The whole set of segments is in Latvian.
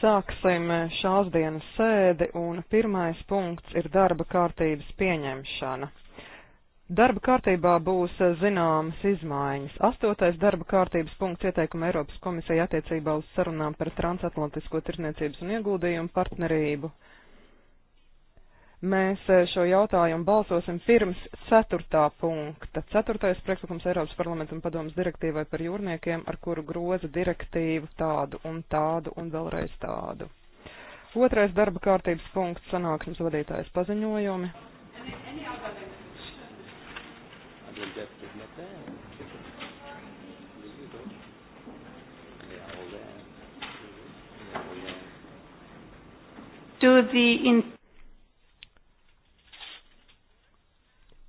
Sāksim eh, šās dienas sēdi un pirmais punkts ir darba kārtības pieņemšana. Darba kārtībā būs eh, zināmas izmaiņas. Astotais darba kārtības punkts ieteikuma Eiropas komisija attiecībā uz sarunām par transatlantisko tirzniecības un ieguldījumu partnerību Mēs eh, šo jautājumu balsosim pirms ceturtā punkta. Ceturtais priekšlikums Eiropas parlamenta un padomas direktīvai par jūrniekiem, ar kuru groza direktīvu tādu un tādu un vēlreiz tādu. Otrais darba kārtības punkts sanāksmes vadītājas paziņojumi. To the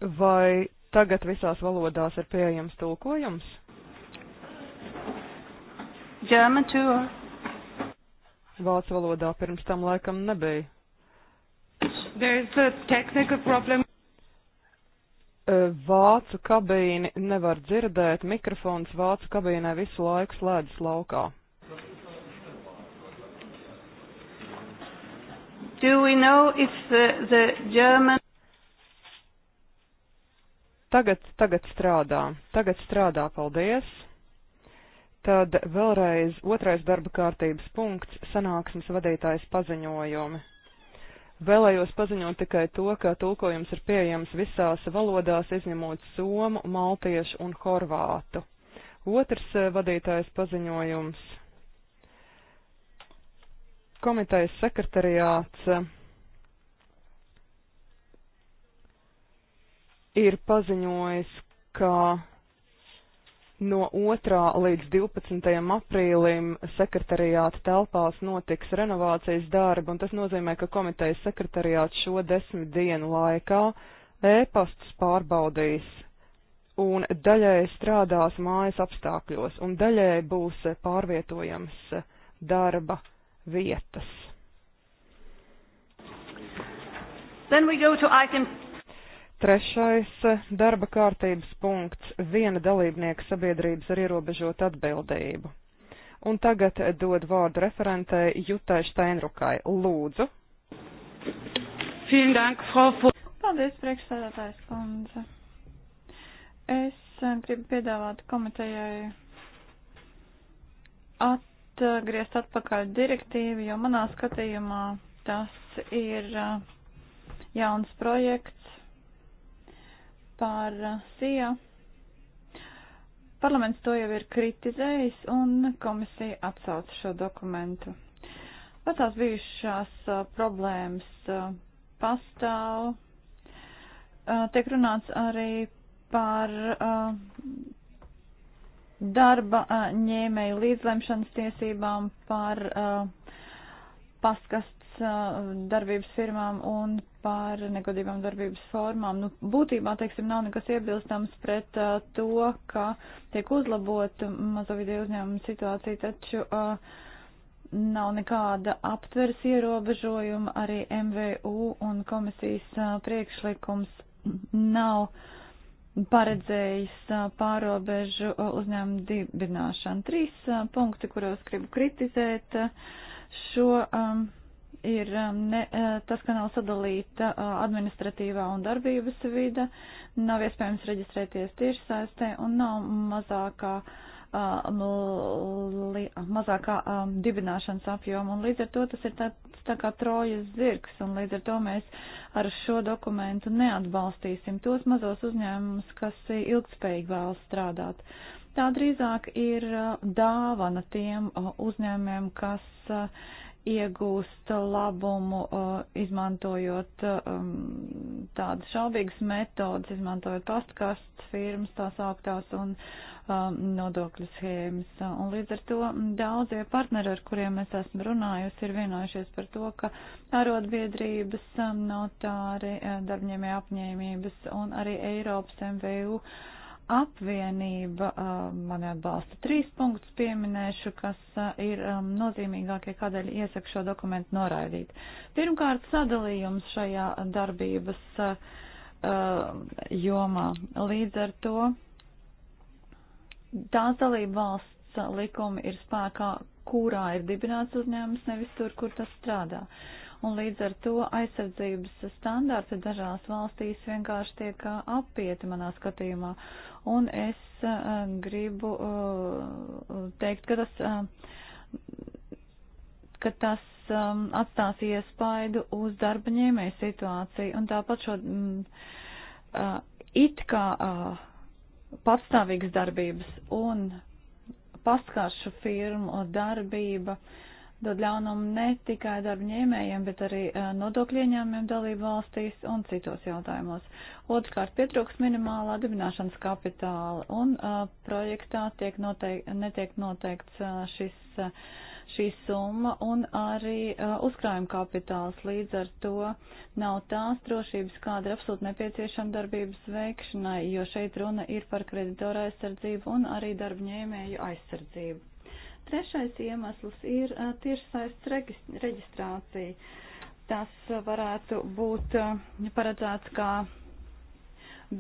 Vai tagad visās valodās ir pieejams tulkojums? Vācu valodā pirms tam laikam nebija. E, vācu kabīni nevar dzirdēt, mikrofons vācu kabīnē visu laiku slēdzas laukā. Do we know if the, the German Tagad, tagad strādā, tagad strādā, paldies. Tad vēlreiz otrais darba kārtības punkts - sanāksmes vadītājs paziņojumi. Vēlējos paziņot tikai to, ka tulkojums ir pieejams visās valodās, izņemot somu, maltiešu un horvātu. Otrs eh, vadītājs paziņojums. Komitejas sekretariāts ir paziņojis, ka no 2. līdz 12. aprīlim sekretariāta telpās notiks renovācijas darba, un tas nozīmē, ka komitejas sekretariāts šo desmit dienu laikā ēpastus pārbaudīs un daļai strādās mājas apstākļos, un daļai būs pārvietojams darba vietas. Then we go to item Trešais darba kārtības punkts - viena dalībnieka sabiedrības ar ierobežotu atbildību. Un tagad dod vārdu referentei Jutai Steinrukai. Lūdzu. Dank, Paldies, priekšsēdētājs kundze. Es eh, gribu piedāvāt komitejai atgriezt atpakaļ direktīvu, jo manā skatījumā tas ir eh, jauns projekts, par eh, SIA. Parlaments to jau ir kritizējis un komisija atsauca šo dokumentu. Vecās bijušās eh, problēmas eh, pastāv. Tiek runāts arī par darba ņēmēju līdzlemšanas tiesībām, par paskas Uh, darbības firmām un par negodībām darbības formām. Nu, būtībā, teiksim, nav nekas iebilstams pret uh, to, ka tiek uzlabota mazo video uzņēmumu situācija, taču uh, nav nekāda aptveres ierobežojuma, arī MVU un komisijas uh, priekšlikums nav paredzējis uh, pārobežu uh, uzņēmumu dibināšanu. Trīs punkti, kuros gribu kritizēt šo um, ir um, ne, uh, tas, ka nav sadalīta uh, administratīvā un darbības vide, nav iespējams reģistrēties tiešsaistē un nav mazākā, um, mazākā um, dibināšanas apjoma. Un līdz ar to tas ir tāds tā kā trojas zirgs, un līdz ar to mēs ar šo dokumentu neatbalstīsim tos mazos uzņēmumus, kas ilgspējīgi vēlas strādāt. Tā drīzāk ir uh, dāvana tiem uzņēmumiem, kas uh, iegūst labumu, izmantojot um, tādas šaubīgas metodas, izmantojot pastkastes firmas, tās augtās un um, nodokļu schēmas. Un līdz ar to daudzie partneri, ar kuriem es esmu runājusi, ir vienojušies par to, ka arotbiedrības, notāri, darbņēmē apņēmības un arī Eiropas MVU apvienība uh, mani atbalsta trīs punktus pieminēšu, kas uh, ir um, nozīmīgākie, kādēļ iesaku šo dokumentu noraidīt. Pirmkārt, sadalījums šajā darbības uh, jomā. Līdz ar to tās dalība valsts likumi ir spēkā, kurā ir dibināts uzņēmums, nevis tur, kur tas strādā. Uh, un līdz ar to aizsardzības standarti dažās valstīs vienkārši tiek apieti manā skatījumā. Un es gribu teikt, ka tas, ka tas atstās iespaidu uz darba ņēmēju situāciju un tāpat šo it kā patstāvīgas darbības un paskāršu firmu darbība. Uh, dod ļaunumu ne tikai darba ņēmējiem, bet arī nodokļu ieņēmumiem dalību valstīs un citos jautājumos. Otrkārt, pietrūks minimāla dibināšanas kapitāla un uh, projektā tiek noteik, netiek noteikts uh, šis, uh, šī summa un arī uh, uzkrājuma kapitāls. Līdz ar to nav tās drošības, kāda ir absolūti nepieciešama darbības veikšanai, jo šeit runa ir par kreditoru aizsardzību un arī darba ņēmēju aizsardzību. Trešais iemesls ir tiešsaistes reģistrācija. Tas varētu būt paredzēts kā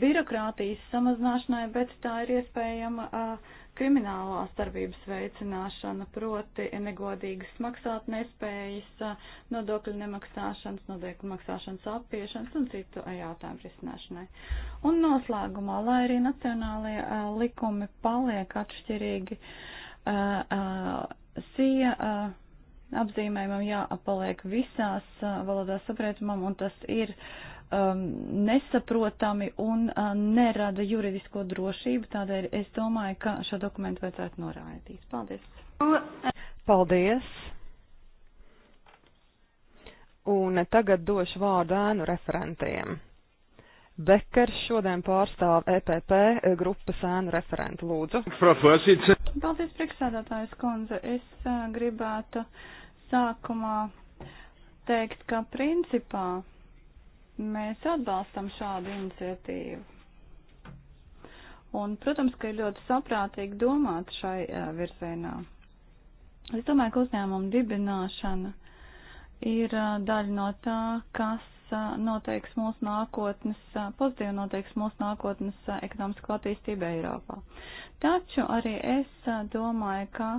birokrātijas samazināšanai, bet tā ir iespējama kriminālās darbības veicināšana, proti negodīgas maksāt nespējas, nodokļu nemaksāšanas, nodokļu maksāšanas apiešanas un citu jautājumu risināšanai. Un noslēgumā, lai arī nacionālajie likumi paliek atšķirīgi, uh, SIA apzīmējumam jāpaliek visās valodās saprotamam, un tas ir um, nesaprotami un uh, nerada juridisko drošību. Tādēļ es domāju, ka šo dokumentu vajadzētu norādīt. Paldies! Paldies! Un tagad došu vārdu ēnu referentiem. Bekers šodien pārstāv EPP eh, grupas ēnu referentu. Lūdzu. Paldies, priekšsēdētājs kundze. Es eh, gribētu sākumā teikt, ka principā mēs atbalstam šādu iniciatīvu. Un, protams, ka ir ļoti saprātīgi domāt šai eh, virzienā. Es domāju, ka uzņēmuma dibināšana ir daļa no tā, kas noteiks mūsu nākotnes, pozitīvi noteiks mūsu nākotnes ekonomisko attīstību Eiropā. Taču arī es domāju, ka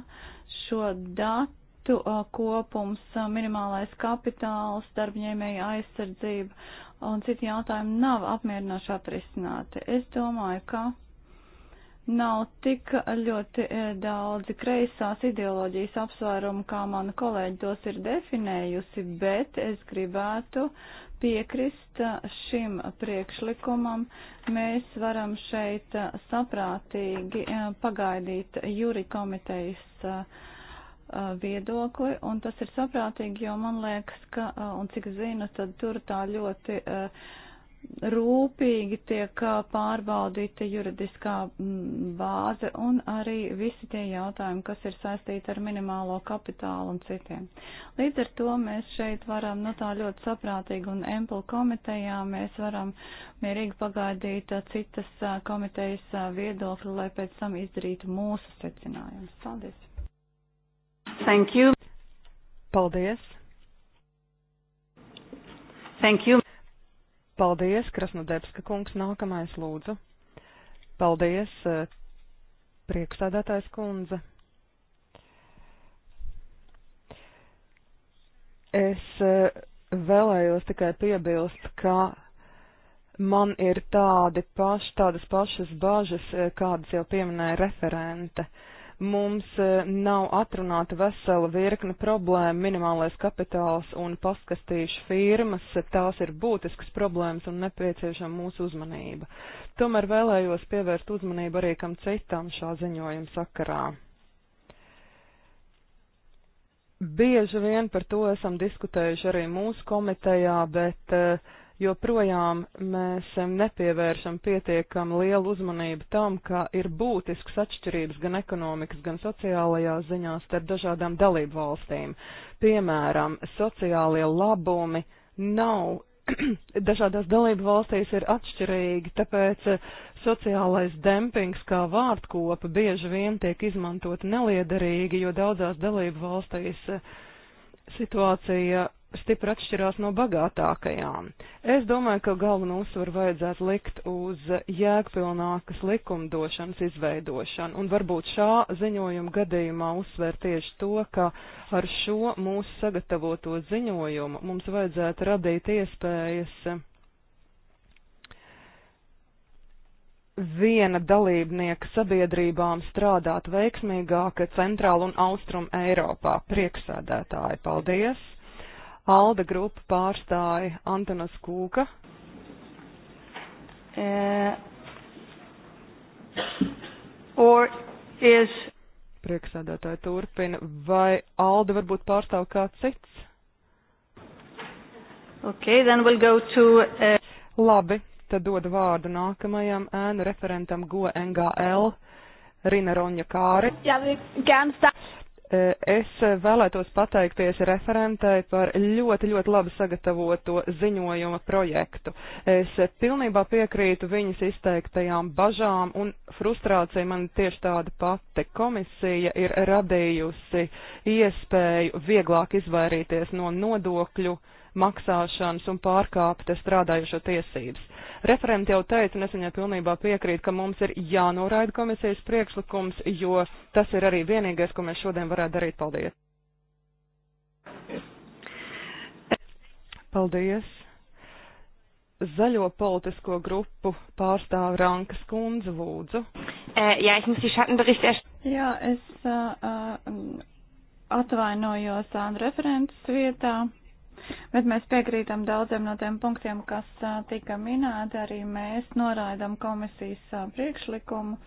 šo datu kopums, minimālais kapitāls, darbņēmēja aizsardzība un citi jautājumi nav apmierinoši atrisināti. Es domāju, ka nav tik ļoti daudzi kreisās ideoloģijas apsvērumu, kā mana kolēģi tos ir definējusi, bet es gribētu piekrist uh, šim priekšlikumam. Mēs varam šeit uh, saprātīgi uh, pagaidīt jūri komitejas viedokli, un tas ir saprātīgi, jo man liekas, ka, un cik zinu, tad tur tā ļoti uh, rūpīgi tiek pārbaudīta juridiskā bāze un arī visi tie jautājumi, kas ir saistīti ar minimālo kapitālu un citiem. Līdz ar to mēs šeit varam, nu tā ļoti saprātīgi un emplu komitejā, mēs varam mierīgi pagaidīt citas komitejas viedokli, lai pēc tam izdarītu mūsu secinājumus. Paldies! Thank you. Paldies. Thank you. Paldies, Krasnodebska kungs, nākamais lūdzu. Paldies, eh, priekšsēdētājs kundze. Es eh, vēlējos tikai piebilst, ka man ir tādi paši, tādas pašas bažas, eh, kādas jau pieminēja referente. Uh, Mums e, nav atrunāta vesela virkne problēma, minimālais kapitāls un paskastīšu firmas, tās ir būtiskas problēmas un nepieciešama mūsu uzmanība. Tomēr vēlējos pievērst uzmanību arī kam citam šā ziņojuma sakarā. Bieži vien par to esam diskutējuši arī mūsu komitejā, bet uh, joprojām mēs nepievēršam pietiekam lielu uzmanību tam, ka ir būtisks atšķirības gan ekonomikas, gan sociālajā ziņā starp dažādām dalību valstīm. Piemēram, sociālie labumi nav dažādās dalību valstīs ir atšķirīgi, tāpēc eh, sociālais dempings kā vārdkopa bieži vien tiek izmantot neliederīgi, jo daudzās dalību valstīs eh, situācija stipri atšķirās no bagātākajām. Es domāju, ka galvenu uzsvaru vajadzētu likt uz jēgpilnākas likumdošanas izveidošanu, un varbūt šā ziņojuma gadījumā uzsver tieši to, ka ar šo mūsu sagatavoto ziņojumu mums vajadzētu radīt iespējas viena dalībnieka sabiedrībām strādāt veiksmīgāk centrāla un austrum Eiropā. Prieksēdētāji, paldies! Alda grupu pārstāja Antonas Kūka. Uh, is... Prieksēdētāji turpina. Vai Alda varbūt pārstāv kāds cits? Okay, then we'll go to, uh... Labi, tad dodu vārdu nākamajam ēnu referentam GoNGL Rina Ronja Kāri. Jā, ja, Es vēlētos pateikties referentai par ļoti, ļoti labi sagatavoto ziņojuma projektu. Es pilnībā piekrītu viņas izteiktajām bažām un frustrācija man tieši tāda pati. Komisija ir radījusi iespēju vieglāk izvairīties no nodokļu maksāšanas un pārkāpta strādājušo tiesības. Referenti jau teica, un es viņai pilnībā piekrītu, ka mums ir jānoraida komisijas priekšlikums, jo tas ir arī vienīgais, ko mēs šodien varētu darīt. Paldies! Paldies! Zaļo politisko grupu pārstāv Rankas kundze, lūdzu. Jā, es mums ir šatnbericht. Jā, es uh, atvainojos Andra referents vietā. Bet mēs piekrītam daudziem no tiem punktiem, kas tika minēti. Arī mēs noraidam komisijas priekšlikumu,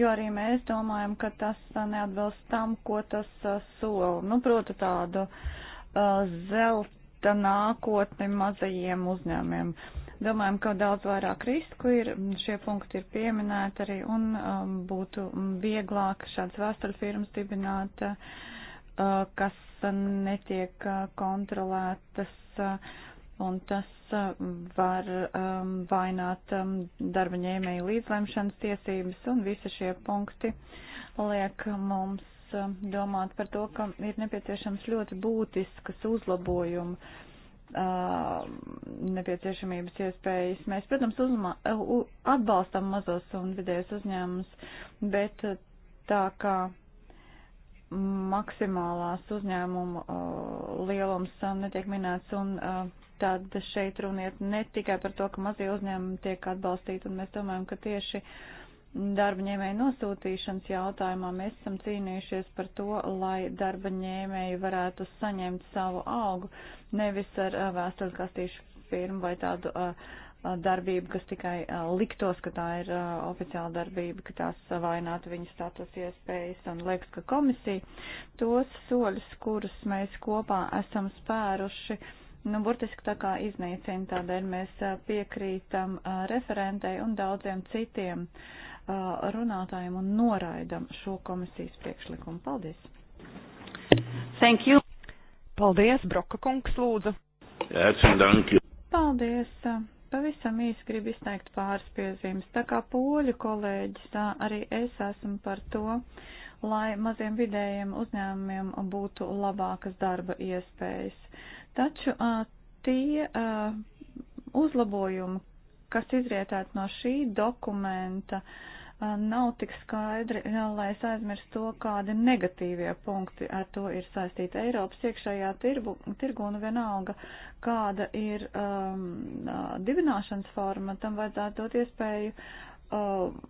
jo arī mēs domājam, ka tas neatbilst tam, ko tas sola. Nu, proti tādu zelta nākotni mazajiem uzņēmiem. Domājam, ka daudz vairāk risku ir, šie punkti ir pieminēti arī un um, būtu vieglāk šāds vēstuļfirmas dibināt. Uh, kas netiek kontrolētas, un tas var vainot darba ņēmēju līdzlemšanas tiesības, un visi šie punkti liek mums domāt par to, ka ir nepieciešams ļoti būtisks uzlabojumu nepieciešamības iespējas. Mēs, protams, uzma, atbalstam mazos un vidējos uzņēmumus, bet tā kā maksimālās uzņēmumu uh, lielums uh, netiek minēts, un uh, tad šeit runiet ne tikai par to, ka mazie uzņēmumi tiek atbalstīti, un mēs domājam, ka tieši darba ņēmēju nosūtīšanas jautājumā mēs esam cīnījušies par to, lai darba ņēmēji varētu saņemt savu algu, nevis ar vēstuļkastīšu firmu vai tādu uh, darbību, kas tikai liktos, ka tā ir oficiāla darbība, ka tās vainātu viņu status iespējas, un liekas, ka komisija tos soļus, kurus mēs kopā esam spēruši, nu, burtiski tā kā iznīcina, tādēļ mēs piekrītam referentei un daudziem citiem runātājiem un noraidam šo komisijas priekšlikumu. Paldies! Thank you! Paldies, Broka kungs, lūdzu! Paldies! Pavisam īsi gribu izteikt pāris piezīmes. Tā kā poļu kolēģis, arī es esmu par to, lai maziem vidējiem uzņēmumiem būtu labākas darba iespējas. Taču tie uzlabojumi, kas izrietētu no šī dokumenta, uh, nav tik skaidri, lai es aizmirstu to, kādi negatīvie punkti ar to ir saistīti Eiropas iekšējā tirgu, tirgu un vienalga, kāda ir um, dibināšanas forma, tam vajadzētu dot iespēju um,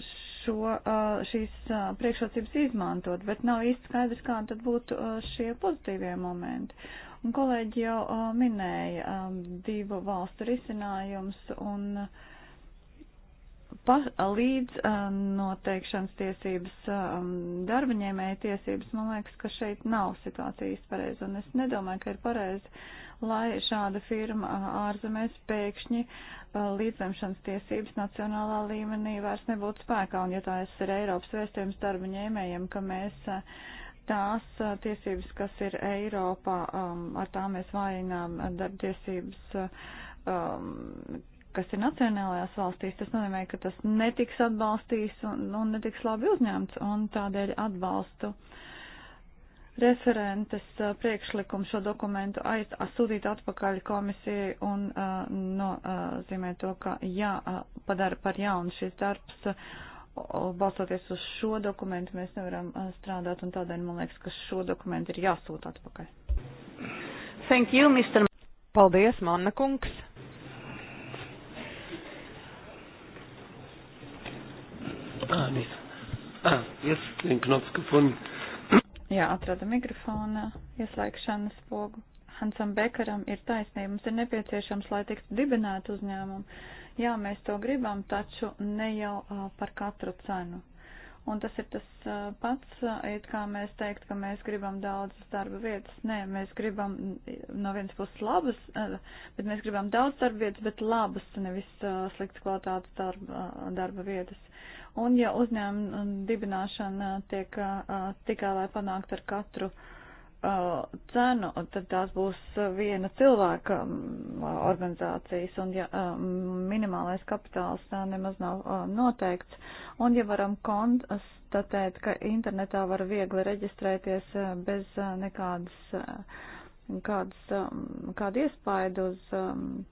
šo, uh, šīs uh, priekšrocības izmantot, bet nav īsti skaidrs, kā tad būtu uh, šie pozitīvie momenti. Un kolēģi jau uh, minēja um, divu valstu risinājums un uh, pa, līdz um, noteikšanas tiesības, um, darbaņēmēja tiesības, man liekas, ka šeit nav situācijas pareizi. Un es nedomāju, ka ir pareizi, lai šāda firma uh, ārzemēs pēkšņi uh, līdzlemšanas tiesības nacionālā līmenī vairs nebūtu spēkā. Un ja tās ir Eiropas vēstījums darbaņēmējiem, ka mēs. Uh, Tās uh, tiesības, kas ir Eiropā, um, ar tām mēs vājinām uh, darbtiesības uh, um, kas ir nacionālajās valstīs, tas nozīmē, ka tas netiks atbalstīts un, un netiks labi uzņemts, un tādēļ atbalstu referentes uh, priekšlikumu šo dokumentu aiz, sūtīt atpakaļ komisijai un uh, nozīmē uh, to, ka jāpadara uh, par jaunu šis darbs. Uh, balstoties uz šo dokumentu, mēs nevaram uh, strādāt, un tādēļ man liekas, ka šo dokumentu ir jāsūta atpakaļ. Thank you, Mr. Paldies, Manna kungs. Ah, nicht. Ah, jetzt den Knopf gefunden. Jā, atrada mikrofona ieslēgšanas pogu. Hansam Bekaram ir taisnība. Mums ir nepieciešams, lai tiktu dibinēt uzņēmumu. Jā, mēs to gribam, taču ne jau uh, par katru cenu. Un tas ir tas uh, pats, it kā mēs teikt, ka mēs gribam daudzas darba vietas. Nē, mēs gribam no vienas puses labas, uh, bet mēs gribam daudz darba vietas, bet labas, nevis uh, sliktas kvalitātes darba, uh, darba vietas. Un ja uzņēmuma dibināšana tiek tikai lai panākt ar katru cenu, tad tās būs viena cilvēka organizācijas, un ja minimālais kapitāls nemaz nav noteikts, un ja varam konstatēt, ka internetā var viegli reģistrēties bez nekādas kādas, kādu iespaidu uz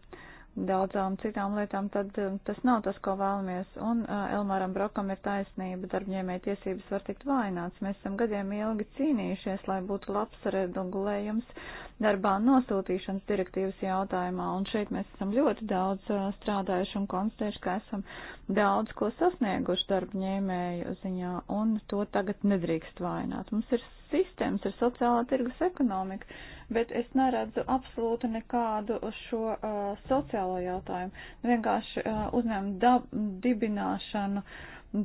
daudzām citām lietām, tad um, tas nav tas, ko vēlamies. Un uh, Elmāram Brokam ir taisnība, darbņēmēja tiesības var tikt vaināts. Mēs esam gadiem ilgi cīnījušies, lai būtu labs regulējums darbā nosūtīšanas direktīvas jautājumā, un šeit mēs esam ļoti daudz uh, strādājuši un konstatējuši, ka esam daudz ko sasnieguši darbņēmēju ziņā, un to tagad nedrīkst vainot. Mums ir sistēmas, ir sociālā tirgus ekonomika, bet es neredzu absolūti nekādu šo uh, sociālo jautājumu. Vienkārši uh, uzņēmumu dibināšanu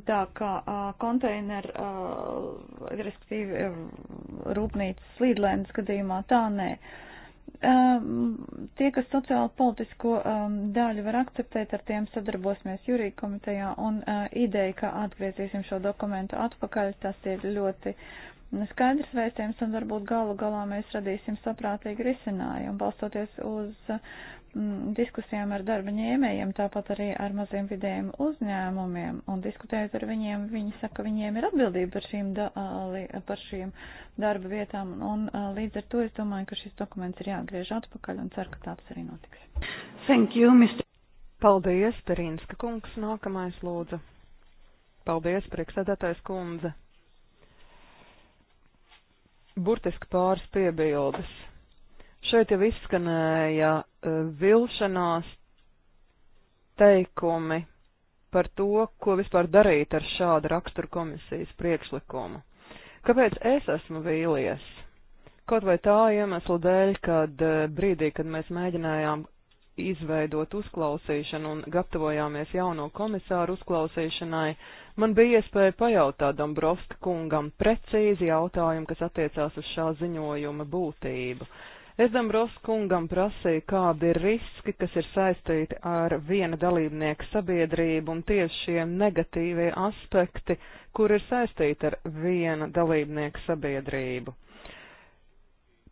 tā kā uh, konteineru, uh, respektīvi uh, rūpnīcas slīdlēnas gadījumā, tā nē. Uh, um, tie, kas sociāli politisko um, daļu var akceptēt, ar tiem sadarbosimies jūrī komitejā un uh, ideja, ka atgriezīsim šo dokumentu atpakaļ, tas ir ļoti skaidrs vēstījums un varbūt galu galā mēs radīsim saprātīgu risinājumu, balstoties uz mm, diskusijām ar darba ņēmējiem, tāpat arī ar maziem vidējiem uzņēmumiem un diskutējot ar viņiem, viņi saka, ka viņiem ir atbildība par šīm, da, par šīm darba vietām un līdz ar to es domāju, ka šis dokuments ir jāatgriež atpakaļ un ceru, ka tāds arī notiks. Thank you, Mr. Paldies, Perinska kungs, nākamais lūdzu. Paldies, priekšsēdētājs kundze burtiski pāris piebildes. Šeit jau izskanēja e, vilšanās teikumi par to, ko vispār darīt ar šādu raksturu komisijas priekšlikumu. Kāpēc es esmu vīlies? Kaut vai tā iemesla dēļ, kad e, brīdī, kad mēs mēģinājām izveidot uzklausīšanu un gatavojāmies jauno komisāru uzklausīšanai, uh, Man bija iespēja pajautāt Dombrovska kungam precīzi jautājumu, kas attiecās uz šā ziņojuma būtību. Es Dombrovska kungam prasīju, kādi ir riski, kas ir saistīti ar viena dalībnieka sabiedrību un tieši šie negatīvie aspekti, kur ir saistīti ar viena dalībnieka sabiedrību.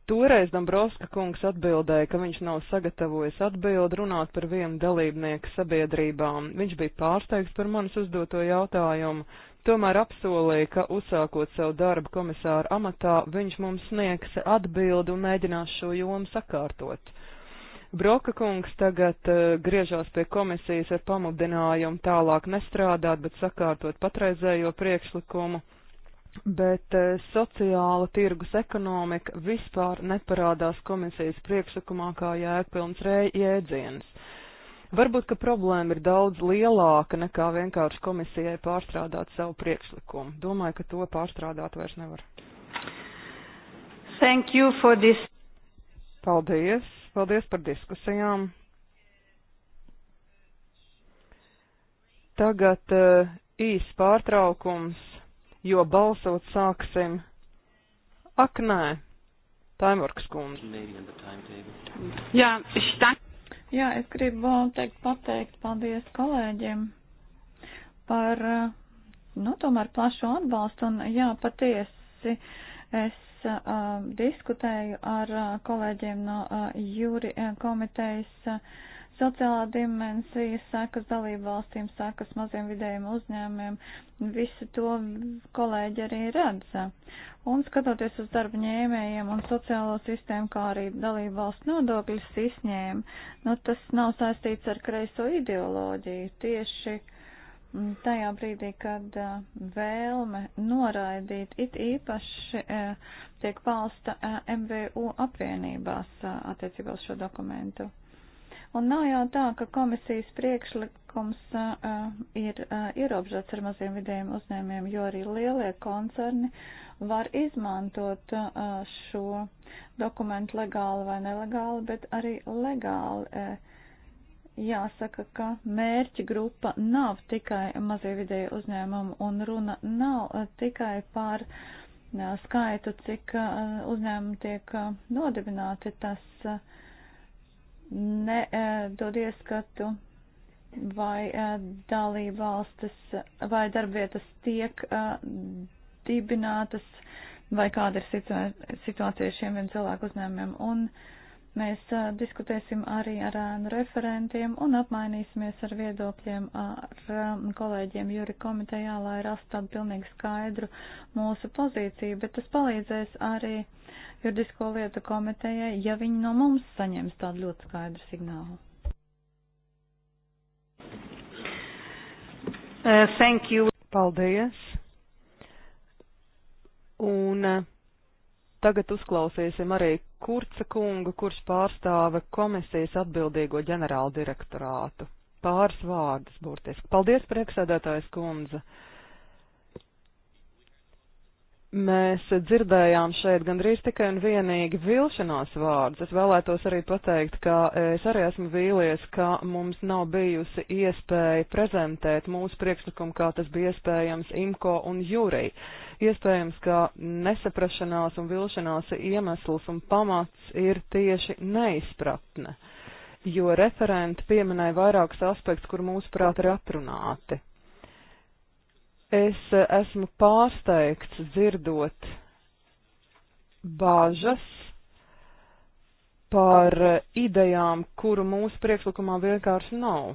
Toreiz Dombrovska kungs atbildēja, ka viņš nav sagatavojis atbildi runāt par vienu dalībnieku sabiedrībām. Viņš bija pārsteigts par manis uzdoto jautājumu, tomēr apsolīja, ka uzsākot savu darbu komisāru amatā, viņš mums sniegs atbildi un mēģinās šo jomu sakārtot. Broka kungs tagad uh, griežās pie komisijas ar pamudinājumu tālāk nestrādāt, bet sakārtot patreizējo priekšlikumu bet eh, sociāla tirgus ekonomika vispār neparādās komisijas priekšlikumā kā jēgpilns jēdziens. Varbūt, ka problēma ir daudz lielāka nekā vienkārši komisijai pārstrādāt savu priekšlikumu. Domāju, ka to pārstrādāt vairs nevar. Thank you for this. Paldies. Paldies par diskusijām. Tagad uh, īs pārtraukums jo balsot sāksim. Ak, nē, Taimurkas kundze. Jā, Jā, es gribu teikt pateikt paldies kolēģiem par, eh, nu, tomēr plašu atbalstu un, jā, patiesi es uh, diskutēju ar eh, kolēģiem no uh, jūri komitejas. Uh, Sociālā dimensija sākas dalību valstīm, sākas maziem vidējiem uzņēmiem, visu to kolēģi arī redz. Un skatoties uz darba ņēmējiem un sociālo sistēmu, kā arī dalību valsts nodokļu sistēmu, nu tas nav saistīts ar kreiso ideoloģiju. Tieši mm, tajā brīdī, kad eh, vēlme noraidīt it īpaši eh, tiek pausta eh, MVU apvienībās attiecībā uz šo dokumentu. Un nav jau tā, ka komisijas priekšlikums uh, ir uh, ierobežots ar maziem vidējiem uzņēmiem, jo arī lielie koncerni var izmantot uh, šo dokumentu legāli vai nelegāli, bet arī legāli. Uh, Jāsaka, ka mērķa grupa nav tikai mazie vidēji uzņēmumi un runa nav tikai par uh, skaitu, cik uzņēmumi tiek nodibināti, tas nedod ieskatu, vai e, dalība valstis vai darbvietas tiek e, dibinātas, vai kāda ir situācija šiem vien cilvēku uzņēmumiem. Un mēs e, diskutēsim arī ar ēnu referentiem un apmainīsimies ar viedokļiem ar kolēģiem Juri komitejā, lai rastu tādu pilnīgi skaidru mūsu pozīciju, bet tas palīdzēs arī uh, juridisko lietu komitejai, ja viņi no mums saņems tādu ļoti skaidru signālu. Uh, thank you. Paldies. Un uh, tagad uzklausīsim arī Kurca kungu, kurš pārstāva komisijas atbildīgo ģenerāldirektorātu. Pāris vārdus burtiski. Paldies, priekšsēdētājs kundze. Uh, Mēs dzirdējām šeit gandrīz tikai un vienīgi vilšanās vārdus. Es vēlētos arī pateikt, ka es arī esmu vīlies, ka mums nav bijusi iespēja prezentēt mūsu priekšlikumu, kā tas bija iespējams IMCO un Jūrī. Iespējams, ka nesaprašanās un vilšanās iemesls un pamats ir tieši neizpratne jo referenti pieminēja vairākus aspektus, kur mūsuprāt ir atrunāti. Es esmu pārsteigts dzirdot bāžas par idejām, kuru mūsu priekšlikumā vienkārši nav.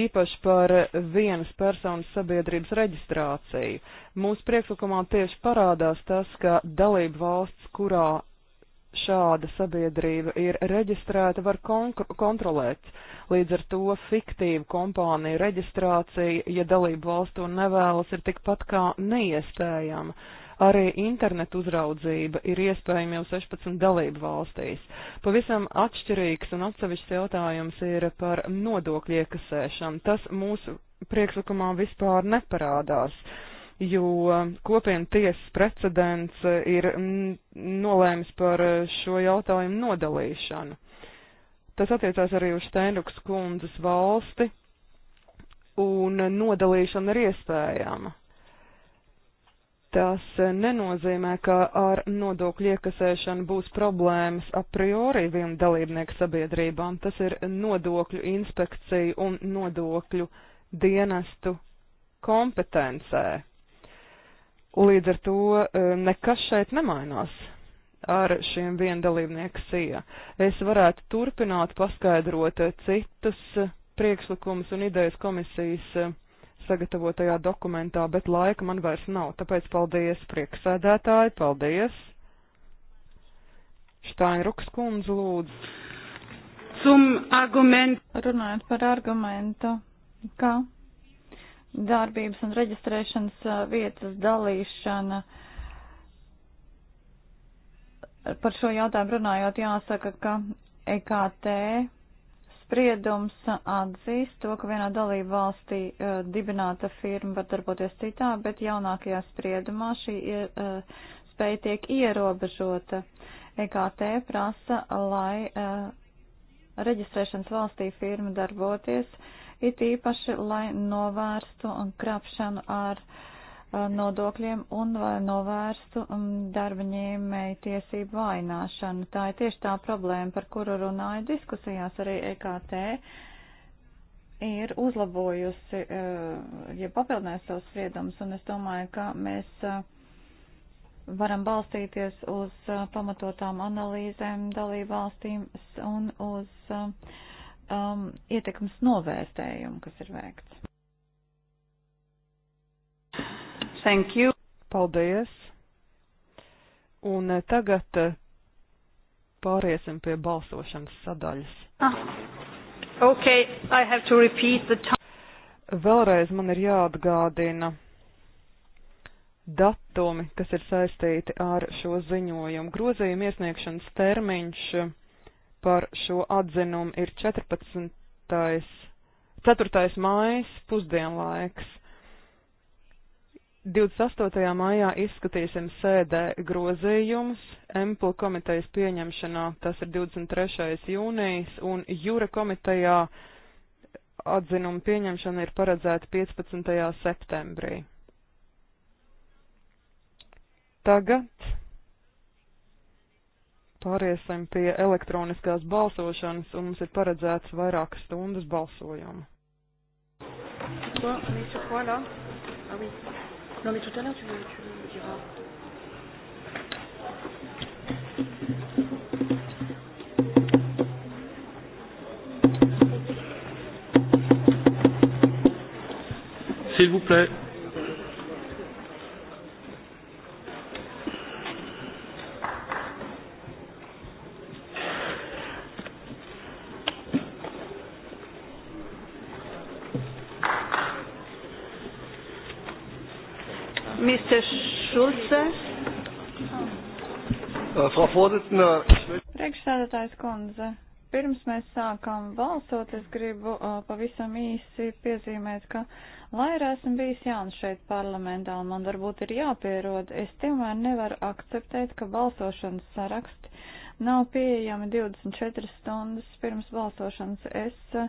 Īpaši par vienas personas sabiedrības reģistrāciju. Mūsu priekšlikumā tieši parādās tas, ka dalība valsts, kurā šāda sabiedrība ir reģistrēta, var kontrolēt. Līdz ar to fiktīva kompānija reģistrācija, ja dalību valstu un nevēlas, ir tikpat kā neiespējama. Arī internetu uzraudzība ir iespējama jau 16 dalību valstīs. Pavisam atšķirīgs un atsevišķs jautājums ir par nodokļu iekasēšanu. Tas mūsu priekšlikumā vispār neparādās. Uh, jo kopienu tiesas precedents eh, ir mm, nolēmis par eh, šo jautājumu nodalīšanu. Tas attiecās arī uz Steinruks kundzes valsti, un nodalīšana ir iespējama. Tas eh, nenozīmē, ka ar nodokļu iekasēšanu būs problēmas a priori vienu dalībnieku sabiedrībām. Tas ir nodokļu inspekciju un nodokļu dienestu kompetencē. Līdz ar to e, nekas šeit nemainās ar šiem viendalībnieku sija. Es varētu turpināt paskaidrot e, citus e, priekšlikumus un idejas komisijas sagatavotajā dokumentā, bet laika man vairs nav, tāpēc paldies prieksēdētāji, paldies. Štainruks kundze lūdzu. Sum argument. Runājot par argumentu, ka darbības un reģistrēšanas vietas dalīšana. Par šo jautājumu runājot, jāsaka, ka EKT spriedums atzīst to, ka vienā dalību valstī uh, dibināta firma var darboties citā, bet jaunākajā spriedumā šī uh, spēja tiek ierobežota. EKT prasa, lai uh, reģistrēšanas valstī firma darboties uh, it īpaši, lai novērstu krāpšanu ar eh, nodokļiem un lai novērstu mm, darba ņēmēju tiesību vaināšanu. Tā ir tieši tā problēma, par kuru runāju diskusijās arī EKT ir uzlabojusi, eh, ja papildinājusi savus spriedumus, un es domāju, ka mēs eh, varam balstīties uz pamatotām analīzēm dalībvalstīm un uz uh, um, ietekmes novērtējumu, kas ir veikts. Thank you. Paldies. Un eh, tagad eh, pāriesim pie balsošanas sadaļas. Ah. Okay, I have to repeat the time. Vēlreiz man ir jāatgādina datumi, kas ir saistīti ar šo ziņojumu. Grozījuma iesniegšanas termiņš par šo atzinumu ir 14. 4. mājas pusdienlaiks. 28. maijā izskatīsim sēdē grozījumus, Emplu komitejas pieņemšanā tas ir 23. jūnijas un Jūra komitejā atzinuma pieņemšana ir paredzēta 15. septembrī. Tagad pāriesim pie elektroniskās balsošanas, un mums ir paredzēts vairākas stundas balsojumu. Bon, on est sur quoi là Ah oui. Non mais tout à l'heure tu, me, tu me diras. S'il vous plaît. Priekšsēdētājs kundze, pirms mēs sākam balsot, es gribu uh, pavisam īsi piezīmēt, ka, lai arī esmu bijis jauns šeit parlamentā un man varbūt ir jāpierod, es tomēr nevaru akceptēt, ka balsošanas saraksti nav pieejami 24 stundas pirms balsošanas. Es, uh,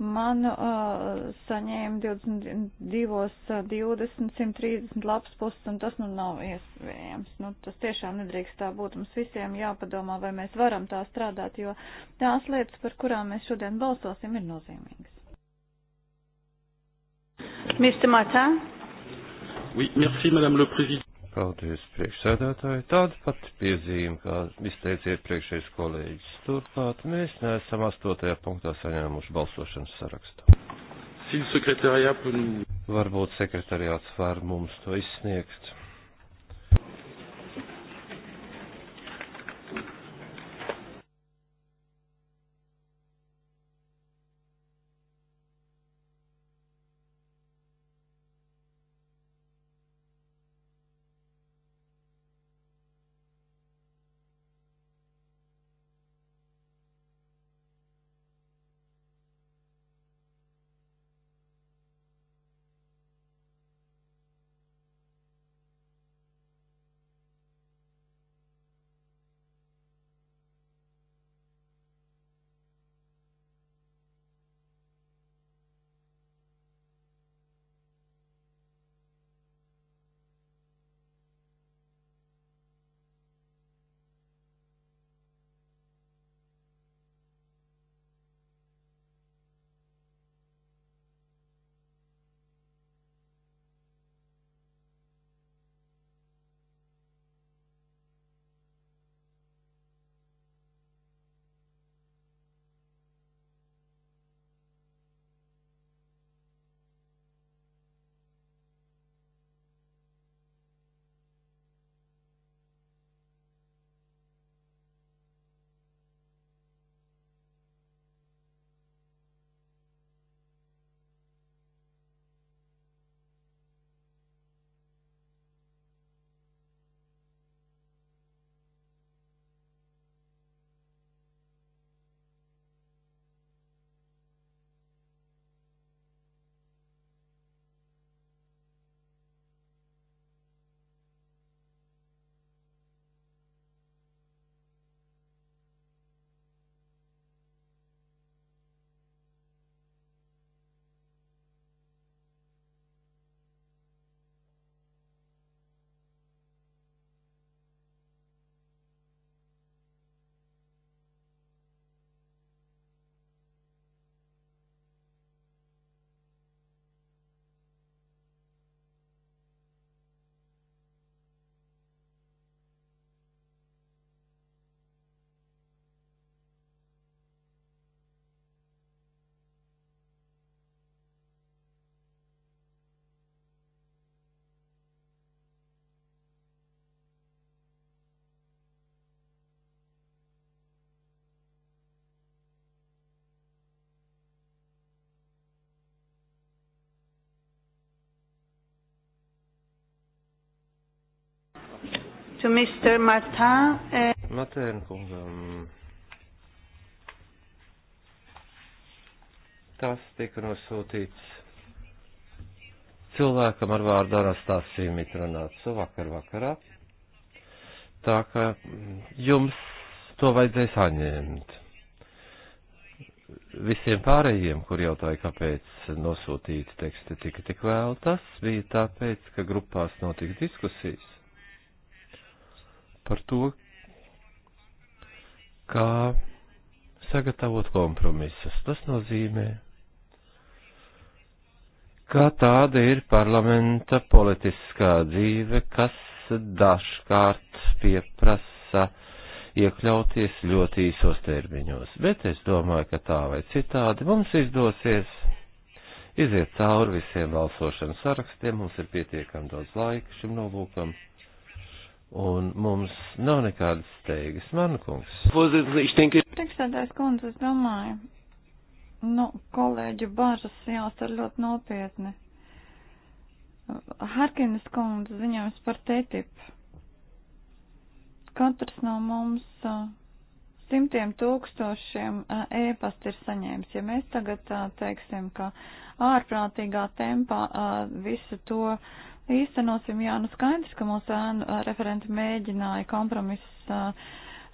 Manu uh, saņēmu 22, 20, 130 labs puses, un tas nu nav iespējams. Nu, tas tiešām nedrīkst tā būt. Mums visiem jāpadomā, vai mēs varam tā strādāt, jo tās lietas, par kurām mēs šodien balsosim, ir nozīmīgas. Mr. Martin? Oui, merci, Madame le Président. Paldies, priekšsēdētāji. Tāda pat piezīme, kā izteiciet priekšējais kolēģis. Turklāt mēs neesam astotajā punktā saņēmuši balsošanas sarakstu. Varbūt sekretariāts var mums to izsniegt. to Mr. Martin. Eh. Martin kungam. Tas tika nosūtīts cilvēkam ar vārdu Anastasija Mitronācu vakar vakarā. Tā ka jums to vajadzēja saņemt. Visiem pārējiem, kur jautāja, kāpēc nosūtīti teksti tika tik vēl, tas bija tāpēc, ka grupās notika diskusijas par to, kā sagatavot kompromisus. Tas nozīmē, ka tāda ir parlamenta politiskā dzīve, kas dažkārt pieprasa iekļauties ļoti īsos termiņos, bet es domāju, ka tā vai citādi mums izdosies iziet cauri visiem balsošanas sarakstiem, mums ir pietiekami daudz laika šim nolūkam. Un mums nav nekādas steigas, man kungs. Priekšstādājs kundze, es domāju, nu, kolēģu bažas jāsar ļoti nopietni. Harkinas kundze ziņojums par TTIP. Katrs no mums. Uh, simtiem tūkstošiem ēpasta e ir saņēmis. Ja mēs tagad teiksim, ka ārprātīgā tempā visu to īstenosim, jā, nu skaidrs, ka mūsu ēnu referenti mēģināja kompromiss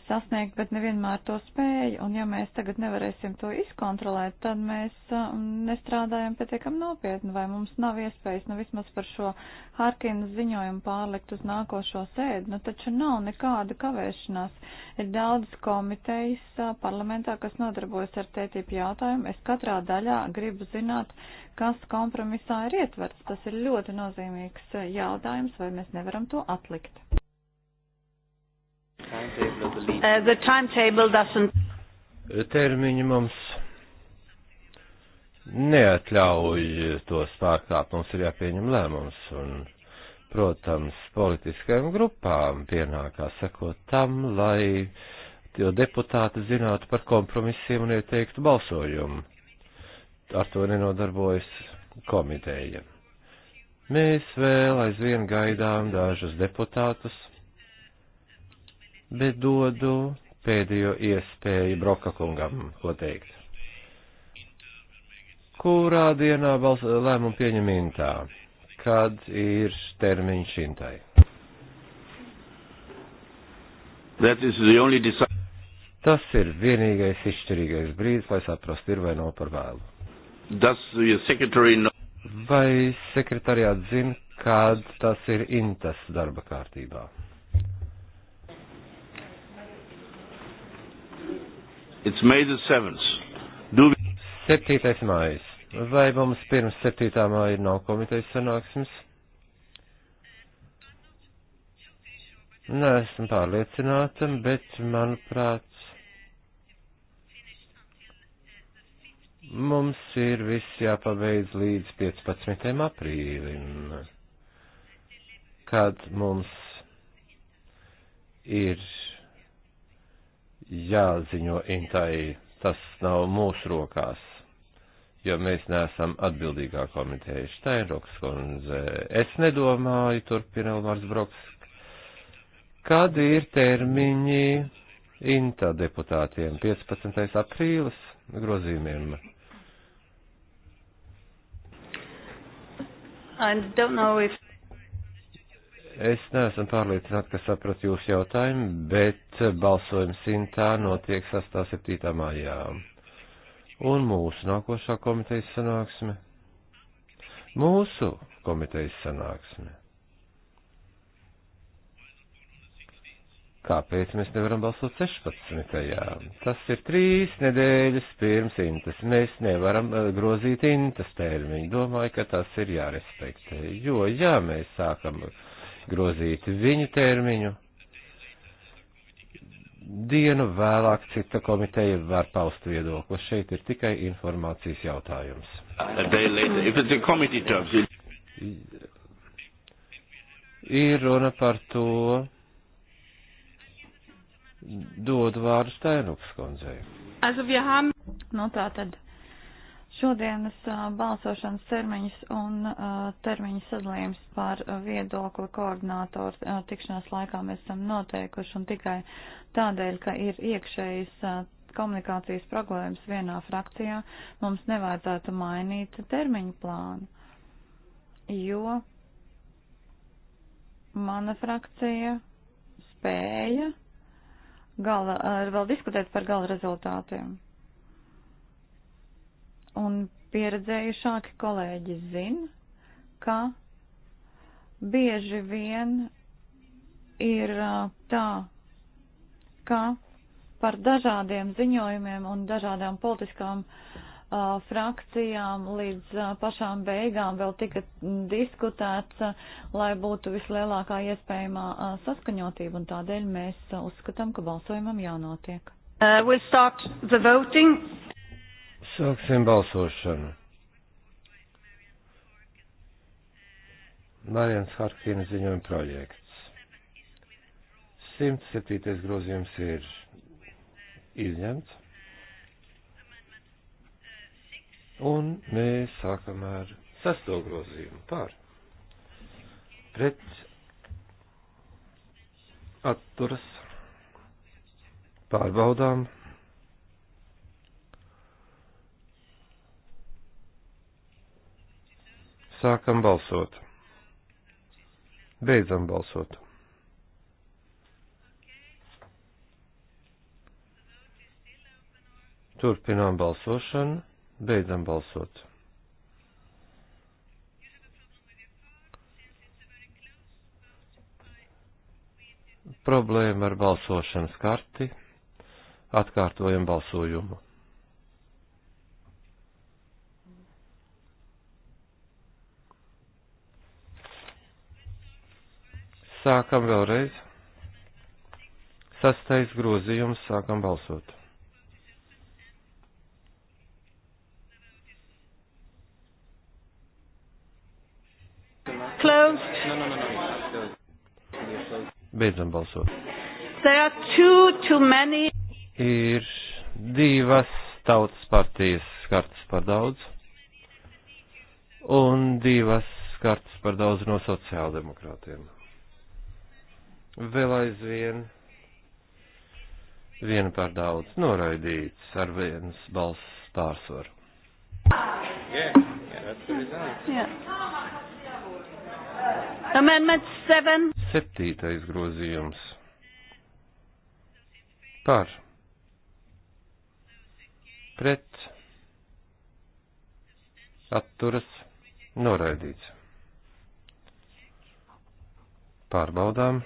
sasniegt, bet nevienmēr to spēju. Un ja mēs tagad nevarēsim to izkontrolēt, tad mēs um, nestrādājam pietiekam nopietni, vai mums nav iespējas, nu vismaz par šo Harkinas ziņojumu pārlikt uz nākošo sēdi. Nu taču nav nekāda kavēšanās. Ir daudz komitejas uh, parlamentā, kas nodarbojas ar tētību jautājumu. Es katrā daļā gribu zināt, kas kompromisā ir ietverts. Tas ir ļoti nozīmīgs uh, jautājums, vai mēs nevaram to atlikt. Uh, the timetable doesn't. Termiņi mums neatļauj tos pārkāpt, mums ir jāpieņem lēmums. Un, protams, politiskajām grupām pienākā sekot tam, lai jo deputāti zinātu par kompromisiem un ieteiktu balsojumu. Ar to nenodarbojas komiteja. Mēs vēl aizvien gaidām dažus deputātus, bet dodu pēdējo iespēju Broka kungam, ko teikt. Kurā dienā balsa, lēmumu pieņem intā? Kad ir termiņš intai? Tas ir vienīgais izšķirīgais brīdis, lai saprastu, ir vai nav par vēlu. Vai sekretariāts zina, kad tas ir intas darba kārtībā? It's May the 7th. Do we... 7. mājas. Vai mums pirms 7. māja nav komitejas sanāksmes? Nē, esmu pārliecināta, bet manuprāt, mums ir viss jāpabeidz līdz 15. aprīlim, kad mums ir jāziņo intai. Tas nav mūsu rokās, jo mēs neesam atbildīgā komiteja. Steinroks kundze, es nedomāju, turpina Elmars Broks, kad ir termiņi inta deputātiem 15. aprīlis grozījumiem. If... Es neesmu pārliecināts, ka sapratu jūsu jautājumu, bet balsojums Sintā notiek 6.7. maijā. Un mūsu nākošā komitejas sanāksme. Mūsu komitejas sanāksme. Kāpēc mēs nevaram balsot 16. Tas ir trīs nedēļas pirms intas. Mēs nevaram eh, grozīt intas termiņu. Domāju, ka tas ir jārespektē. Jo, ja mēs sākam uh, grozīt viņu termiņu. Dienu vēlāk cita komiteja var paust viedokli. Šeit ir tikai informācijas jautājums. Ir runa par to. Dod vārdu Stēnuks kundzei. Also wir haben... No nu, tā tad. Šodienas balsošanas termiņus un termiņu sadalījums par viedokli koordinātoru tikšanās laikā mēs esam noteikuši un tikai tādēļ, ka ir iekšējas komunikācijas problēmas vienā frakcijā, mums nevajadzētu mainīt termiņu plānu, jo mana frakcija spēja gala, vēl diskutēt par gala rezultātiem. Un pieredzējušāki kolēģi zina, ka bieži vien ir tā, ka par dažādiem ziņojumiem un dažādām politiskām uh, frakcijām līdz uh, pašām beigām vēl tika diskutēts, uh, lai būtu vislielākā iespējamā uh, saskaņotība, un tādēļ mēs uh, uzskatām, ka balsojumam jānotiek. Uh, we'll start the voting. Sāksim balsošanu. Marijans Harkina ziņojuma projekts. 107. grozījums ir izņemts. Un mēs sākam ar sesto grozījumu par pret atturas pārbaudām. Sākam balsot. Beidzam balsot. Turpinām balsošanu, beidzam balsot. Problēma ar balsošanas karti. Atkārtojam balsojumu. Sākam vēlreiz. Sastais grozījums, sākam balsot. Closed. No, no, no, no. Beidzam balsot. There are too, too many. Ir divas tautas partijas kartas par daudz un divas kartas par daudz no sociāldemokrātiem vēl aizvien viena par daudz noraidīts ar vienas balss pārsvaru. Yeah, yeah, Amendment 7. Septītais grozījums. Par. Pret. Atturas. Noraidīts. Pārbaudām.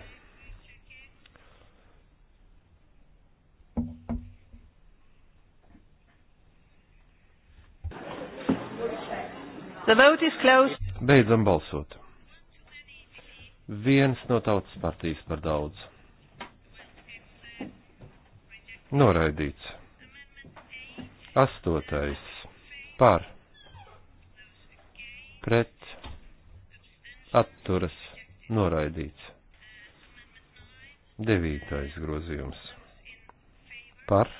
The vote is closed. Beidzam balsot. Viens no tautas partijas par daudz. Noraidīts. Astotais. Par. Pret. Atturas. Noraidīts. Devītais grozījums. Par.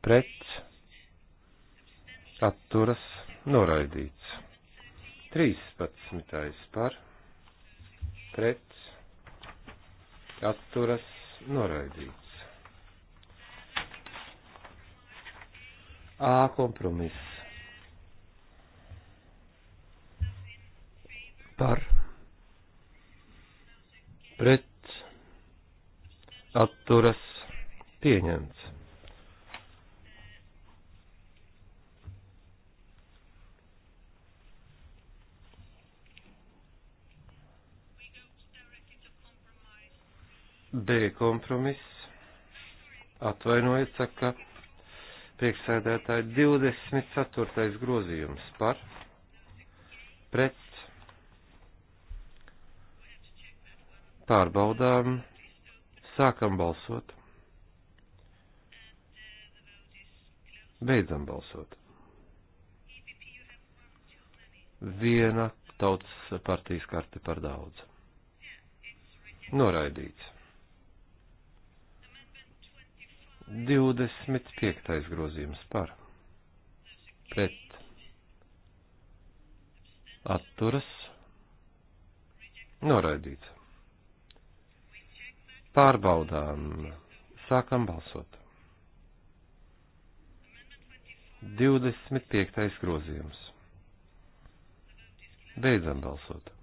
Pret. Atturas noraidīts. 13. par pret atturas noraidīts. A kompromiss par pret atturas pieņemts. D kompromiss atvainojiet, saka priekšsēdētāji 24. grozījums par pret pārbaudām, sākam balsot, beidzam balsot. Viena tautas partijas karte par daudz. Noraidīts. 25. grozījums par pret atturas noraidīts. Pārbaudām, sākam balsot. 25. grozījums. Beidzam balsot.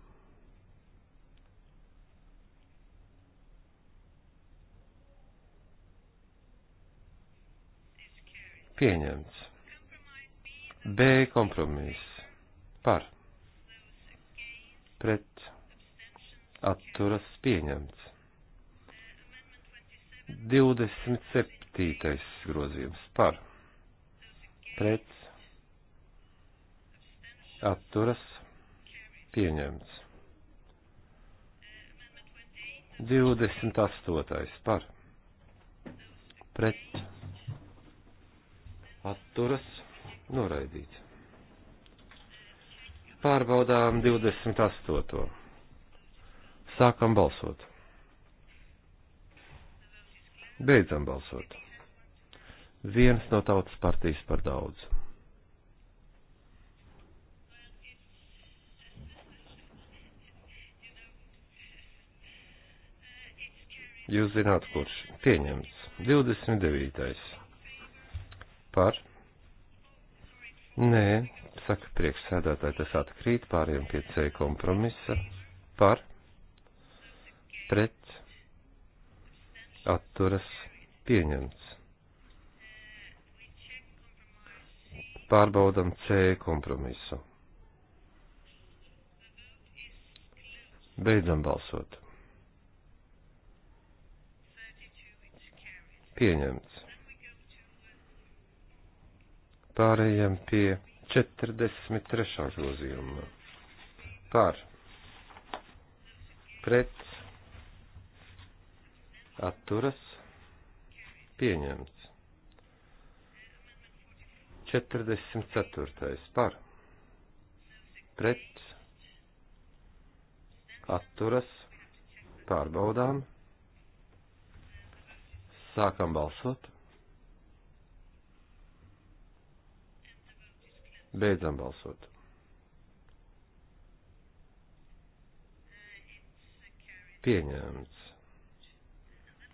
Pieņemts. B kompromiss. Par. Pret. Atturas pieņemts. 27. grozījums. Par. Pret. Atturas pieņemts. 28. par pret atturas noraidīts. Pārbaudām 28. Sākam balsot. Beidzam balsot. Viens no tautas partijas par daudz. Jūs zināt, kurš pieņemts 29 par? Nē, saka priekšsēdētāji, tas atkrīt pāriem pie C kompromisa par, pret, atturas, pieņemts. Pārbaudam C kompromisu. Beidzam balsot. Pieņemts. Pārējiem pie 43. grozījuma. Par. Pret. Atturas. Pieņemts. 44. Par. Pret. Atturas. Pārbaudām. Sākam balsot. Beidzam balsot. Pieņēmts.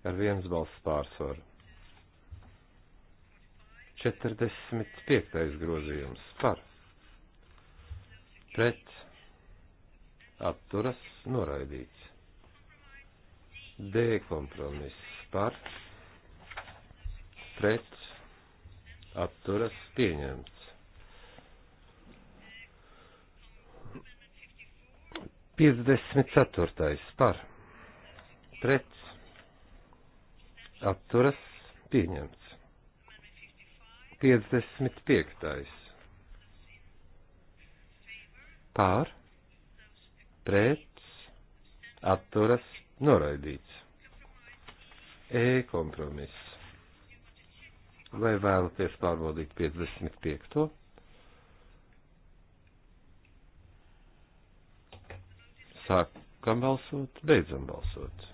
Ar vienas balss pārsvaru. 45. grozījums par. Pret. Atturas noraidīts. D kompromiss par. Pret. Atturas pieņemts. 54. par pret atturas pieņemts. 55. pār pret atturas noraidīts. E kompromiss. Vai vēlaties pārbaudīt 55. Sākam balsot, beidzam balsot.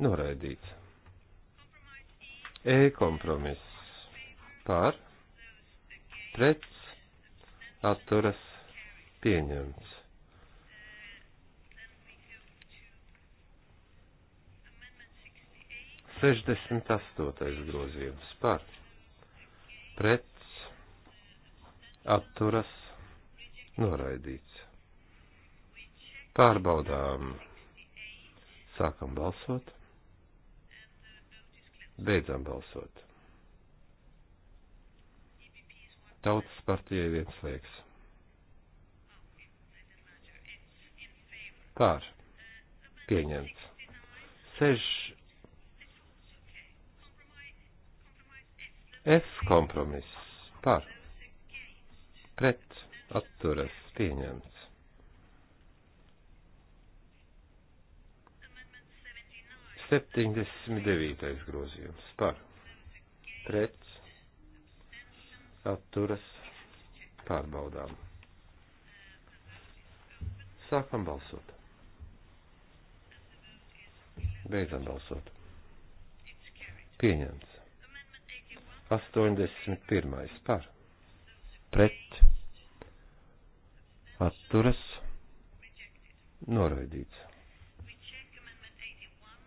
Noraidīts. E kompromiss. Par, pret, atturas, pieņemts. Sešdesmit astotais grozījums par, pret, atturas, noraidīts. Pārbaudām. Sākam balsot. Beidzam balsot. Tautas partijai viens liekas. Pār. Pieņemts. Sež. F kompromiss. Pār. Pret. Atturas. Pieņemts. 79. grozījums par pret atturas pārbaudām. Sākam balsot. Beidzam balsot. Pieņemts. 81. par pret atturas noraidīts.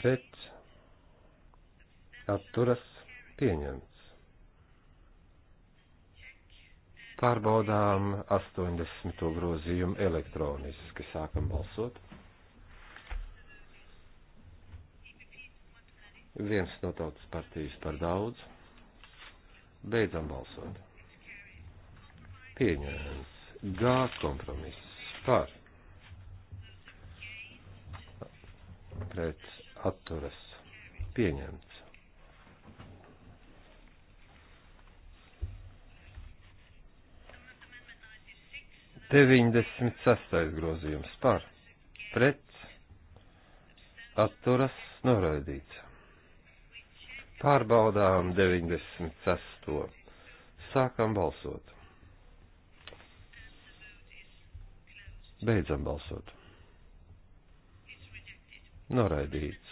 pret atturas pieņemts. Pārbaudām 80. grozījumu elektroniski. Sākam balsot. Viens no tautas partijas par daudz. Beidzam balsot. Pieņēmums. G kompromiss par. Pret atturas pieņemts. Deviņdesmit sastais grozījums par pret atturas noraidīts. Pārbaudām 96. Sākam balsot. Beidzam balsot. Noraidīts.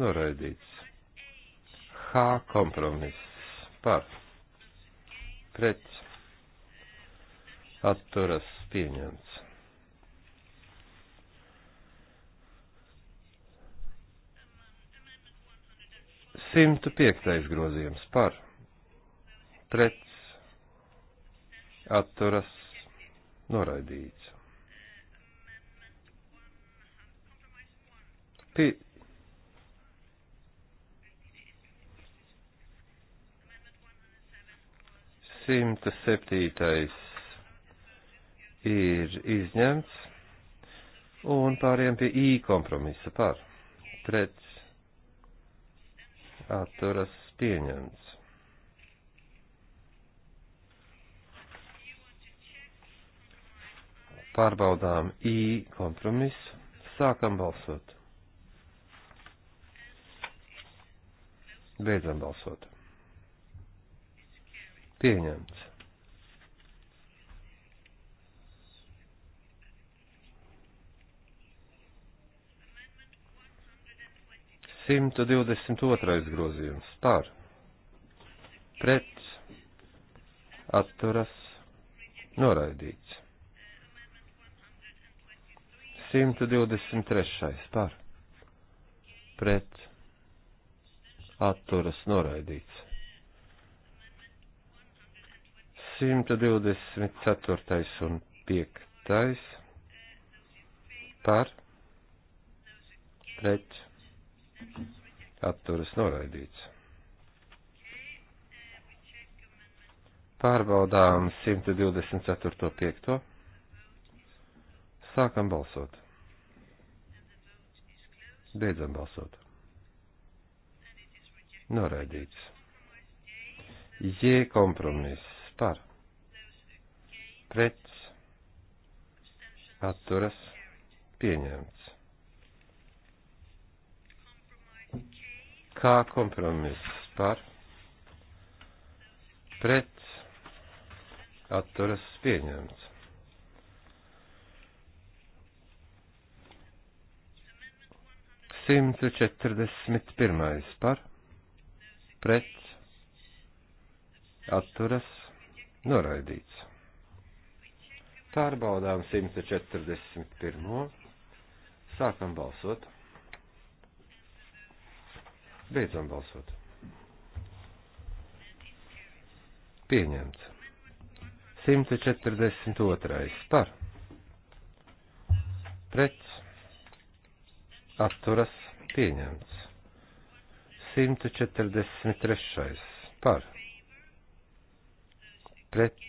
noraidīts. H kompromiss par pret atturas pieņemts. Simtu piektais grozījums par pret atturas noraidīts. Pi 107. ir izņemts, un pāriem pie I kompromisa par pret atturas pieņemts. Pārbaudām I kompromisu, sākam balsot. Beidzam balsot pieņemts. Simta divdesmit otrais grozījums par pret atturas noraidīts. 123. par pret atturas noraidīts. 124. un 5. par pret atturas noraidīts. Pārbaudām 124. 5. Sākam balsot. Beidzam balsot. Noraidīts. J kompromiss par pret atturas pieņemts. Kā kompromiss par pret atturas pieņemts. Simtu četrdesmit pirmais par pret atturas noraidīts. Pārbaudām 141. Sākam balsot. Beidzam balsot. Pieņemts. 142. par. Pret. Atturas. Pieņemts. 143. par. Pret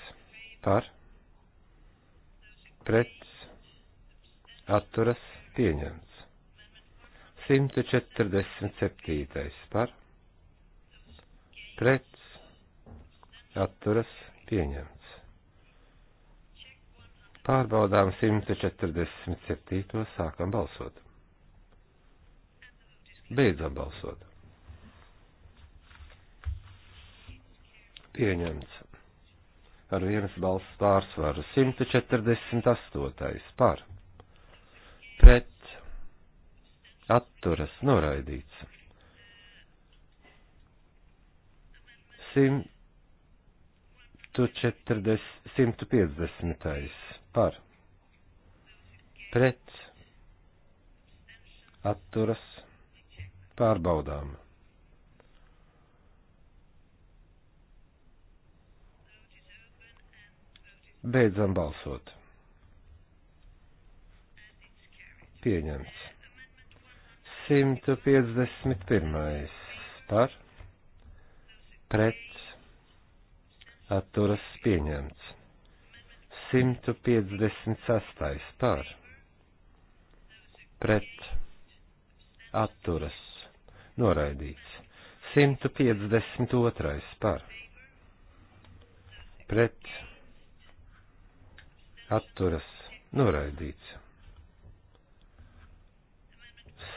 par pret atturas pieņemts. 147. par pret atturas pieņemts. Pārbaudām 147. sākam balsot. Beidzam balsot. Pieņemts ar vienas balss pārsvaru. 148. par. Pret. Atturas noraidīts. 140, 150. par. Pret. Atturas pārbaudām. Beidzam balsot. Pieņemts. 151. par pret atturas pieņemts. 156. par pret atturas noraidīts. 152. par pret atturas noraidīts.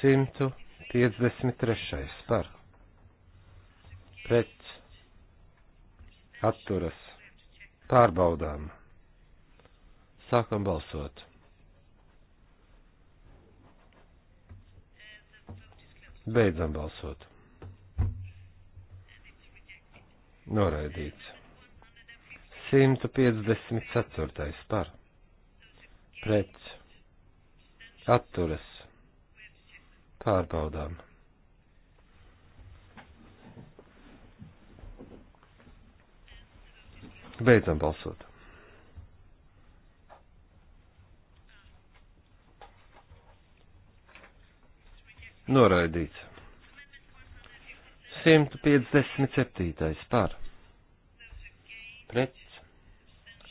153. par pret atturas pārbaudām. Sākam balsot. Beidzam balsot. Noraidīts. 154. par pret atturas pārbaudām. Beidzam balsot. Noraidīts. 157. par. Pret.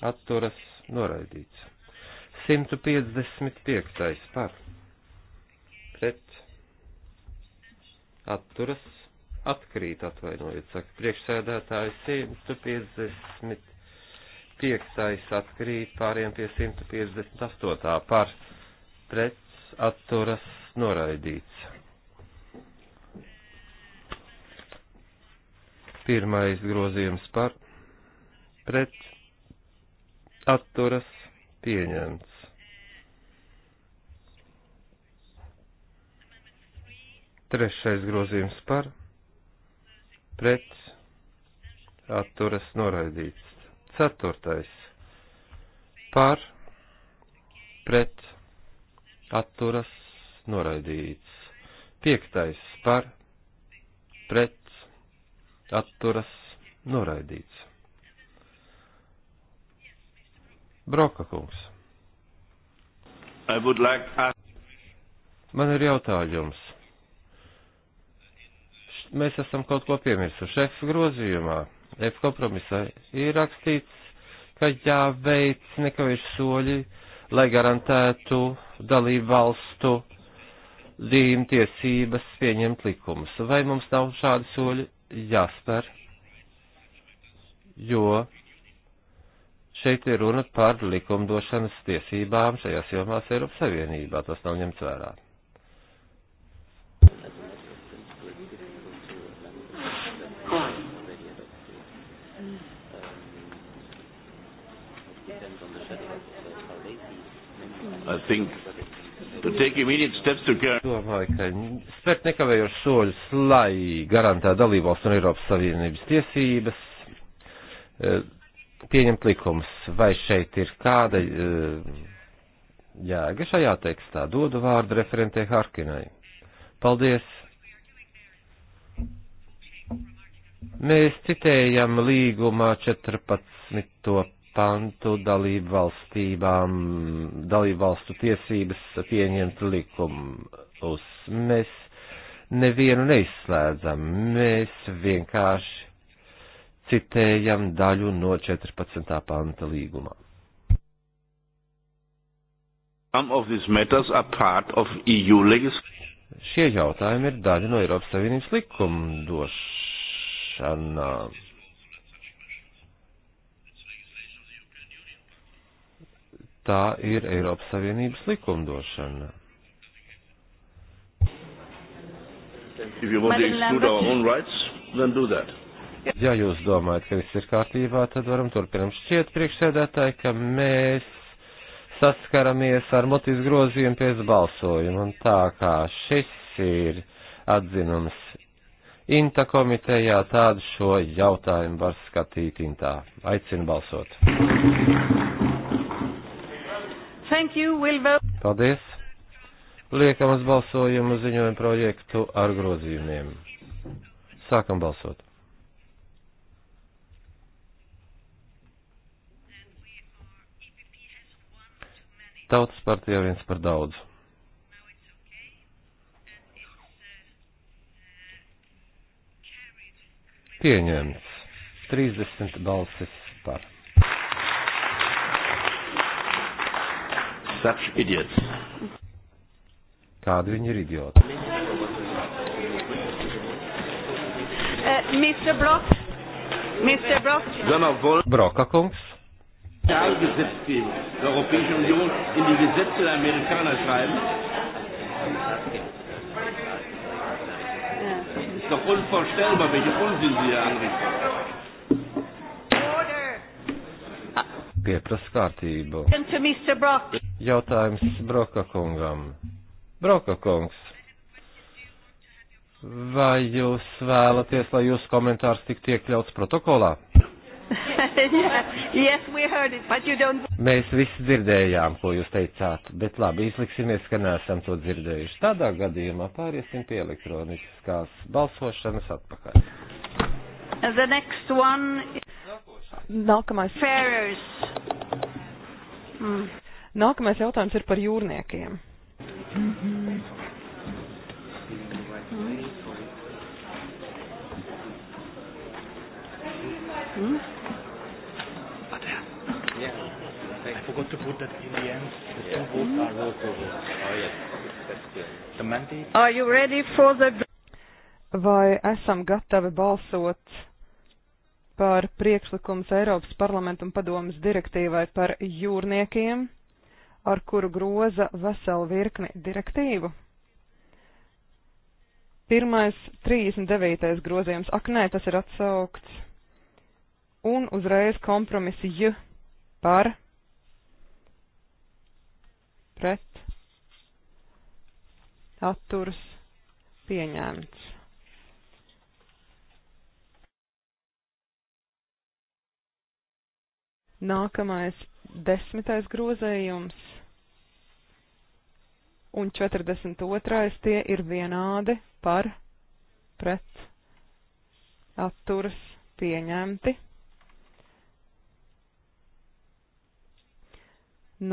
Atturas. Noraidīts. 155. par pret atturas atkrīt, atvainojiet, saka priekšsēdētāji 155. atkrīt, pāriem pie 158. par pret atturas noraidīts. Pirmais grozījums par pret atturas pieņemts. Trešais grozījums par pret atturas noraidīts. Ceturtais par pret atturas noraidīts. Piektais par pret atturas noraidīts. Broka kungs. Like... Man ir jautājums mēs esam kaut ko piemirsuši. F grozījumā, F kompromisā ir rakstīts, ka jāveic nekavējuši soļi, lai garantētu dalību valstu dīm tiesības pieņemt likumus. Vai mums nav šādi soļi jāspēr? Jo šeit ir runa par likumdošanas tiesībām šajās jomās Eiropas Savienībā. Tas nav ņemts vērā. I think to take immediate steps to care. Domāju, ka spērt nekavējošs soļus, lai garantē dalībvalsts un Eiropas Savienības tiesības, e, pieņemt likums, vai šeit ir kāda e, jēga šajā tekstā. Dodu vārdu referentē Harkinai. Paldies! Mēs citējam līgumā 14 pantu dalību valstībām, dalību valstu tiesības pieņemt likumus. Mēs nevienu neizslēdzam, mēs vienkārši citējam daļu no 14. panta līgumā. E Šie jautājumi ir daļa no Eiropas Savienības likuma došanām tā ir Eiropas Savienības likumdošana. Rights, ja jūs domājat, ka viss ir kārtībā, tad varam turpinam šķiet priekšsēdētāji, ka mēs saskaramies ar motis grozījumu pēc balsojuma, un tā kā šis ir atzinums Inta komitejā tādu šo jautājumu var skatīt Intā. Aicinu balsot. Thank you, Wilber. Paldies. Liekam uz balsojumu ziņojumu projektu ar grozījumiem. Sākam balsot. Tautas partijā viens par daudz. Pieņemts. 30 balsis par. such idiots. Kādi viņi ir idioti? Uh, eh, Mr. Brock. Mr. Brock. Brok. Broka kungs. Gesetzgebung der Europäischen Union in die Gesetze der Amerikaner schreiben? Ja. Ist doch unvorstellbar, welche Unsinn sie hier anrichten. pieprasa kārtību. Jautājums Broka kungam. Broka kungs, vai jūs vēlaties, lai jūsu komentārs tiktu iekļauts protokolā? yes, it, Mēs visi dzirdējām, ko jūs teicāt, bet labi, izliksimies, ka neesam to dzirdējuši. Tādā gadījumā pāriesim pie elektroniskās balsošanas atpakaļ. One... Nākamais. Ferrers. Mm. Nākamais jautājums ir par jūrniekiem. Mm -hmm. Mm. But, uh, yeah, I forgot to put that in the end. The yeah. two votes are roll call votes. Oh, yes. That's good. The mandate. Are you ready for the... Vai esam gatavi balsot par priekšlikums Eiropas parlamentu un padomas direktīvai par jūrniekiem, ar kuru groza veselu virkni direktīvu. Pirmais, 39. grozījums, ak nē, tas ir atsaukts. Un uzreiz kompromisi J par pret atturs pieņēmts. Nākamais desmitais grozējums un 42. tie ir vienādi par pret atturas pieņemti.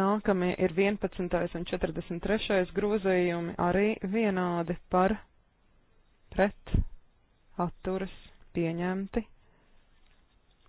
Nākamie ir 11. un 43. grozējumi arī vienādi par pret atturas pieņemti.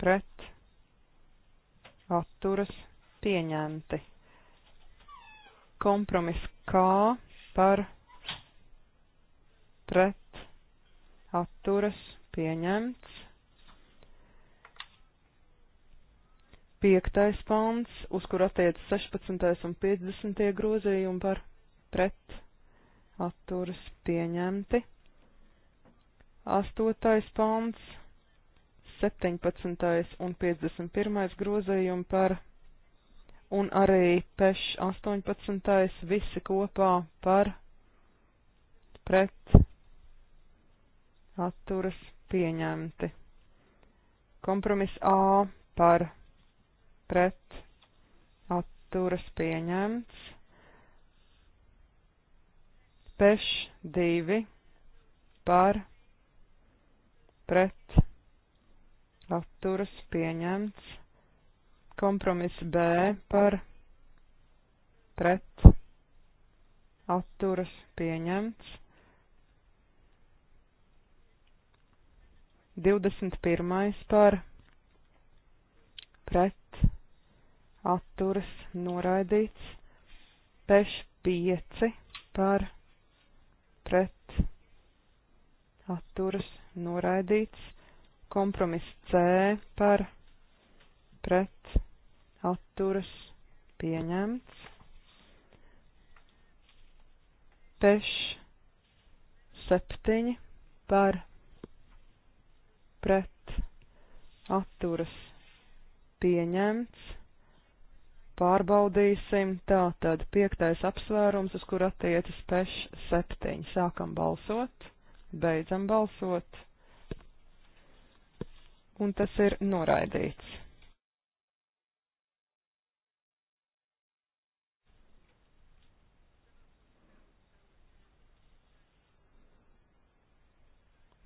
pret, atturas, pieņemti. Kompromis K par, pret, atturas, pieņemts. Piektais pants, uz kur attiec 16. un 50. grozījumi par, pret, atturas, pieņemti. Astotais pants, 17. un 51. grozījumi par un arī peš 18. visi kopā par pret atturas pieņemti. Kompromis A par pret atturas pieņemts. Peš 2 par pret atturas pieņemts. Kompromiss B par pret atturas pieņemts. 21. par pret atturas noraidīts. Peš 5 par pret atturas noraidīts. Kompromiss C par pret atturas pieņemts. Peš 7 par pret atturas pieņemts pārbaudīsim. Tātad piektais apsvērums, uz kur attiecas peš septiņi. Sākam balsot, beidzam balsot un tas ir noraidīts.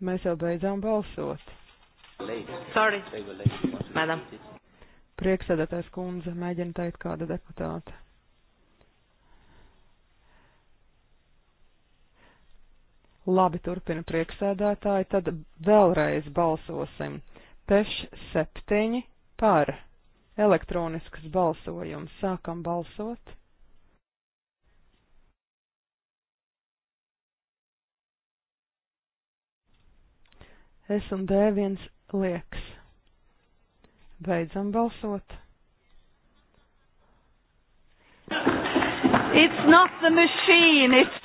Mēs jau beidzām balsot. Sorry, madam. Prieksēdētais kundze mēģina teikt kāda deputāta. Labi, turpina prieksēdētāji, tad vēlreiz balsosim peš 7 par. Elektronisks balsojums. Sākam balsot. S un D viens liekas. Beidzam balsot. It's not the machine, it's...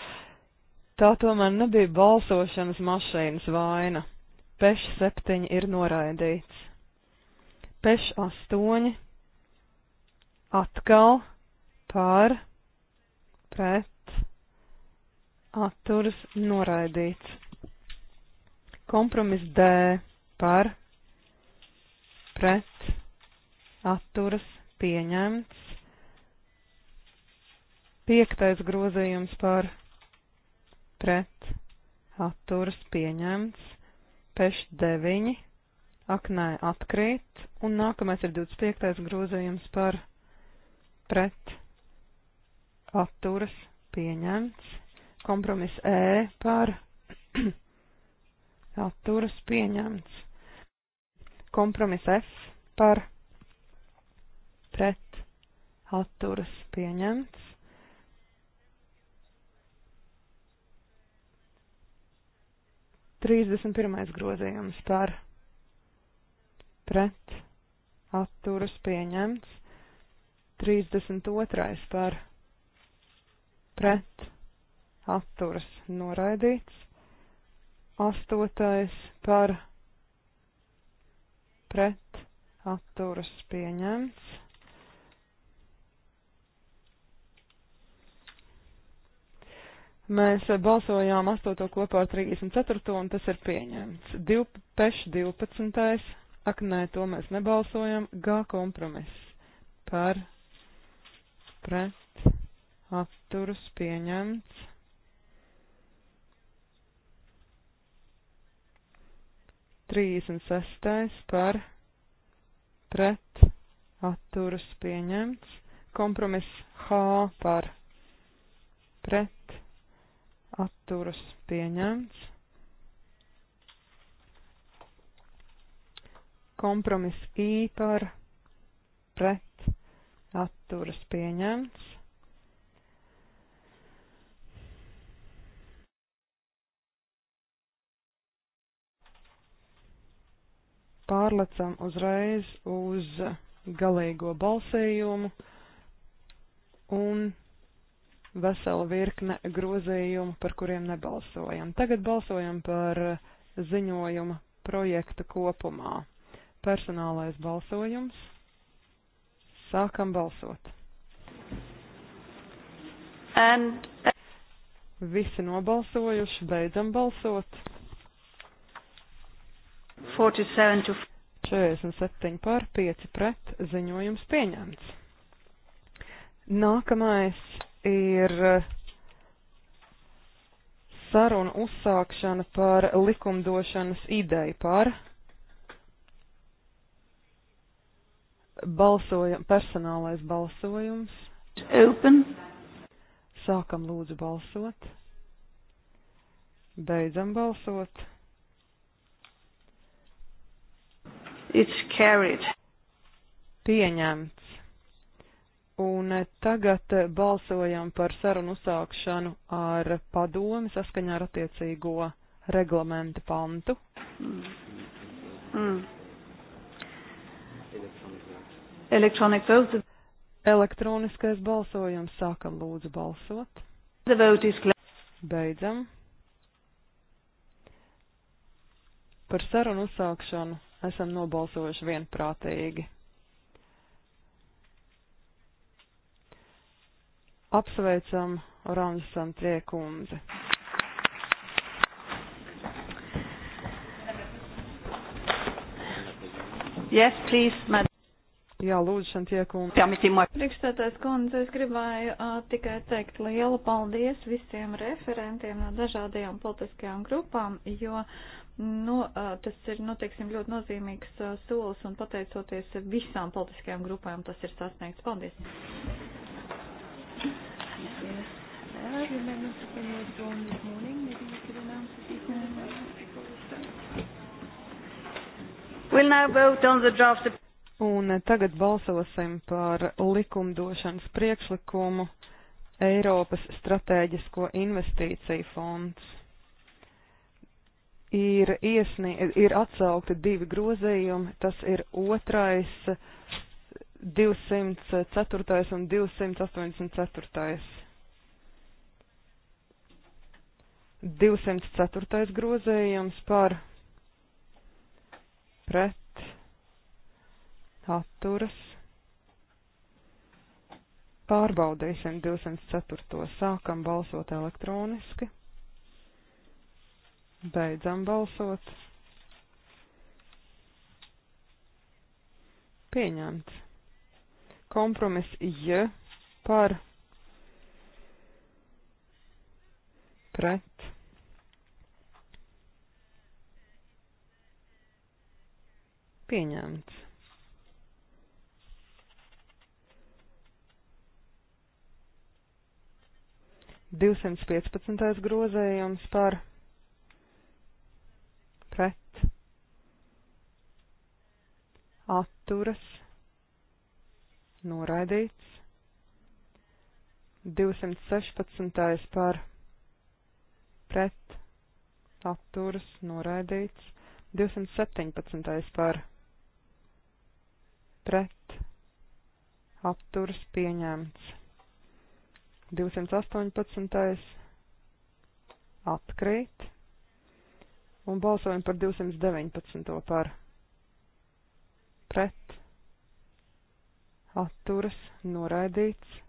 Tā tomēr nebija balsošanas mašīnas vaina peš 7 ir noraidīts. Peš 8 atkal pār pret atturas noraidīts. Kompromis D par pret atturas pieņemts. Piektais grozījums par pret atturas pieņemts peš 9, ak nē, atkrīt, un nākamais ir 25. grozījums par pret atturas pieņemts, kompromis E par atturas pieņemts, kompromis F par pret atturas pieņemts, 31. grozījums par pret atturas pieņemts, 32. par pret atturas noraidīts, 8. par pret atturas pieņemts, Mēs balsojām 8. kopā ar 34. un tas ir pieņemts. Div, peš 12. Ak, nē, to mēs nebalsojam. G kompromiss. Par, pret, apturus pieņemts. Trīsdesmit sestais par, pret, atturas pieņemts. Kompromiss H par, pret, atturas pieņemts. Kompromis I par pret atturas pieņemts. Pārlecam uzreiz uz galīgo balsējumu un vesela virkne grozījumu, par kuriem nebalsojam. Tagad balsojam par ziņojuma projektu kopumā. Personālais balsojums. Sākam balsot. And... Uh, Visi nobalsojuši, beidzam balsot. 47, to... 47 pār 5 pret ziņojums pieņemts. Nākamais ir eh, saruna uzsākšana par likumdošanas ideju par balsojam, personālais balsojums. Open. Sākam lūdzu balsot. Beidzam balsot. It's carried. Pieņemts. Un tagad balsojam par sarunu uzsākšanu ar padomi saskaņā ar attiecīgo reglamenta pantu. Mm. Mm. Electronic vote. Elektroniskais balsojums. Sākam lūdzu balsot. The vote is closed. Beidzam. Par sarunu uzsākšanu esam nobalsojuši vienprātīgi. Apsveicam Oranžasam Triekundzi. Yes, please, madam. Jā, lūdzu, Šantie kundze. Priekšstādājs kundze, es gribēju uh, tikai teikt lielu paldies visiem referentiem no dažādajām politiskajām grupām, jo nu, uh, tas ir, nu, teiksim, ļoti nozīmīgs uh, solis un pateicoties visām politiskajām grupām tas ir sasniegts. Paldies! there. The amendments have been withdrawn this morning. Maybe you could announce that these amendments before we start. We'll now vote on the draft. Un tagad balsosim par likumdošanas priekšlikumu Eiropas Stratēģisko investīciju fonds. Ir, iesnie, ir atsaukti divi grozījumi, tas ir otrais 204. un 284. 204. grozējums par pret atturas. Pārbaudīsim 204. sākam balsot elektroniski. Beidzam balsot. Pieņemts. Kompromiss J par pret pret pieņemts. Divsimt piecpadsmitais grozējums par pret atturas noraidīts. 216. par pret atturas noraidīts. 217. par pret atturas pieņemts. 218. atkrīt. Un balsojam par 219. par pret atturas noraidīts.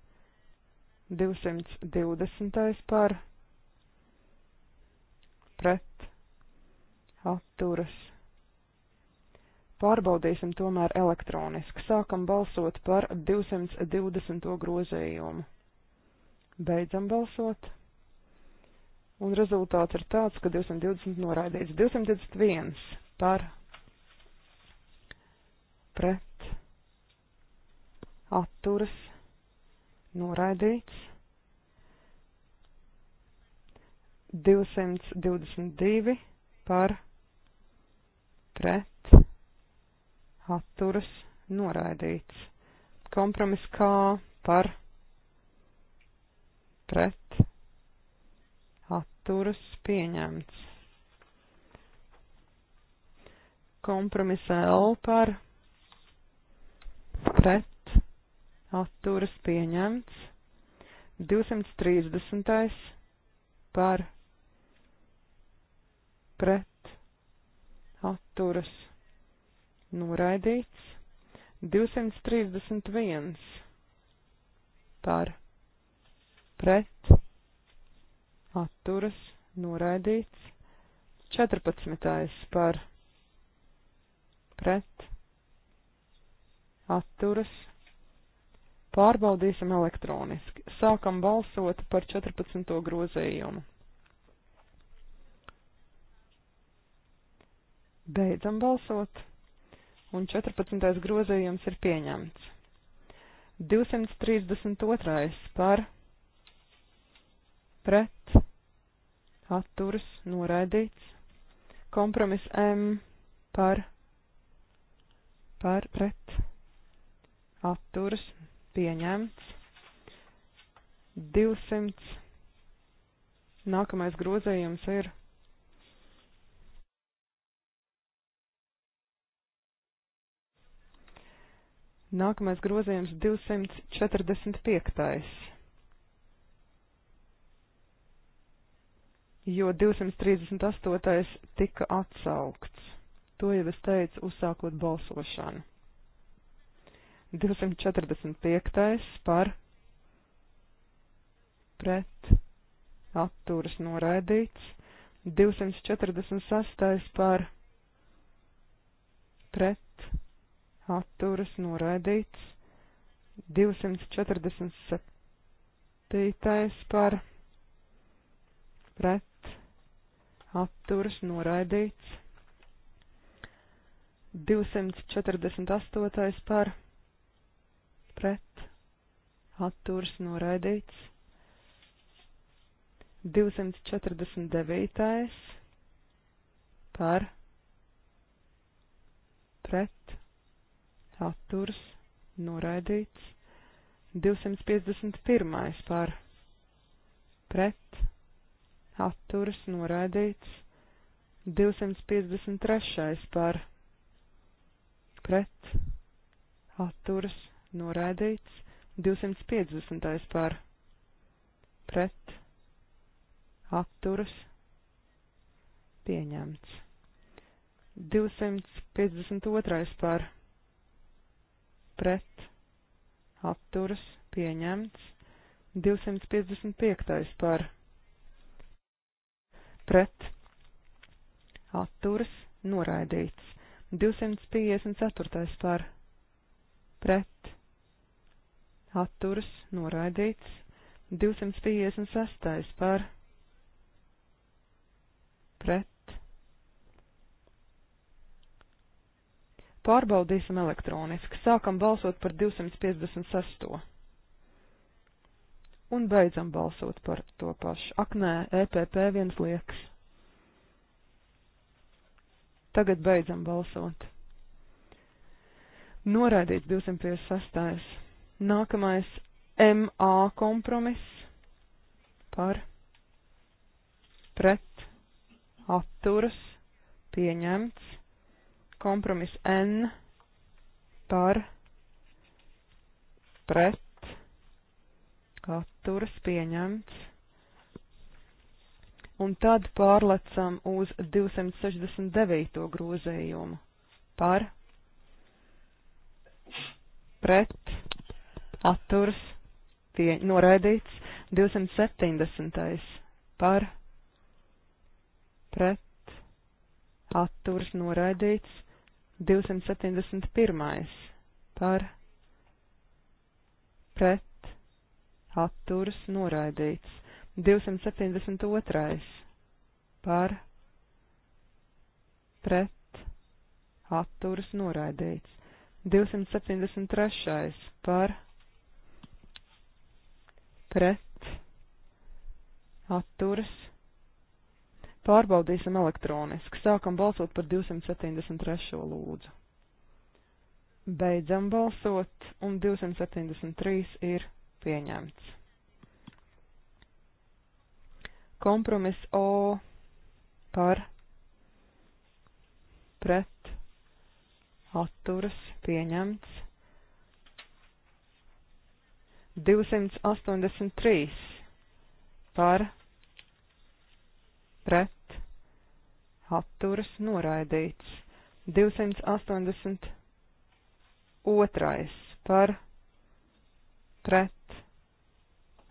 220. par pret pret atturas. Pārbaudīsim tomēr elektroniski. Sākam balsot par 220. grozījumu. Beidzam balsot. Un rezultāts ir tāds, ka 220 noraidīts. 221 par pret atturas noraidīts. 222 par pret atturas noraidīts. Kompromis kā par pret atturas pieņemts. Kompromis L par pret atturas pieņemts. 230. par pret pret atturas noraidīts. 231 par pret atturas noraidīts. 14. par pret atturas pārbaudīsim elektroniski. Sākam balsot par 14. grozījumu. Beidzam balsot. Un 14. grozījums ir pieņemts. 232. par pret atturas noraidīts. Kompromis M par par pret atturas pieņemts. 200. Nākamais grozījums ir Nākamais grozījums 245. Jo 238. tika atsaukts. To jau es teicu, uzsākot balsošanu. 245. par pret atturas noraidīts, 246. par pret atturas noraidīts 247. par pret atturas noraidīts 248. par pret atturas noraidīts 249. par pret atturs, noraidīts. 251. par pret, atturs, noraidīts. 253. par pret, atturs, noraidīts. 250. par pret, atturas, pieņemts. 252. par pret, atturas, pieņemts, 255. par, pret, atturas, noraidīts, 254. par, pret, atturas, noraidīts, 256. par, pret, Pārbaudīsim elektroniski. Sākam balsot par 256. Un beidzam balsot par to pašu. Ak, nē, EPP viens liekas. Tagad beidzam balsot. Noraidīts 256. Nākamais MA kompromiss par pret atturas pieņemts Kompromis N par pret atturas pieņemts. Un tad pārlecam uz 269. grozējumu par pret atturas pie, noraidīts 270. par pret atturas noraidīts 271. par pret atturas noraidīts. 272. par pret atturas noraidīts. 273. par pret atturas noraidīts Pārbaudīsim elektroniski. Sākam balsot par 273. lūdzu. Beidzam balsot, un 273 ir pieņemts. Kompromiss O par pret atturas pieņemts 283 par pret, atturas noraidīts. 282 par, pret,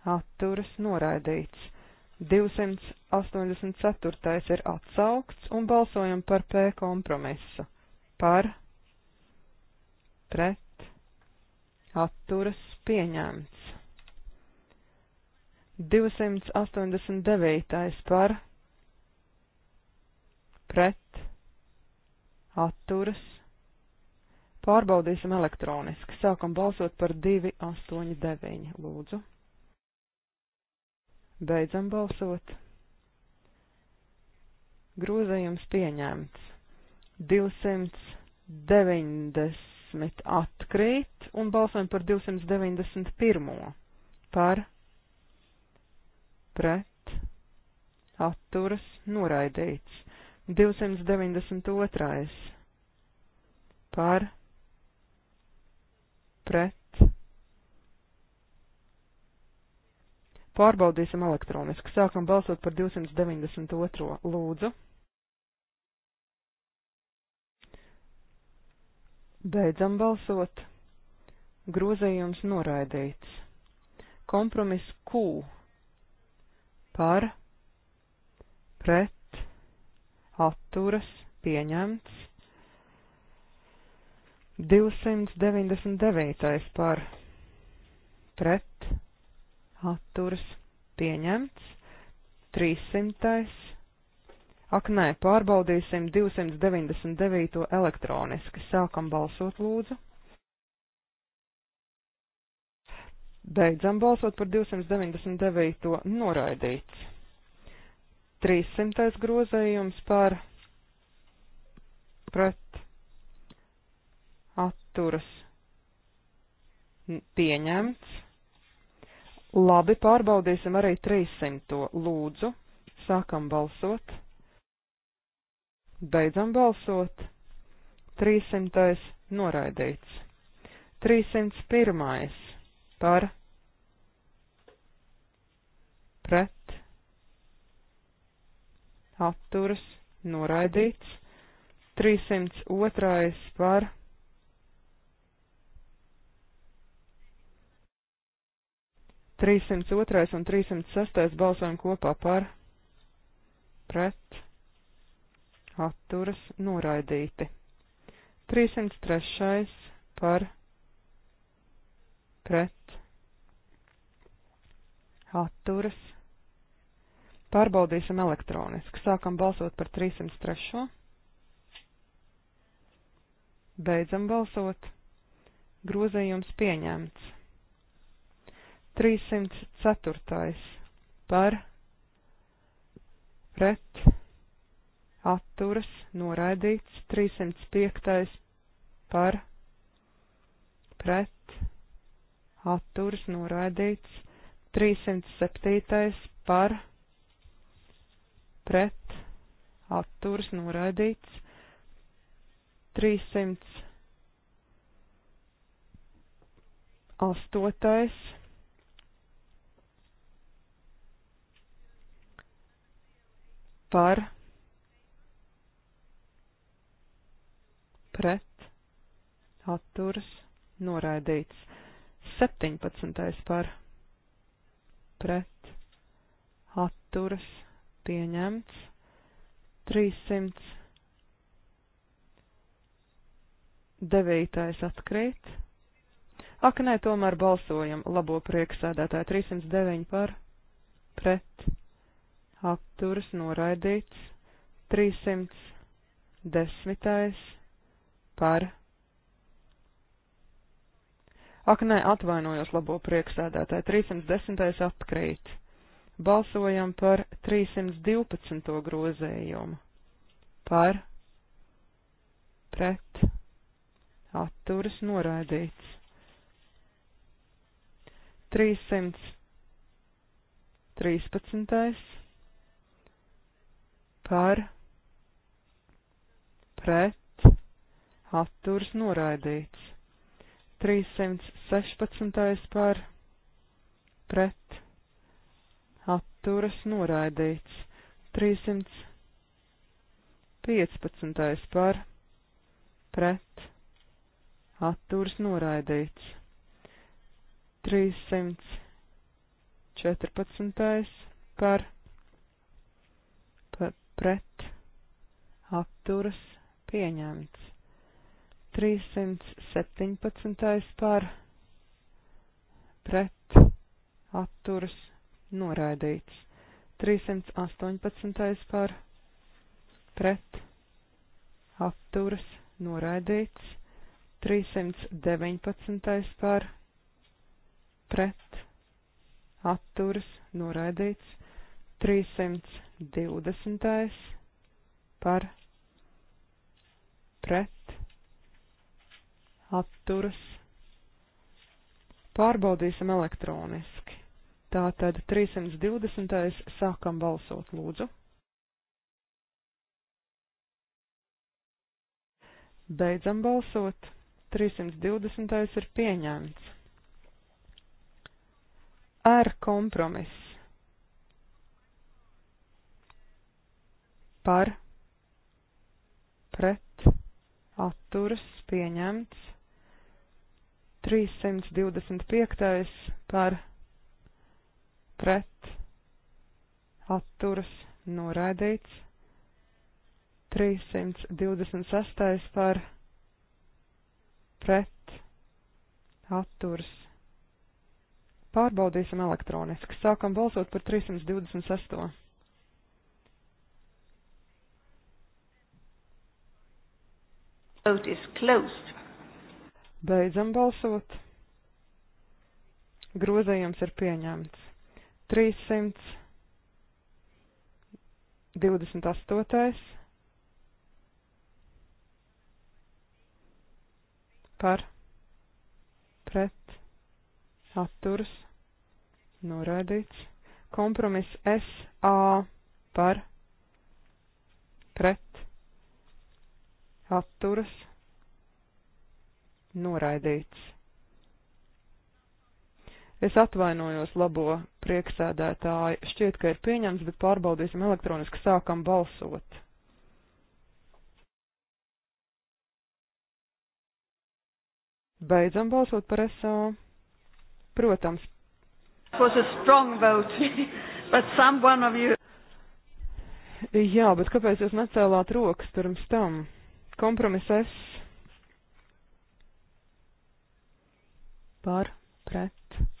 atturas noraidīts. 284 ir atsaukts un balsojam par P kompromisu. Par, pret, atturas pieņemts. 289 par, pret, atturas. Pārbaudīsim elektroniski. Sākam balsot par 289, lūdzu. Beidzam balsot. Grozījums pieņemts. 290 atkrīt un balsojam par 291. Par pret atturas noraidīts. 292. par pret. Pārbaudīsim elektroniski. Sākam balsot par 292. lūdzu. Beidzam balsot. Grozījums noraidīts. Kompromiss Q par pret atturas pieņemts. 299. par pret atturas pieņemts. 300. Ak, nē, pārbaudīsim 299. elektroniski. Sākam balsot, lūdzu. Beidzam balsot par 299. noraidīts. 300. grozējums par pret atturas pieņemts. Labi, pārbaudīsim arī 300. Lūdzu, sākam balsot. Beidzam balsot. 300. noraidīts. 301. par pret atturas, noraidīts. 302. par Trīsimts otrais un trīsimts sestais balsojam kopā par, pret, atturas, noraidīti. Trīsimts trešais par, pret, atturas, Pārbaudīsim elektroniski. Sākam balsot par 303. Beidzam balsot. Grozījums pieņemts. 304. par pret atturas noraidīts. 305. par pret atturas noraidīts. 307. par pret pret atturs noraidīts 308. par pret atturs noraidīts 17. par pret atturas noraidīts pieņemts. 309. atkrīt. Ak, nē, tomēr balsojam labo prieksēdētāju 309 par pret apturas noraidīts 310 par. Ak, nē, atvainojos labo prieksēdētāju 310 atkrīt. Balsojam par 312. grozējumu. Par, pret, atturas noraidīts. 313. par, pret, atturas noraidīts. 316. par, pret, atturas noraidīts. 315. par pret atturas noraidīts. 314. par pret atturas pieņemts. 317. par pret atturas noraidīts. 318. par pret apturas noraidīts. 319. par pret atturas noraidīts. 320. par pret atturas. Pārbaudīsim elektroniski. Tātad 320. sākam balsot, lūdzu. Beidzam balsot. 320. ir pieņemts. Ar kompromisu. Par, pret, atturas, pieņemts. 325. par pret, atturas, noraidīts, 326. par, pret, atturas. Pārbaudīsim elektroniski. Sākam balsot par 326. Vote is closed. Beidzam balsot. Grozējums ir pieņemts. 328. par pret atturs noraidīts. Kompromis SA par pret atturs noraidīts. Es atvainojos labo prieksēdētāju. Šķiet, ka ir pieņems, bet pārbaudīsim elektroniski sākam balsot. Beidzam balsot par SO. Protams. Vote, you... Jā, bet kāpēc jūs necēlāt rokas pirms tam? Kompromiss S. Par, pret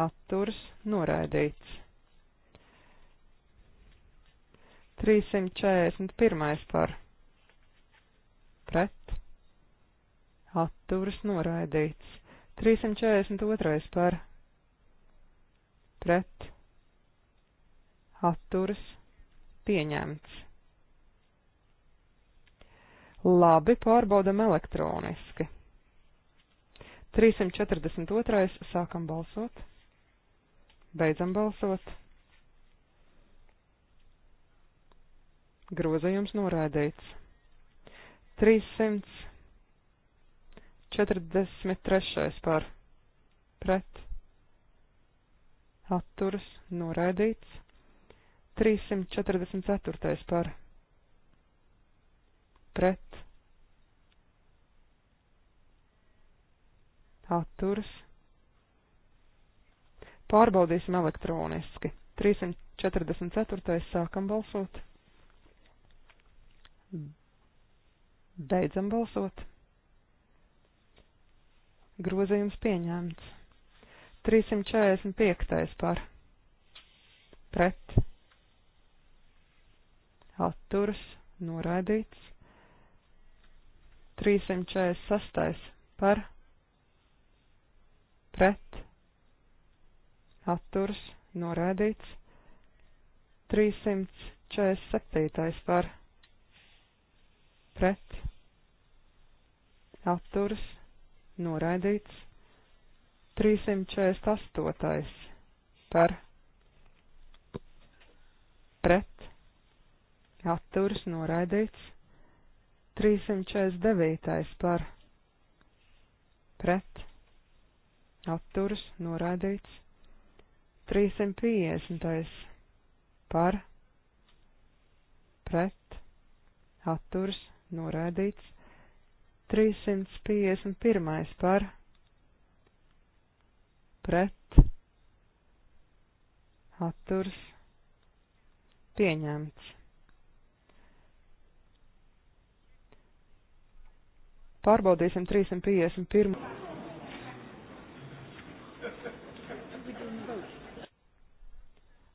atturs noraidīts. 341. par pret atturs noraidīts. 342. par pret atturs pieņemts. Labi, pārbaudam elektroniski. 342. sākam balsot. Beidzam balsot. Grozījums noraidīts. 343. par pret atturas noraidīts. 344. par pret atturas noraidīts. Pārbaudīsim elektroniski. 344. sākam balsot. Beidzam balsot. Grozījums pieņemts. 345. par. Pret. Atturas. Noraidīts. 346. par. Pret atturs, norādīts. 347. par pret, atturs, noraidīts. 348. par pret, atturs, noraidīts. 349. par pret, atturs, noraidīts. 350. par, pret, atturs, norādīts. 351. par, pret, atturs, pieņemts. Pārbaudīsim 351.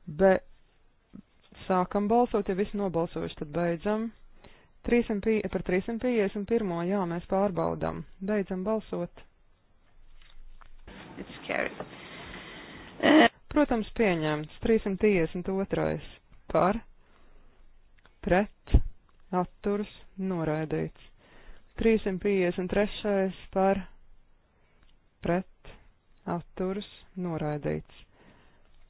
bet sākam balsot, ja visi nobalsojuši, tad beidzam. 300, par 351. jā, mēs pārbaudam. Beidzam balsot. Protams, pieņemts. 352. par, pret, atturs, noraidīts. 353. par, pret, atturs, noraidīts.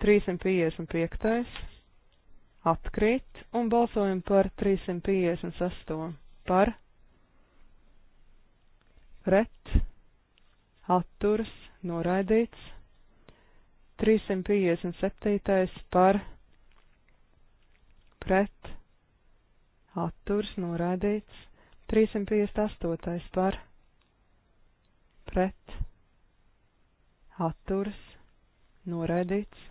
355. atkrīt un balsojam par 358. par pret, atturas, noraidīts, 357. par pret, atturas, noraidīts, 358. par pret, atturas, noraidīts,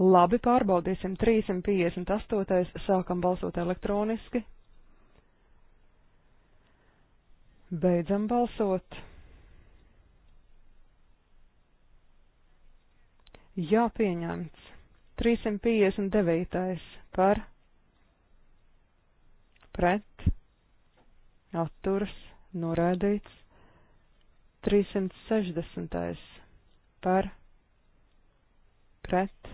Labi, pārbaudīsim 358. sākam balsot elektroniski. Beidzam balsot. Jā, pieņemts. 359. par pret atturas norādīts. 360. par pret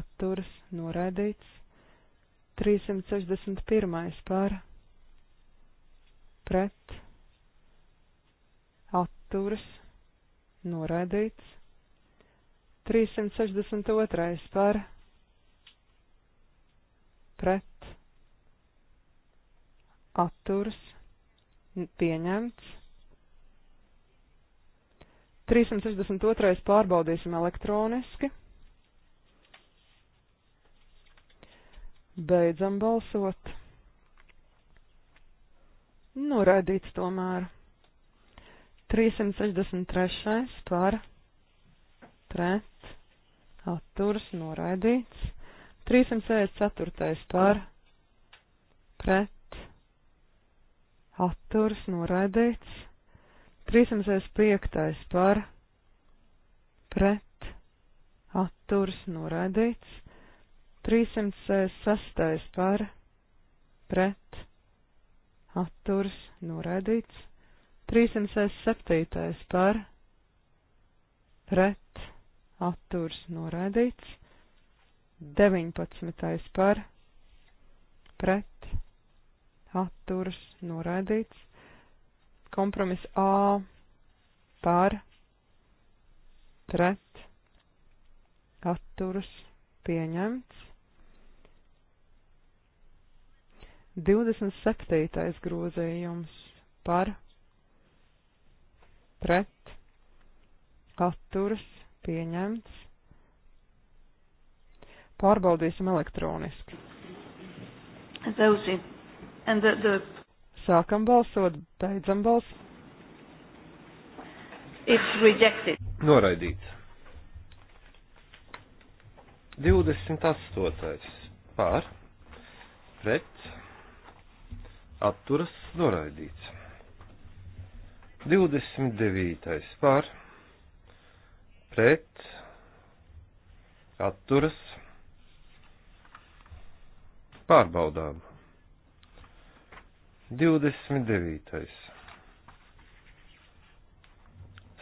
atturas, noraidīts. 361. par, pret, atturas, noraidīts. 362. par, pret, atturas, pieņemts. 362. pārbaudīsim elektroniski. Beidzam balsot. Noraidīts nu, tomēr. 363. par pret atturs noraidīts. 364. par pret atturs noraidīts. 365. par pret atturs noraidīts. 306. par pret atturs noraidīts. 307. par pret atturs noraidīts. 19. par pret atturs noraidīts. Kompromis A par pret atturs pieņemts. 27. grozījums par pret atturas pieņemts. Pārbaudīsim elektroniski. Zauzi. And the, the... Sākam balsot, beidzam balsot. It's rejected. Noraidīts. 28. pār pret atturas noraidīts. 29. pār pret atturas pārbaudām. 29.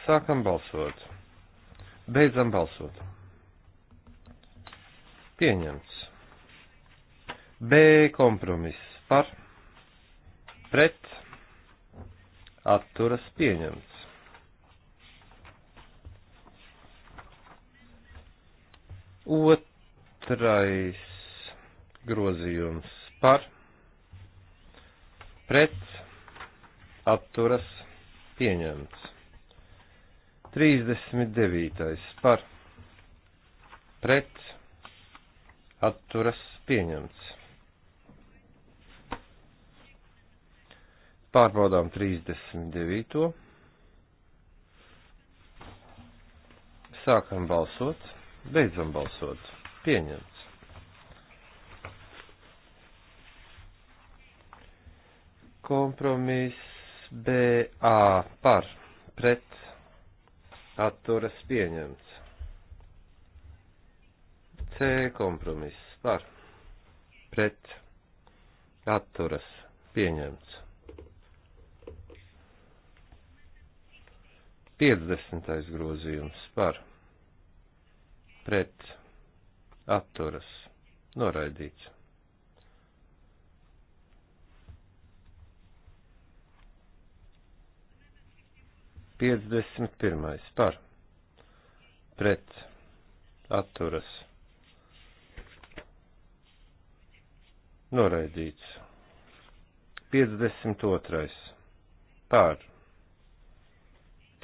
Sākam balsot. Beidzam balsot. Pieņemts. B kompromiss par pret atturas pieņemts. Otrais grozījums par pret atturas pieņemts. 39. par pret atturas pieņemts. Pārbaudām 39. Sākam balsot, beidzam balsot. Pieņemts. Kompromiss BA par pret atturas pieņemts. C kompromiss par pret atturas pieņemts. 50. grozījums par pret atturas noraidīts. Piecdesmit pirmais par pret atturas noraidīts. Piecdesmit otrais par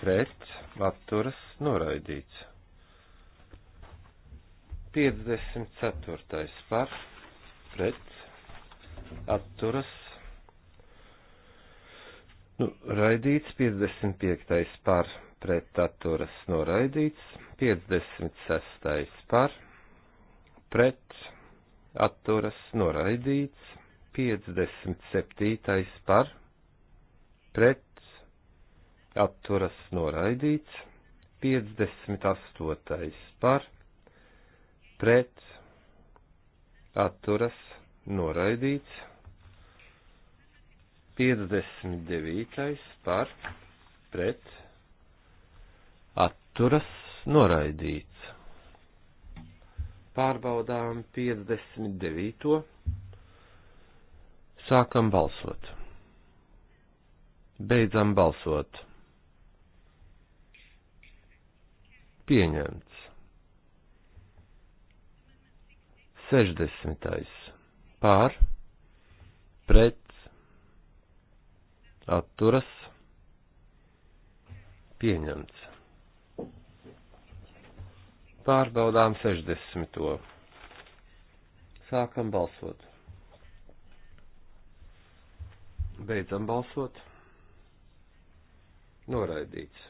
pret, atturas, noraidīts. 54. par, pret, atturas, nu, raidīts, 55. par, pret, atturas, noraidīts, 56. par, pret, atturas, noraidīts, 57. par, pret, atturas noraidīts, 58. par, pret, atturas noraidīts, 59. par, pret, atturas noraidīts. Pārbaudām 59. Sākam balsot. Beidzam balsot. pieņemts. 60. pār, pret, atturas, pieņemts. Pārbaudām 60. Sākam balsot. Beidzam balsot. Noraidīts.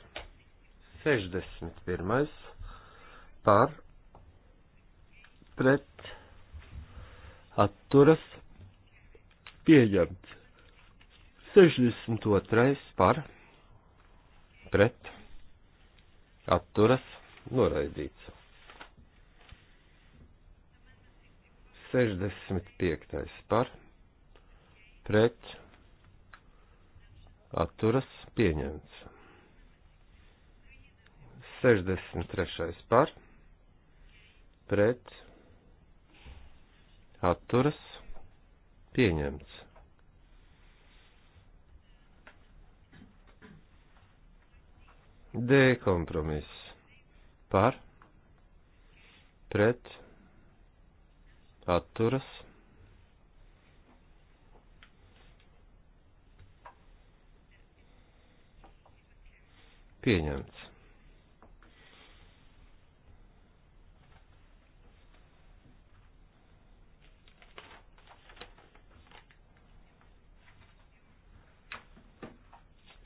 61. par pret atturas pieņemts. 62. par pret atturas noraidīts. 65. par pret atturas pieņemts. 63. par pret atturas pieņemts. D kompromiss par pret atturas pieņemts.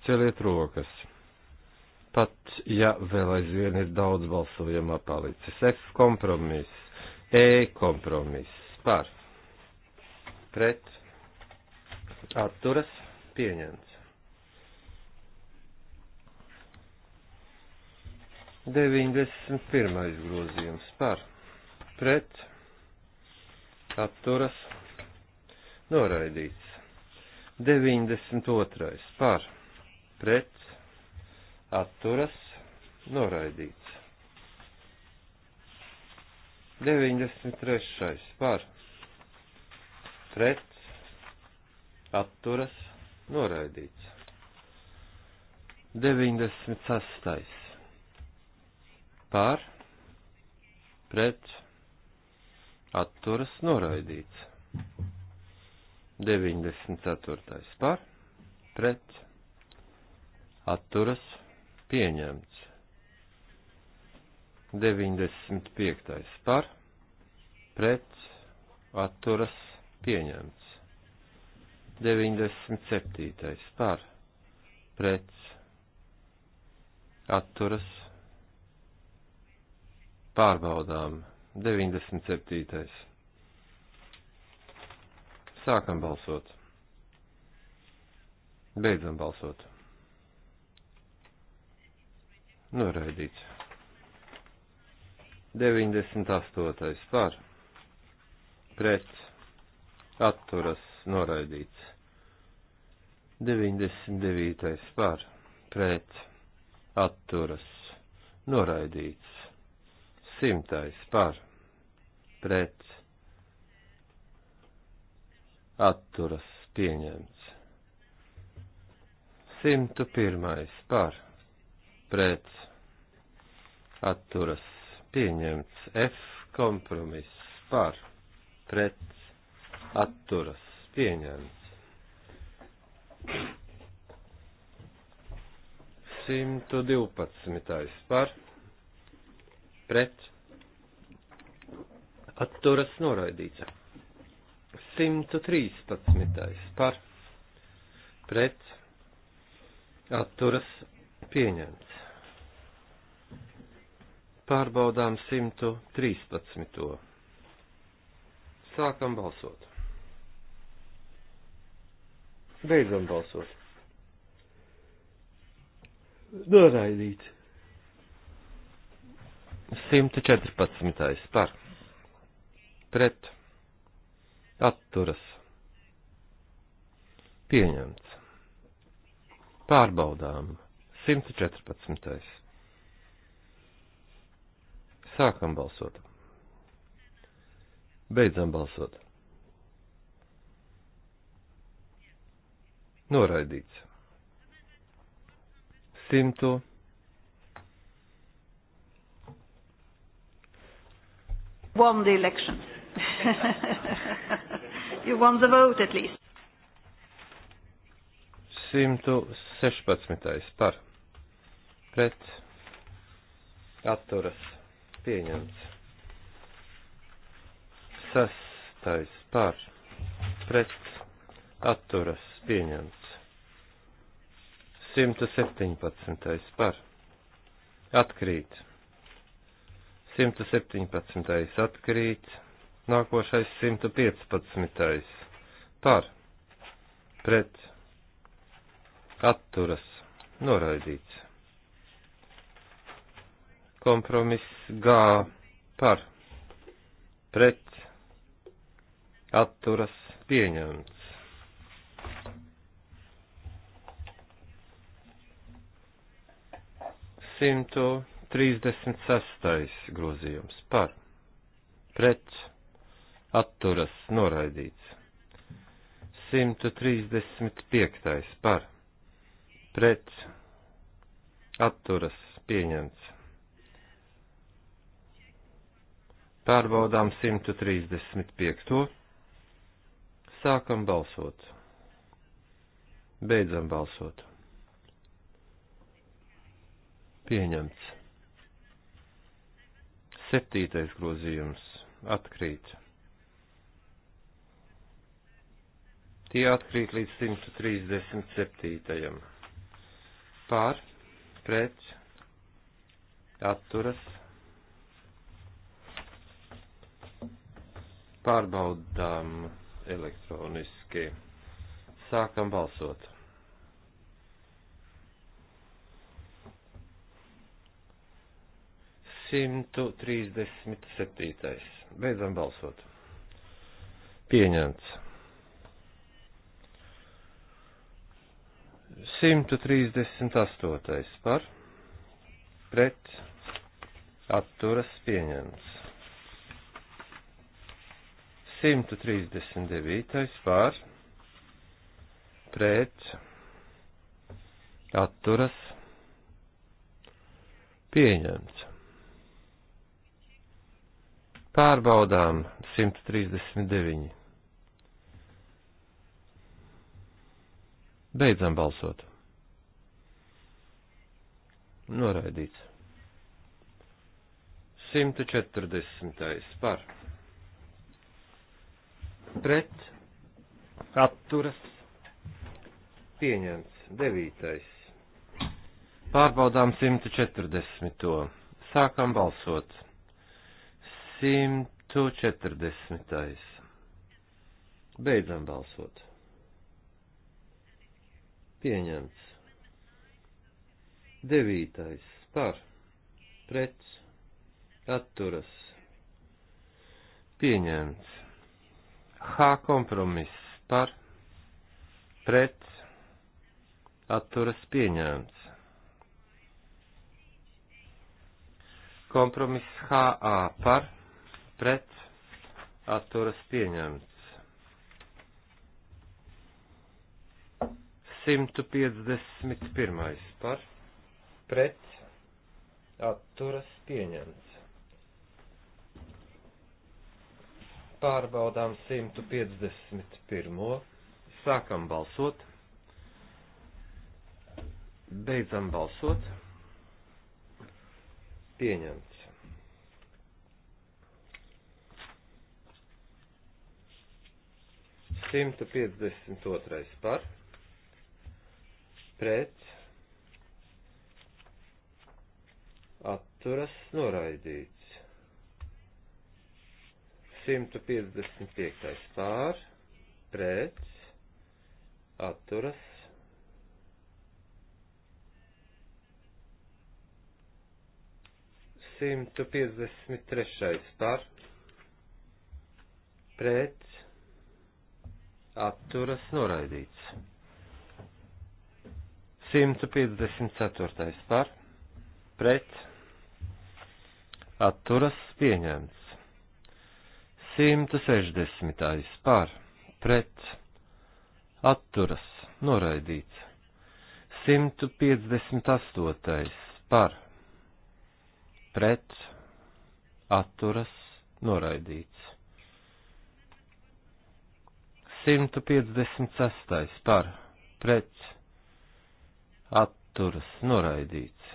Celiet rokas. Pat, ja vēl aizvien ir daudz balsojumā palicis. F kompromiss, E kompromiss, par, pret, atturas, pieņemts. 91. grozījums par, pret, atturas, noraidīts. 92. par pret atturas noraidīts. 93. par pret atturas noraidīts. 96. par pret atturas noraidīts. 94. par pret atturas pieņemts. 95. par, pret, atturas pieņemts. 97. par, pret, atturas pārbaudām. 97. Sākam balsot. Beidzam balsot noraidīts. 98. par pret atturas noraidīts. 99. par pret atturas noraidīts. 100. par pret atturas pieņemts. 101. par pret atturas pieņemts. F kompromiss par pret atturas pieņemts. 112. par pret atturas noraidīts. 113. par pret atturas pieņemts. Pārbaudām 113. Sākam balsot. Beidzam balsot. Noraidīt. 114. par. Pret. Atturas. Pieņemts. Pārbaudām. 114. Sākam balsot. Beidzam balsot. Noraidīts. Simto. Won the election. you won the vote at least. 116. par pret atturas pieņemts. Sastais par pret atturas pieņemts. 117. par atkrīt. 117. atkrīt. Nākošais 115. par pret atturas noraidīts. Kompromiss G par pret atturas pieņemts. Simto 36. grozījums par pret atturas noraidīts. 135. par pret atturas pieņemts. Pārbaudām 135. Sākam balsot. Beidzam balsot. Pieņemts. Septītais grozījums atkrīt. Tie atkrīt līdz 137. Pār, pret, atturas Pārbaudām elektroniski. Sākam balsot. Simtu trīsdesmit septītais. Beidzam balsot. Pieņemts. 138. par pret atturas pieņemts. 139. pār pret atturas pieņemts. Pārbaudām 139. Beidzam balsot. Noraidīts. 140. par pret, atturas, pieņemts. Devītais. Pārbaudām 140. Sākam balsot. 140. Beidzam balsot. Pieņemts. Devītais. Par. Pret. Atturas. Pieņemts. H kompromiss par pret atturas pieņēmts. Kompromiss HA par pret atturas pieņemts. 151. par pret atturas pieņemts. pārbaudām 151. Sākam balsot. Beidzam balsot. Pieņemts. Simta piecdesmit otrais par, pret, atturas noraidīts. 155. pār, pret, atturas. Simtu piecdesmit trešais par, pret, atturas noraidīts. Simtu piecdesmit ceturtais par, pret, atturas pieņemts. 160. par, pret, atturas, noraidīts. 158. par, pret, atturas, noraidīts. 156. par, pret, atturas, noraidīts.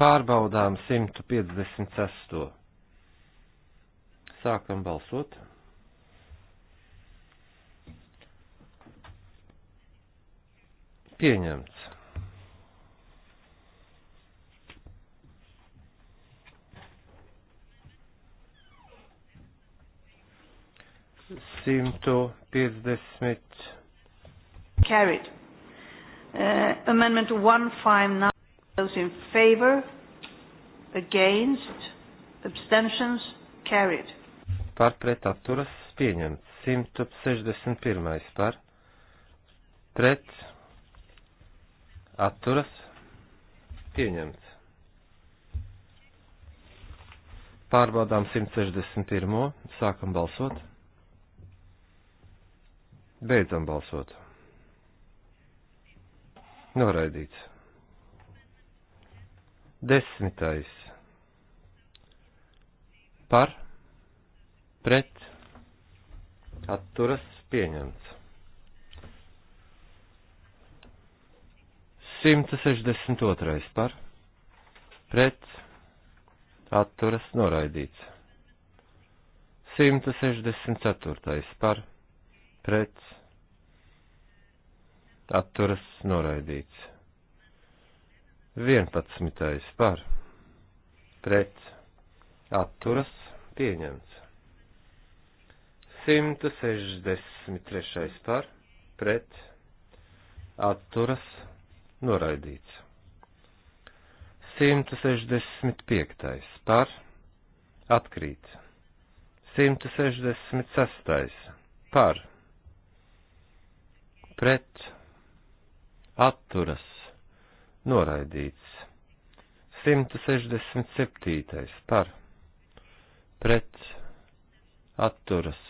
Pārbaudām 156. Sākam balsot. Pieņemts. Simto piecdesmit. Carried. Uh, amendment 159. Those in favor, against, abstentions, carried par pret atturas pieņemts. 161. par pret atturas pieņemts. Pārbaudām 161. Sākam balsot. Beidzam balsot. Noraidīts. Desmitais. Par pret atturas pieņemts. 162. par pret atturas noraidīts. 164. par pret atturas noraidīts. 11. par pret atturas pieņemts. 163. par pret atturas noraidīts. 165. par atkrīt. 166. par pret atturas noraidīts. 167. par pret atturas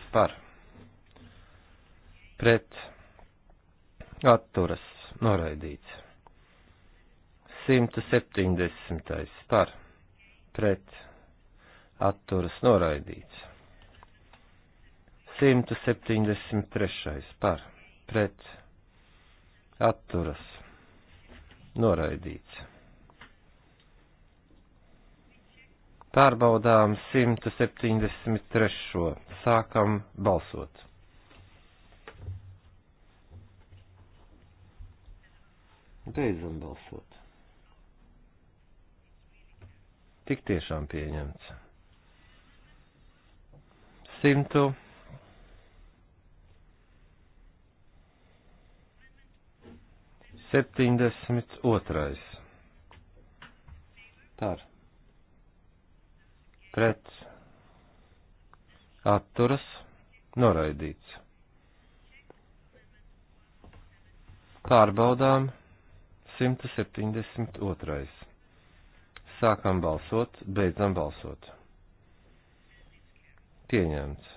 par pret atturas noraidīts. 170. par pret atturas noraidīts. 173. par pret atturas noraidīts. Pārbaudām 173. Sākam balsot. Beidzam balsot. Tik tiešām pieņemts. 100. 72. Par pret atturas noraidīts. Pārbaudām 172. Sākam balsot, beidzam balsot. Pieņemts.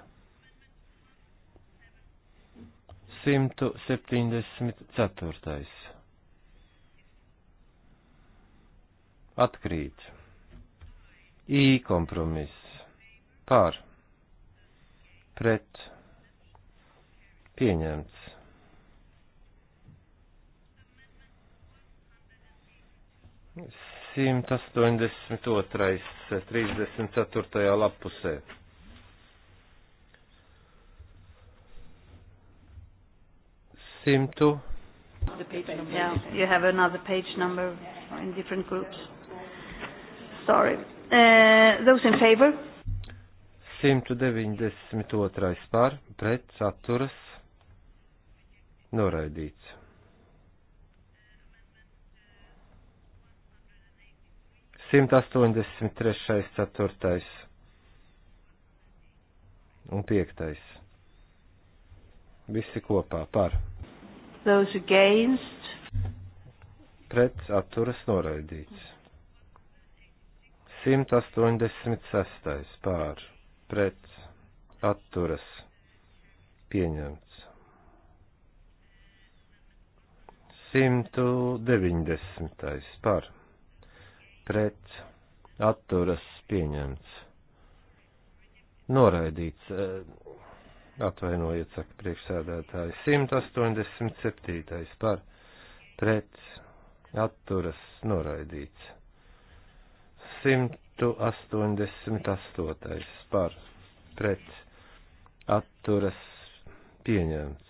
174. Atkrīt. I kompromiss par pret pieņemts. Simt astoņdesmit otrais, trīsdesmit ceturtajā lapusē. Simtu. Yeah, you have another page number in different groups. Sorry. Uh, those in favor? 192. par, pret, saturas, noraidīts. 183. 4. un 5. Visi kopā par. Those against. Pret atturas noraidīts. 186. pār pret atturas pieņemts. 190. par pret atturas pieņemts. Noraidīts, eh, atvainojiet, saka priekšsēdētāji, 187. par pret atturas noraidīts. 188. par pret atturas pieņemts.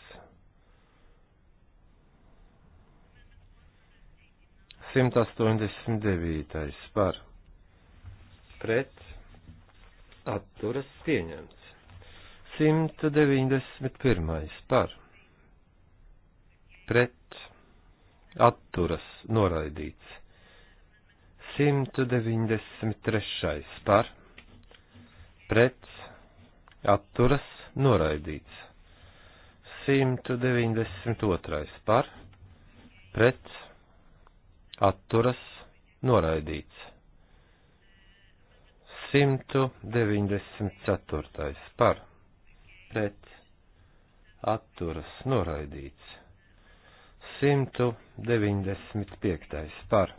189. par pret atturas pieņemts. 191. par pret atturas noraidīts. 193. par pret atturas noraidīts. 192. par pret atturas noraidīts. 194. par pret atturas noraidīts. 195. par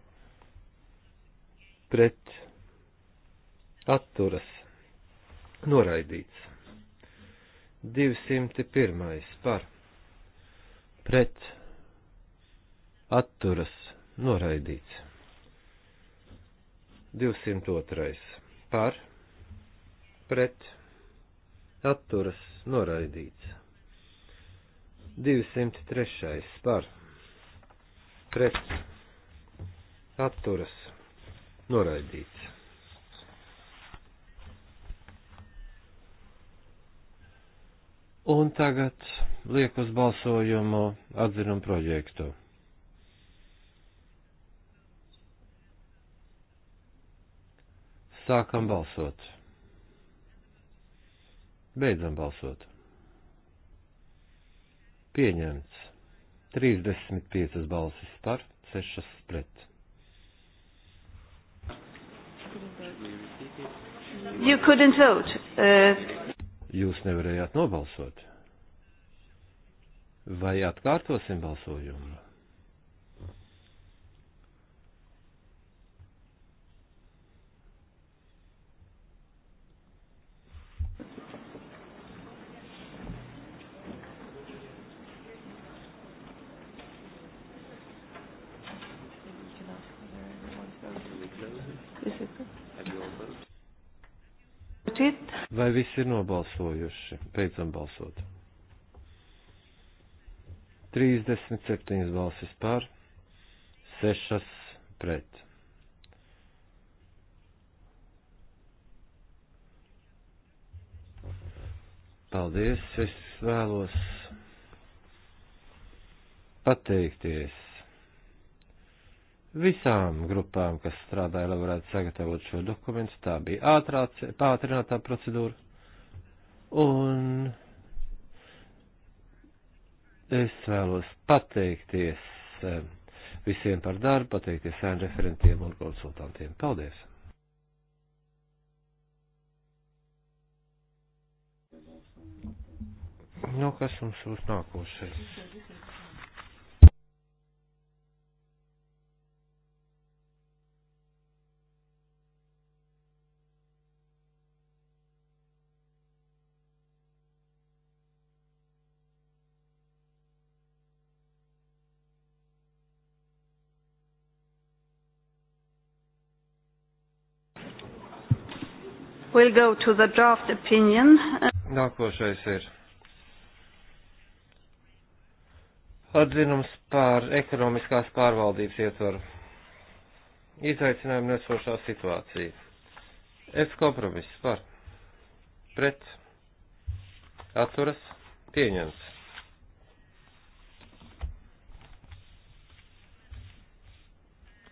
pret atturas noraidīts. 201. par pret atturas noraidīts. 202. par pret atturas noraidīts. 203. par pret atturas noraidīts. Un tagad liek uz balsojumu atzinumu projektu. Sākam balsot. Beidzam balsot. Pieņemts. 35 balsis par, 6 pret. You couldn't vote. Uh, Jūs nevarējāt nobalsot. Vai atkārtosim balsojumu? Vai visi ir nobalsojuši? Beidzam balsot. 37 balsis par, 6 pret. Paldies, es vēlos pateikties visām grupām, kas strādāja, lai varētu sagatavot šo dokumentu. Tā bija ātrā, pātrinātā procedūra. Un es vēlos pateikties eh, visiem par darbu, pateikties sēnu referentiem un konsultantiem. Paldies! Nu, kas mums būs nākošais? We'll go to the draft opinion. Nākošais ir atzinums par ekonomiskās pārvaldības ietvaru. Izaicinājumu nesošā situācija. Es kompromiss par. Pret. Atturas. Pieņems.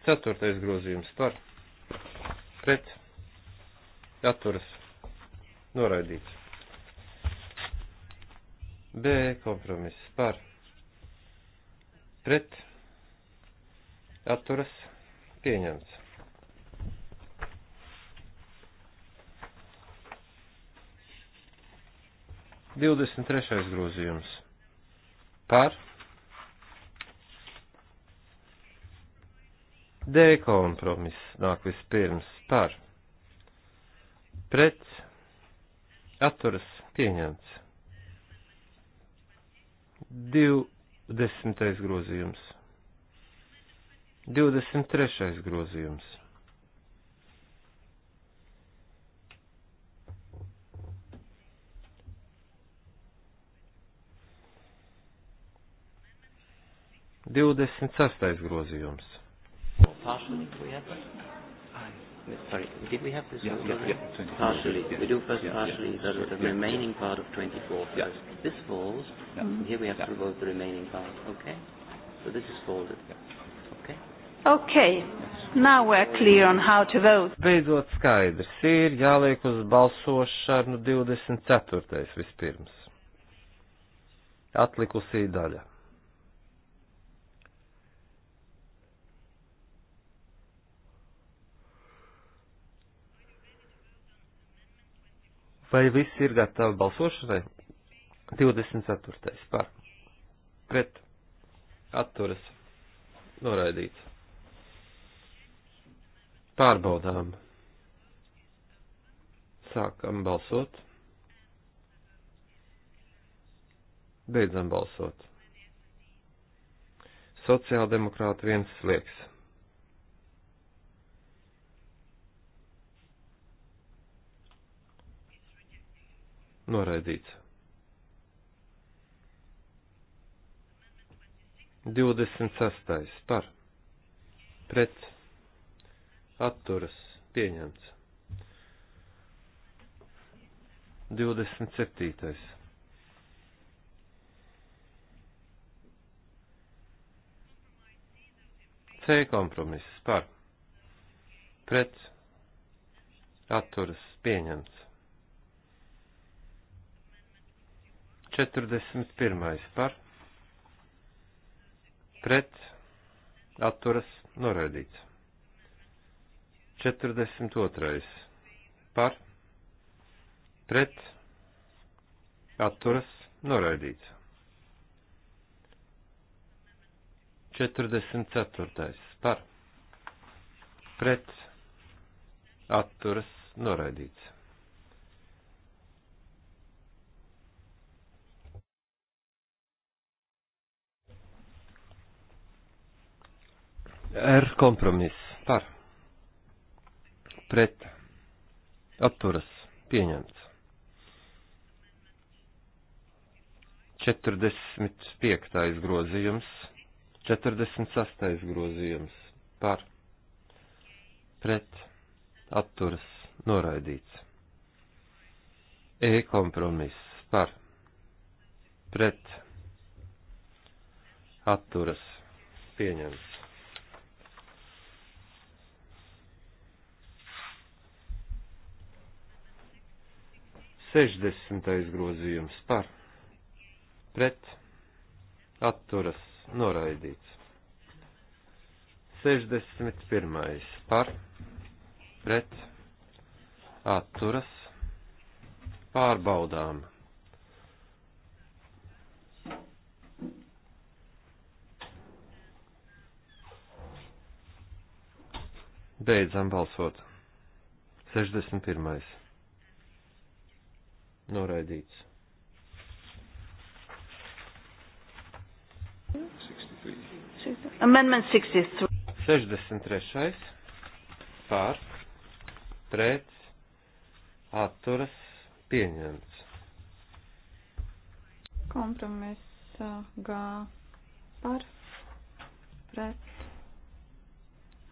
Ceturtais grozījums par. Pret atturas noraidīts. B kompromiss par pret atturas pieņemts. Divdesmit trešais grozījums par D kompromiss nāk vispirms par pret atturas pieņemts. 20. grozījums. 23. grozījums. Divdesmit sastais grozījums. Sorry, did we have this? Yeah, yeah, yeah, yeah. Partially. Yeah. We do first yeah, partially, yeah. so sure, the yeah, remaining yeah. part of 24 first. Yeah. This falls. Yeah. Mm-hmm. Here we have yeah. to vote the remaining part. Okay. So this is folded. Yeah. Okay. Okay. Now we're clear on how to vote. Beidzot skaidrs ir jāliek uz balsošanu 24. vispirms. Atlikusī daļa. Vai visi ir gatavi balsošanai? 24. par. Pret. Atturas. Noraidīts. Pārbaudām. Sākam balsot. Beidzam balsot. Sociāldemokrāti viens slieks. Noraidīts. 26. par pret atturas pieņemts. 27. C kompromiss par pret atturas pieņemts. 41. par pret atturas noraidīts. 42. par pret atturas noraidīts. 44. par pret atturas noraidīts. R kompromiss par pret atturas pieņemts. 45. grozījums, 46. grozījums par pret atturas noraidīts. E kompromiss par pret atturas pieņemts. 60. grozījums par pret atturas noraidīts. 61. par pret atturas pārbaudām. Beidzam balsot. 61 noraidīts. 63. Amendment 63. 63. Pār, pret, atturas, pieņemts. Kompromiss G par, pret,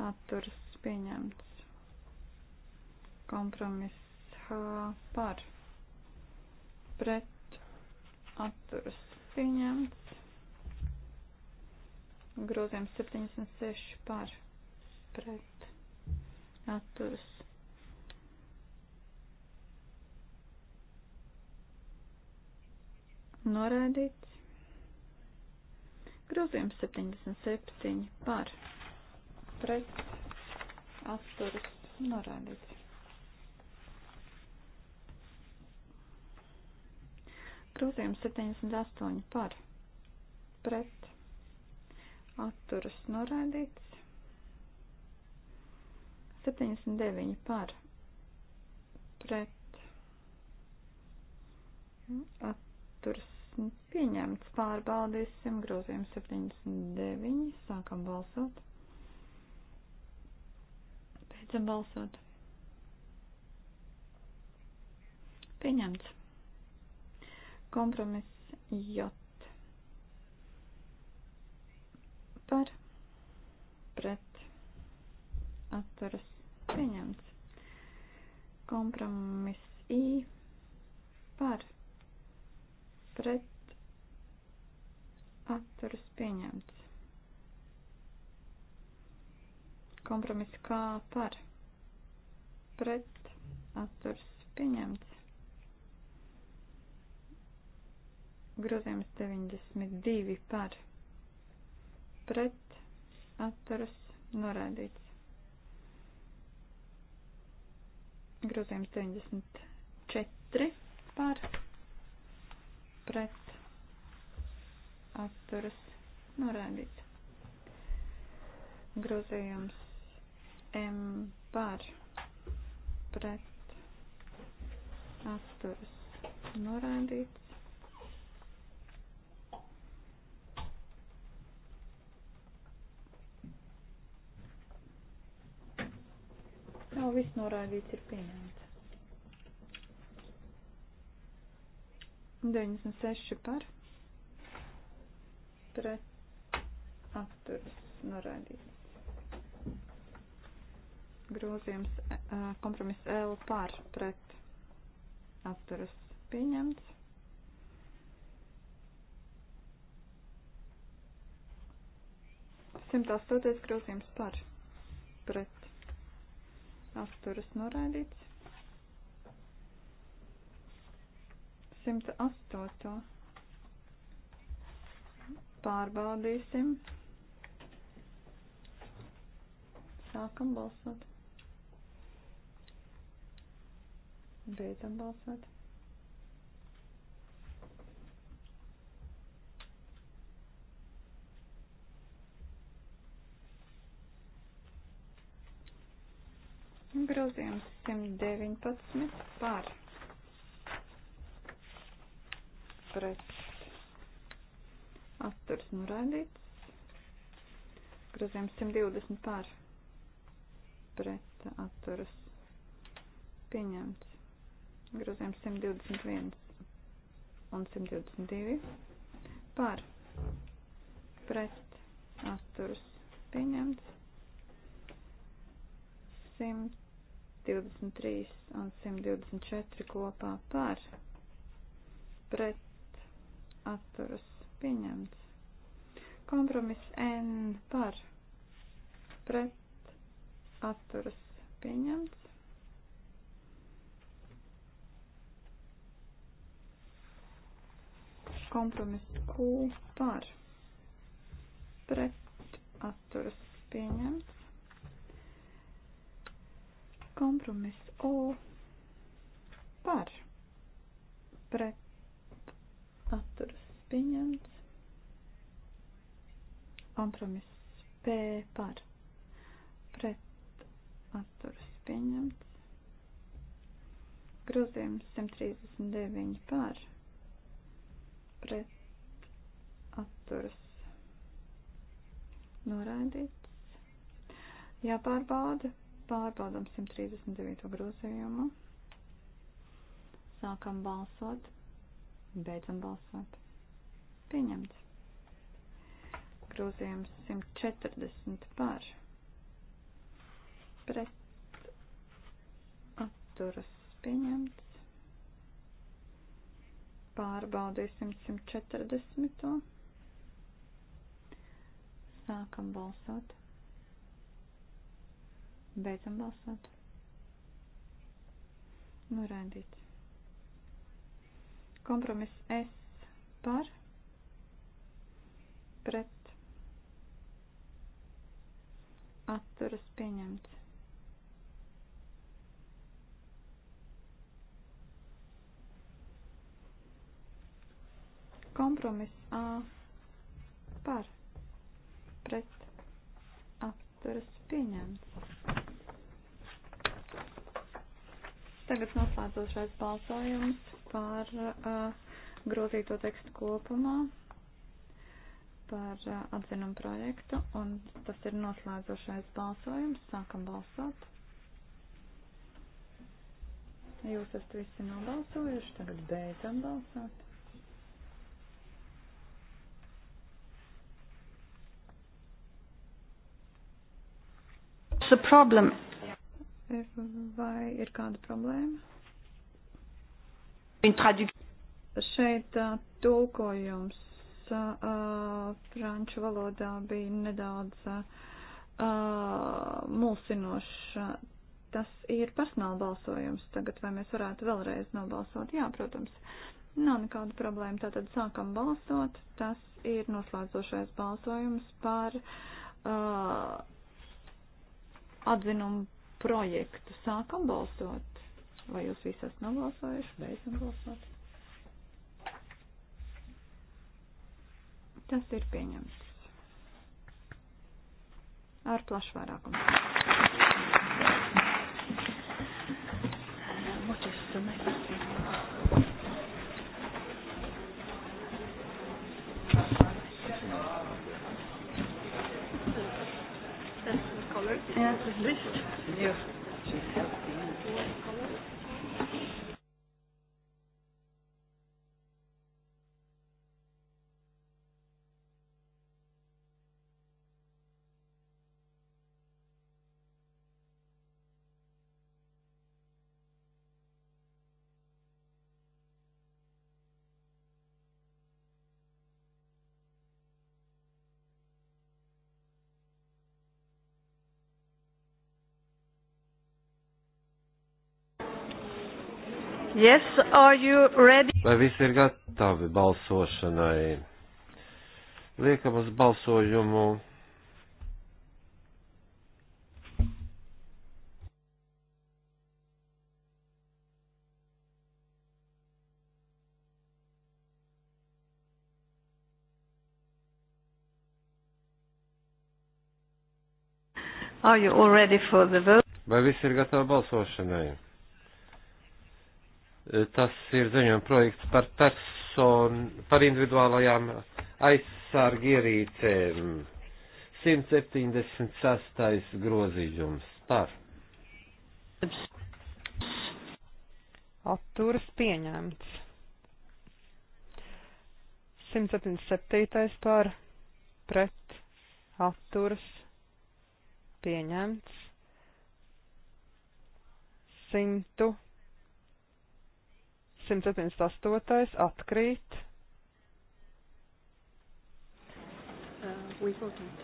atturas, pieņemts. Kompromiss H par pret atturas pieņemts. Grozījums 76 par pret atturas. Noraidīts. Grozījums 77 par pret atturas norādīts. Grūzījums 78 par pret atturas norādīts. 79 par pret atturas pieņemts. Pārbaudīsim grūzījumu 79. Sākam balsot. Beidzam balsot. Pieņemts. Kompromiss J. Par pret atturas pieņemts. Kompromiss I. Par pret atturas pieņemts. Kompromiss K par pret atturas pieņemts Grozījums 92 par pret atturas norādīts. Grozījums 94 par pret atturas norādīts. Grozījums M par pret atturas norādīts Nav viss norādīts, ir pieņemts. 96 par pret atturas norādīts. Grozījums e, e, kompromiss L par pret atturas pieņemts. Simt astotais grozījums par pret atturas noraidīts. 108. Pārbaudīsim. Sākam balsot. Beidzam balsot. Grozījums 119 par pret atturs norādīts. Grozījums 120 par pret atturs pieņemts. Grozījums 121 un 122 par pret atturs pieņemts. 100 123 un 124 kopā par pret atturas pieņemts. Kompromiss N par pret atturas pieņemts. Kompromiss Q par pret atturas pieņemts. Kompromiss O par pret atturas pieņemts. Kompromiss P par pret atturas pieņemts. Grozījums 139 par pret atturas noraidīts. Jāpārbauda Pārbaudam 139. grozījumu. Sākam balsot. Beidzam balsot. Pieņemts. Grozījums 140 par. Pret. Atturas. Pieņemts pārbaudīsim 140. Sākam balsot. Beidzam balsot. Norādīts. Kompromiss S par pret atturas pieņemts. Kompromiss A par pret atturas pieņemts. Tagad noslēdzošais balsojums par uh, grozīto tekstu kopumā, par uh, atzinumu projektu, un tas ir noslēdzošais balsojums. Sākam balsot. Jūs esat visi nobalsojuši, tagad beidzam balsot. The problem Vai ir kāda problēma? Šeit tulkojums franču valodā bija nedaudz mulsinošs. Tas ir personāla balsojums. Tagad vai mēs varētu vēlreiz nobalsot? Jā, protams. Nav nekāda problēma. Tātad sākam balsot. Tas ir noslēdzošais balsojums par uh, atzinumu projektu. Sākam balsot. Vai jūs visi esat nobalsojuši? Beidzam balsot. Tas ir pieņemts. Ar plašu vairākumu. What is the next? Ja, das Licht. Ja. Yes, are you ready? Vai visi ir gatavi balsošanai? Liekam uz balsojumu. Are you all ready for the vote? Vai visi ir gatavi balsošanai? Tas ir ziņojuma projekts par personu, par individuālajām aizsargi ierīcēm. 176. grozījums par. Atturas pieņemts. 177. par pret atturas pieņemts. 100. 178. atkrīt. Uh, we voted.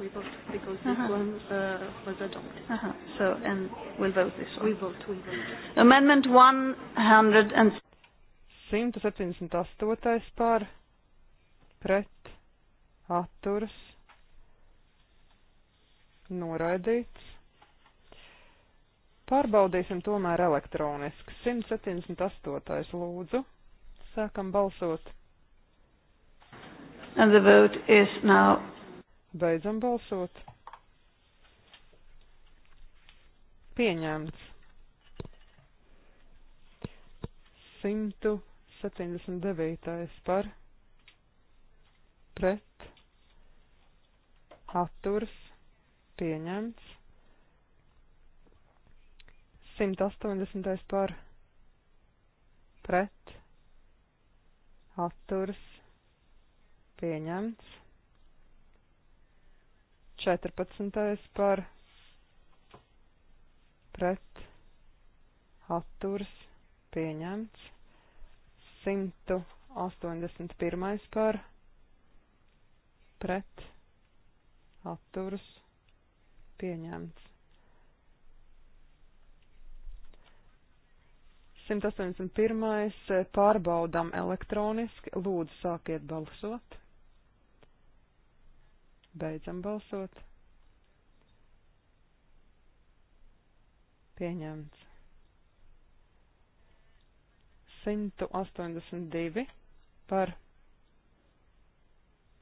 We vote because this uh-huh. one uh, was adopted. Uh-huh. So, and we'll vote this one. We vote, we vote. Amendment 100 and... 178 par, pret, atturas, noraidīts. Pārbaudīsim tomēr elektroniski. 178. lūdzu. Sākam balsot. And the vote is now. Beidzam balsot. Pieņemts. 179. par pret atturs pieņemts. 180. par pret atturs pieņemts. 14. par pret atturs pieņemts. 181. par pret atturs pieņemts. 181. Eh, pārbaudām elektroniski. Lūdzu, sākiet balsot. Beidzam balsot. Pieņemts. 182 par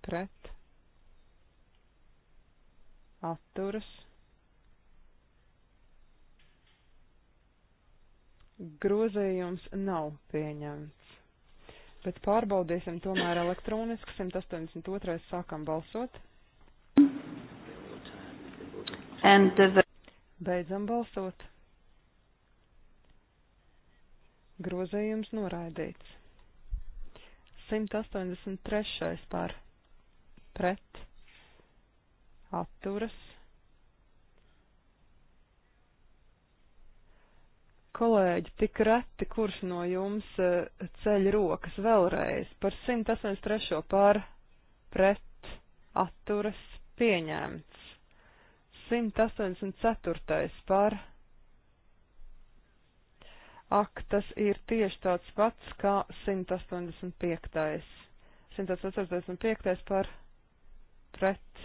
pret atturas grozējums nav pieņemts. Bet pārbaudīsim tomēr elektroniski. 182. sākam balsot. The... Beidzam balsot. Grozējums noraidīts. 183. par pret atturas kolēģi, tik reti kurš no jums eh, ceļ rokas vēlreiz par 183. pār pret atturas pieņēmts. 184. pār. Ak, tas ir tieši tāds pats kā 185. 185. pār pret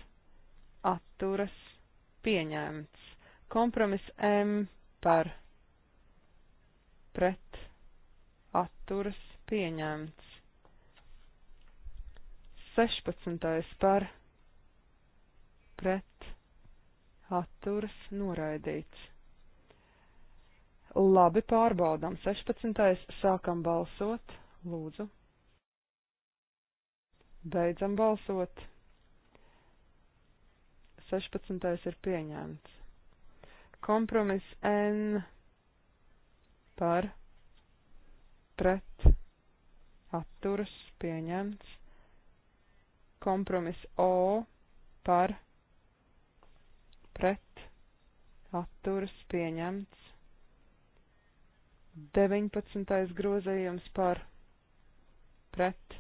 atturas pieņēmts. Kompromiss M par pret atturas pieņemts. 16. par pret atturas noraidīts. Labi, pārbaudām 16. sākam balsot, lūdzu. Beidzam balsot. 16. ir pieņemts. Kompromiss N par pret atturas pieņemts. Kompromis O par pret atturas pieņemts. 19. grozējums par pret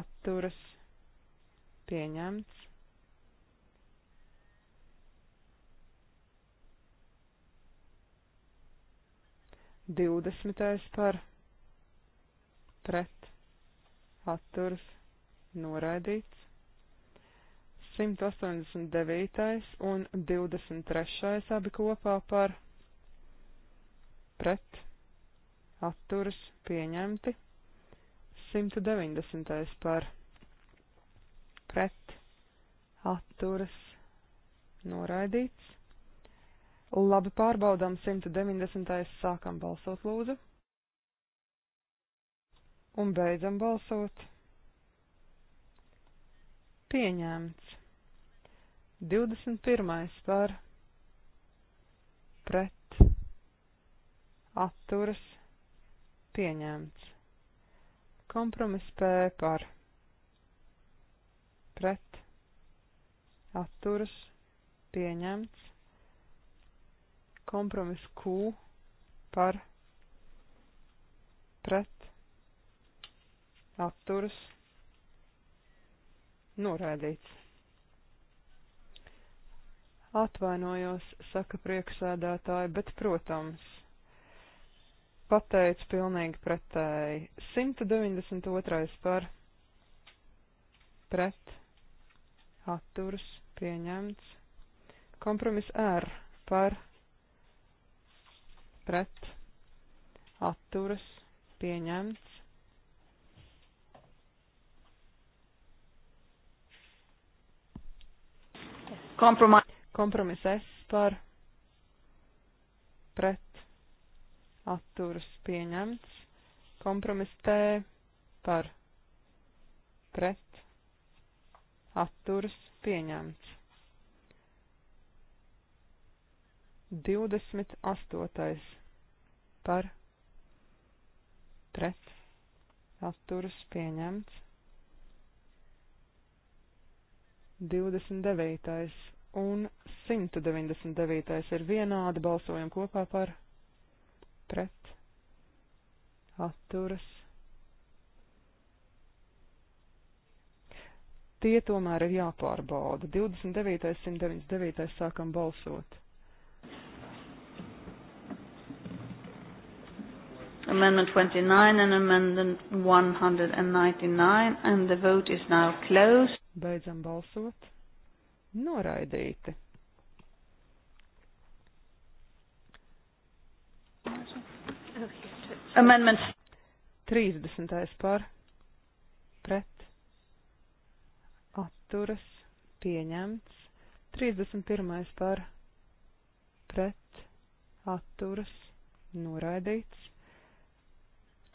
atturas pieņemts. 20. par pret atturs noraidīts. 189. un 23. abi kopā par pret atturs pieņemti. 190. par pret atturas noraidīts. Labi, pārbaudām 190. sākam balsot lūdzu. Un beidzam balsot. Pieņēmts. 21. par pret atturas pieņēmts. Kompromiss P par pret atturas pieņemts. Kompromis Q par pret atturas noraidīts. Atvainojos, saka priekšsēdētāji, bet, protams, pateicu pilnīgi pretēji. 192. par pret atturas pieņemts. Kompromis R par pret pret atturas pieņemts. Kompromis. Kompromis S par pret atturas pieņemts. Kompromis T par pret atturas pieņemts. 28 par pret atturas pieņemts. 29. un 199. ir vienādi balsojam kopā par pret atturas. Tie tomēr ir jāpārbauda. 29. 199. sākam balsot. Amendment 29 and Amendment 199, and the vote is now closed. Beidzam balsot. Noraidīti. Amendments. 30. par. Pret. Atturas. Pieņemts. 31. par. Pret. Atturas. Noraidīts.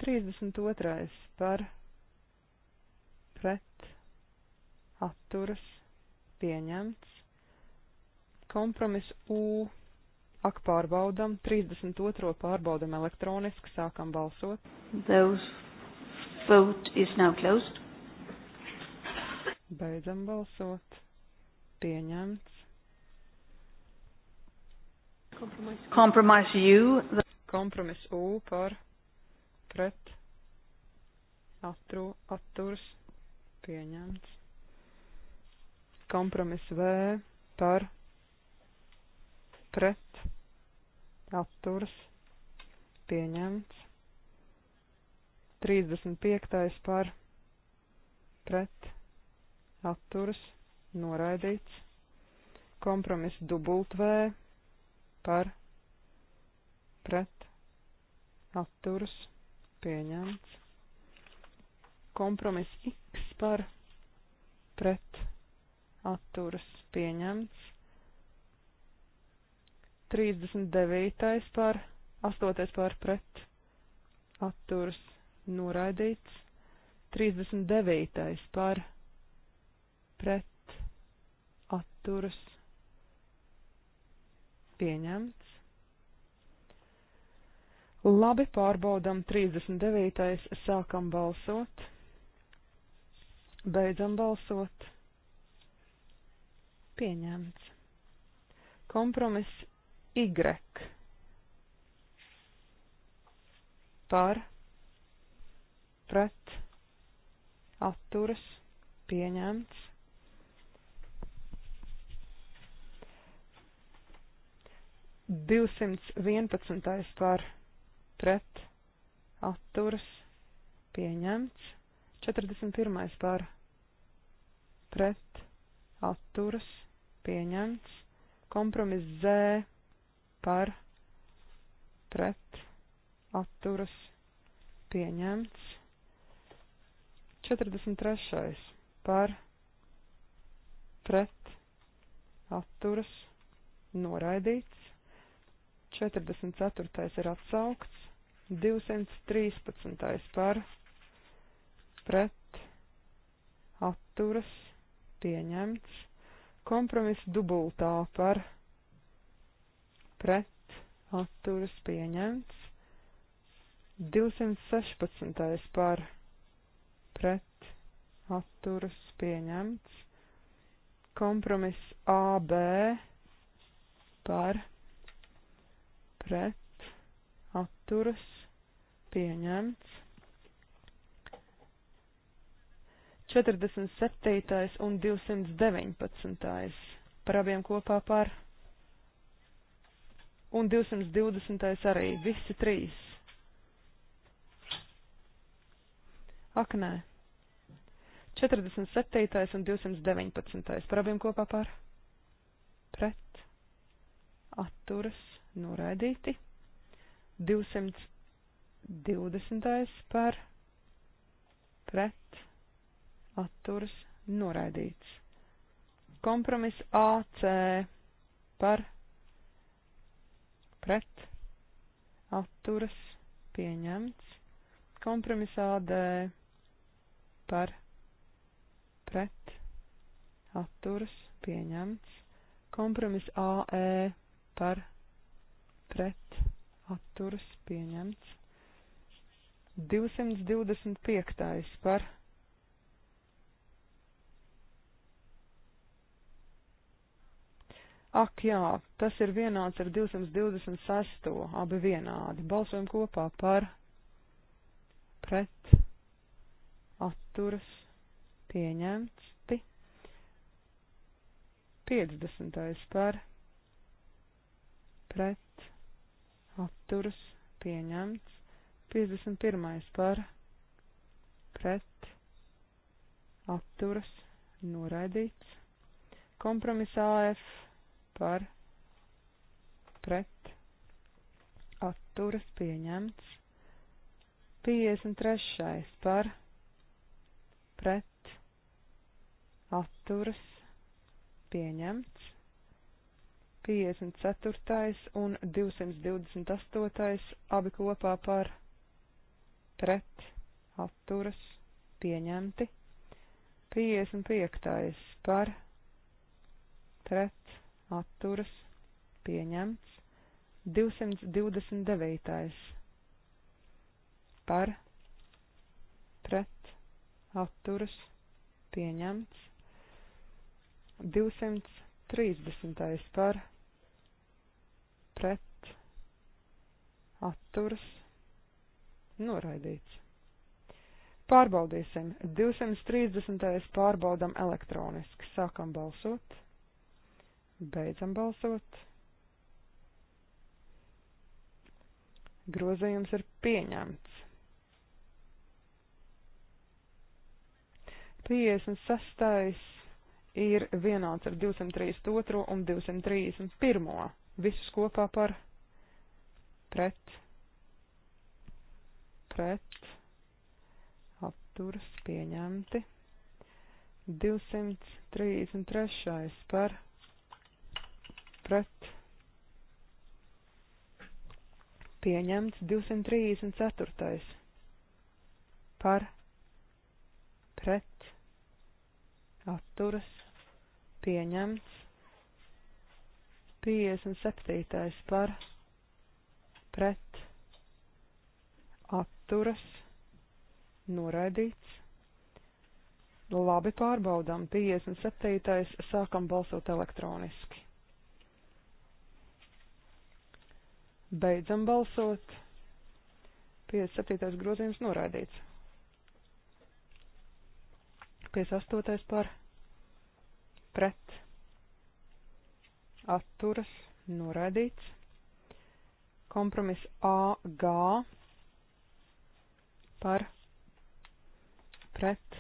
32. par pret atturas pieņemts. Kompromis U. Ak pārbaudam. 32. pārbaudam elektroniski. Sākam balsot. Those vote is now closed. Beidzam balsot. Pieņemts. Kompromis U. Kompromis U par pret atru, atturs pieņemts. Kompromiss V par pret atturs pieņemts. 35. par pret atturs noraidīts. Kompromiss dubultv par pret atturs pieņemts pieņemts. Kompromiss X par pret atturas pieņemts. 39. par 8. par pret atturas noraidīts. 39. par pret atturas pieņemts. Labi, pārbaudam 39. sākam balsot. Beidzam balsot. Pieņemts. Kompromiss Y. Par, pret, atturas, pieņemts. Divsimts vienpadsmitais par pret atturas pieņemts. 41. par pret atturas pieņemts. Kompromiss Z par pret atturas pieņemts. 43. par pret atturas noraidīts. 44. ir atsaukts, 213. par pret atturas pieņemts, kompromis dubultā par pret atturas pieņemts, 216. par pret atturas pieņemts, kompromis AB par pret pret, atturas, pieņemts. 47. un 219. par abiem kopā par. Un 220. arī, visi trīs. Ak, nē. 47. un 219. par abiem kopā par. Pret. Atturas noraidīti. 220. par pret atturas noraidīts. Kompromiss AC par pret atturas pieņemts. Kompromiss AD par pret atturas pieņemts. Kompromiss AE par pret pret atturas pieņemts. 225. par Ak, jā, tas ir vienāds ar 226. abi vienādi. Balsojam kopā par, pret, atturas, pieņemts, pi, 50. par, pret, atturas pieņemts. 51. par pret atturas noraidīts. Kompromisā F par pret atturas pieņemts. 53. par pret atturas pieņemts. 54. un 228. abi kopā par pret atturas pieņemti. 55. par pret atturas pieņemts. 229. par pret atturas pieņemts. 230. par pret pret, atturas, noraidīts. Pārbaudīsim. 230. pārbaudam elektroniski. Sākam balsot. Beidzam balsot. Grozījums ir pieņemts. 56. ir vienāds ar 232 un 231 visus kopā par pret, pret, apturas pieņemti. 233. par pret pieņemts 234. par pret atturas pieņemts 57. par pret atturas noraidīts. Labi pārbaudām 57. sākam balsot elektroniski. Beidzam balsot. 57. grozījums noraidīts. 58. par pret atturas noraidīts. Kompromis AG par pret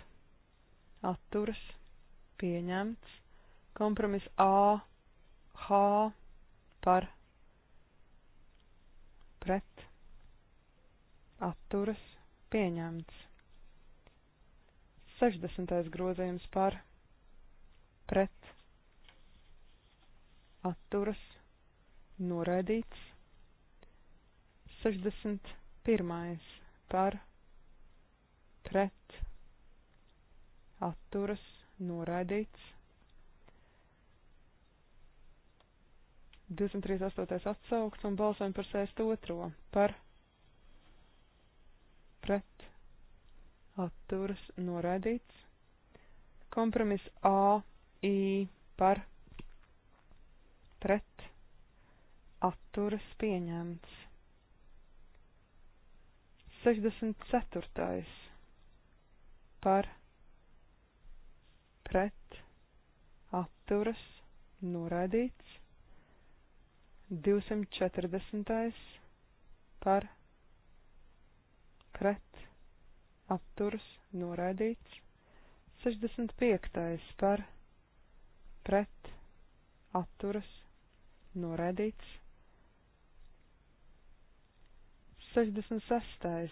atturas pieņemts. Kompromis AH par pret atturas pieņemts. 60. grozījums par pret atturas, noraidīts. 61. par, pret, atturas, noraidīts. 238. atsaukts un balsojam par 62. par, pret, atturas, noraidīts. Kompromiss A, I, par, pret pret atturas pieņemts. 64. par pret atturas noraidīts. 240. par pret atturas noraidīts. 65. par pret atturas noraidīts. 66.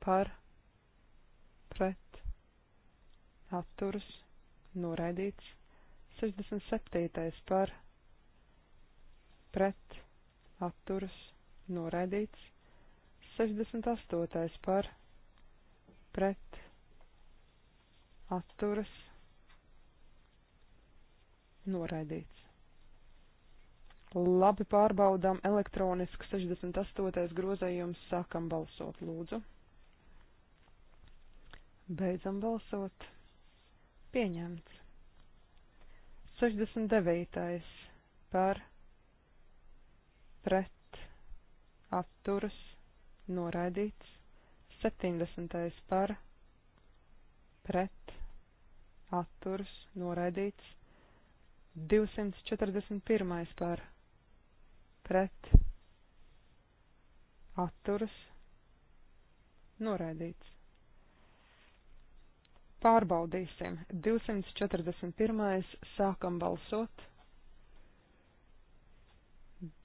Par, pret, atturas, noraidīts. 67. par, pret, atturas, noraidīts. 68. par, pret, atturas noraidīts. Labi pārbaudām elektroniski 68. grozējums, sākam balsot, lūdzu. Beidzam balsot. Pieņemts. 69. par pret atturas noraidīts. 70. par pret atturas noraidīts. 241. par pret atturas noraidīts. Pārbaudīsim. 241. sākam balsot.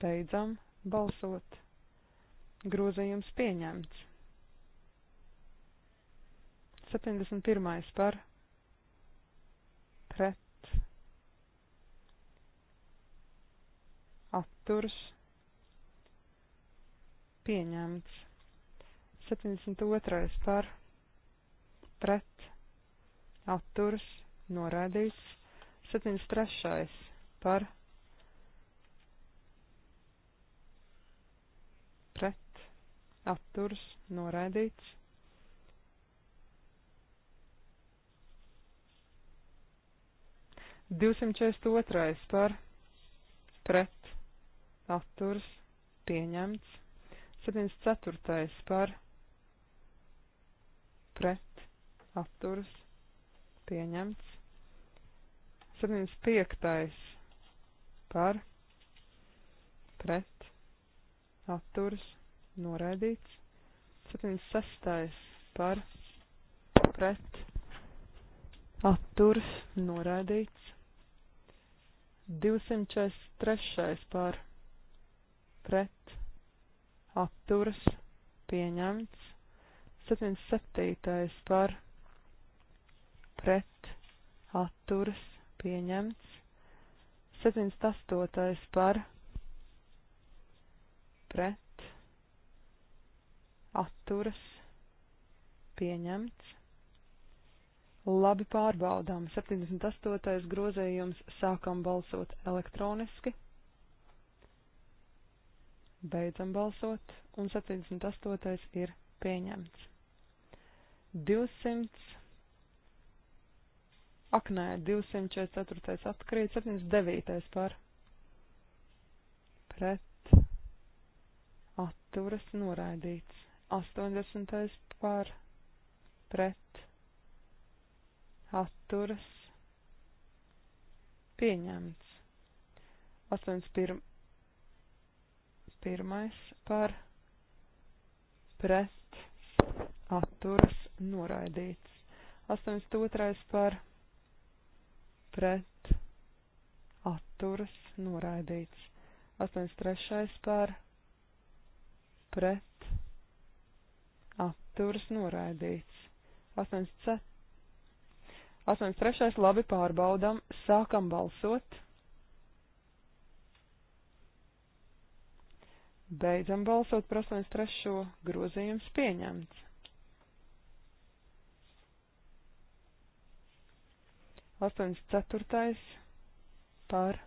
Beidzam balsot. Grozījums pieņemts. 71. par pret pret atturs pieņemts. 72. par pret atturs noraidīts. 73. par pret atturs noraidīts. 242. par pret atturs pieņemts. 74. par pret atturs pieņemts. 75. par pret atturs noraidīts. 76. par pret atturs noraidīts. 243. par pret atturas pieņemts. 77. par pret atturas pieņemts. 78. par pret atturas pieņemts. Labi pārbaudām. 78. grozējums sākam balsot elektroniski. Beidzam balsot, un 78. ir pieņemts. 200. Ak, nē, 244. atkrīt, 79. par. Pret. Atturas noraidīts. 80. par. Pret atturas pieņemts. 81. par pret atturas noraidīts. 82. par pret atturas noraidīts. 83. par pret atturas noraidīts. 84. 83. labi pārbaudam, sākam balsot. Beidzam balsot par 83. grozījums pieņemts. 84. par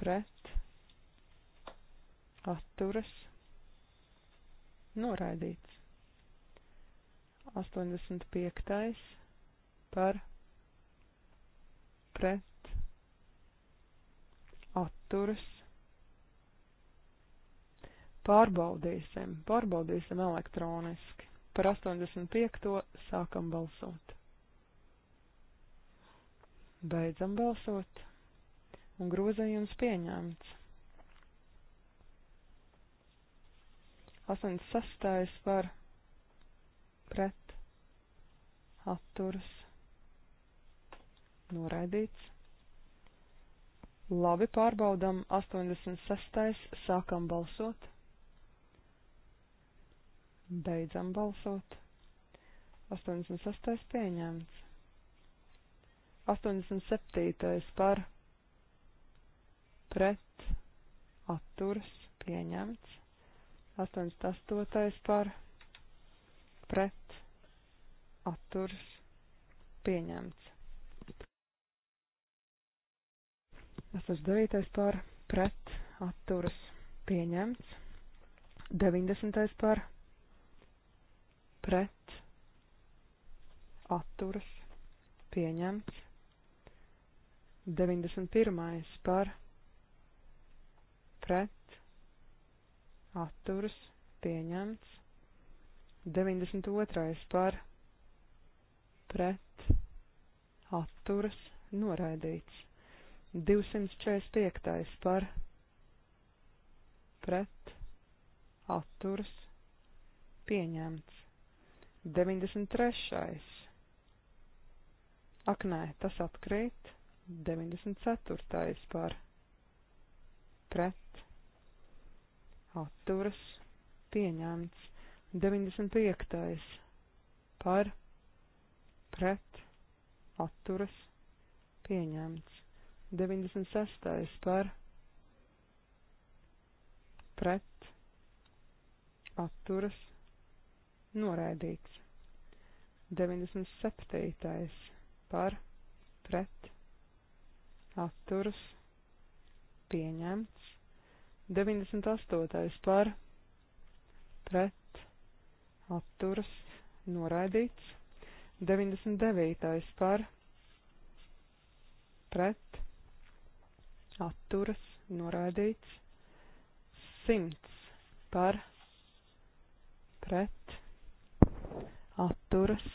pret atturas noraidīts. 85 par pret atturas. Pārbaudīsim, pārbaudīsim elektroniski. Par 85. sākam balsot. Beidzam balsot. Un grozējums pieņemts. 86. par pret atturas noraidīts. Labi, pārbaudam 86. sākam balsot. Beidzam balsot. 86. pieņemts. 87. par pret atturas pieņemts. 88. par pret atturas pieņemts. 89. par pret atturas pieņemts. 90. par pret atturas pieņemts. 91. par pret atturas pieņemts. 92. par pret atturas noraidīts. 245. par pret atturas pieņemts. 93. Ak, nē, tas atkrīt. 94. par pret atturas pieņemts. 95. par pret atturas pieņemts. 96. par pret atturas noraidīts. 97. par pret atturas pieņemts. 98. par pret atturas noraidīts. 99. par pret atturas, noraidīts, simts par, pret, atturas,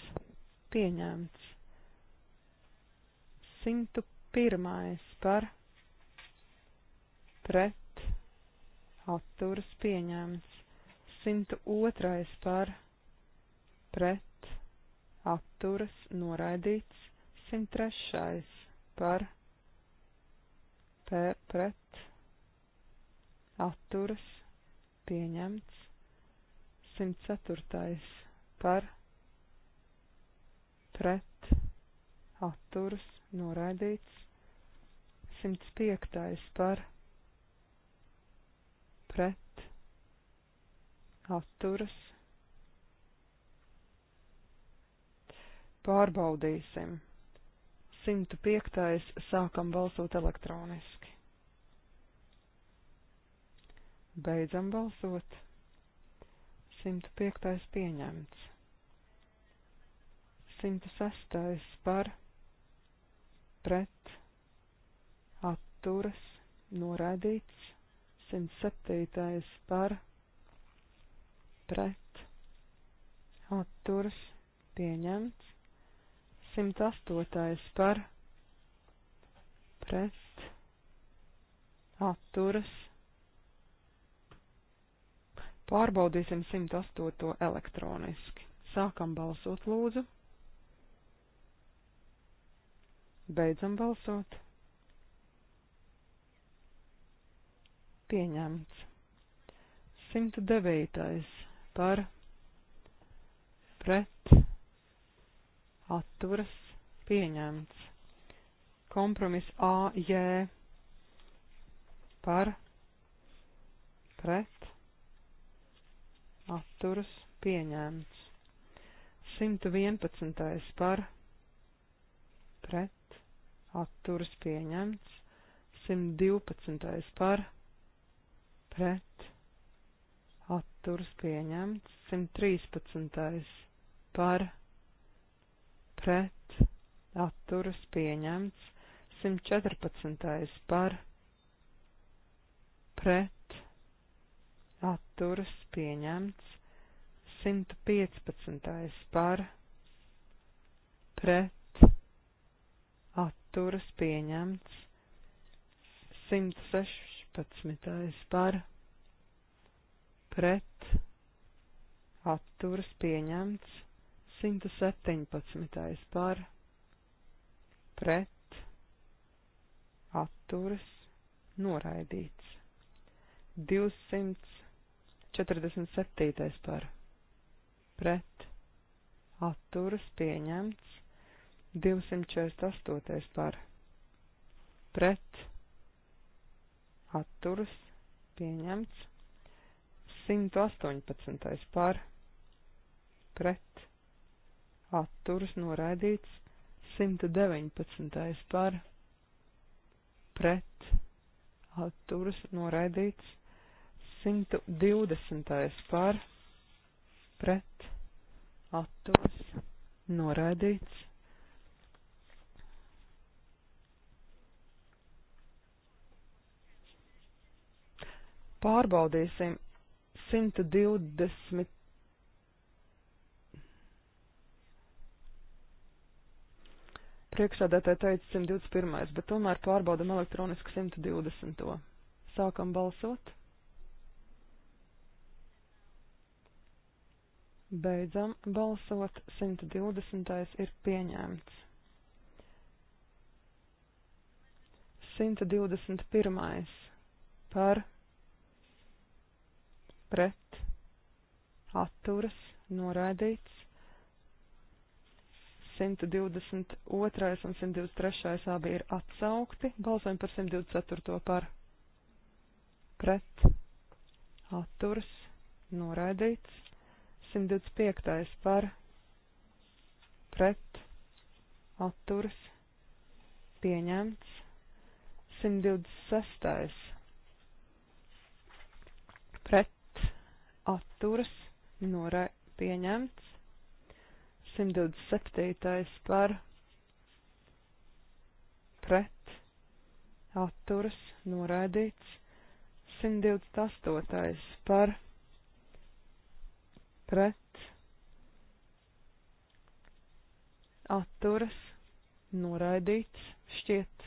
pieņemts, simtu pirmais par, pret, atturas, pieņemts, simtu otrais par, pret, atturas, noraidīts, simt trešais par, pret, pēr pret atturas pieņemts 104. par pret atturas noraidīts 105. par pret atturas pārbaudīsim. 105. sākam balsot elektroniski. Beidzam balsot. 105. pieņemts. 106. par pret atturas noraidīts. 107. par pret atturas pieņemts. 108. par pret atturas pieņemts Pārbaudīsim 108. elektroniski. Sākam balsot, lūdzu. Beidzam balsot. Pieņemts. 109. par pret atturas pieņemts. Kompromis AJ par pret atturas pieņēmts. 111. par pret atturas pieņemts, 112. par pret atturas pieņemts, 113. par pret atturas pieņemts, 114. par pret atturas pieņemts 115. par pret atturas pieņemts 116. par pret atturas pieņemts 117. par pret atturas noraidīts 200 47. par pret atturas pieņemts 248. par pret atturas pieņemts 118. par pret atturas noraidīts 119. par pret atturas noraidīts 120. par pret atturas noraidīts. Pārbaudīsim 120. Priekšsādātāji teica 121, bet tomēr pārbaudam elektronisku 120. Sākam balsot. Beidzam balsot. 120. ir pieņemts. 121. par pret atturas noraidīts. 122. un 123. abi ir atsaukti. Balsojam par 124. par pret atturas noraidīts. 125. par pret atturs pieņemts. 126. pret atturs norai pieņemts. 127. par pret atturs noraidīts. 128. par pret pret, atturas, noraidīts, šķiet,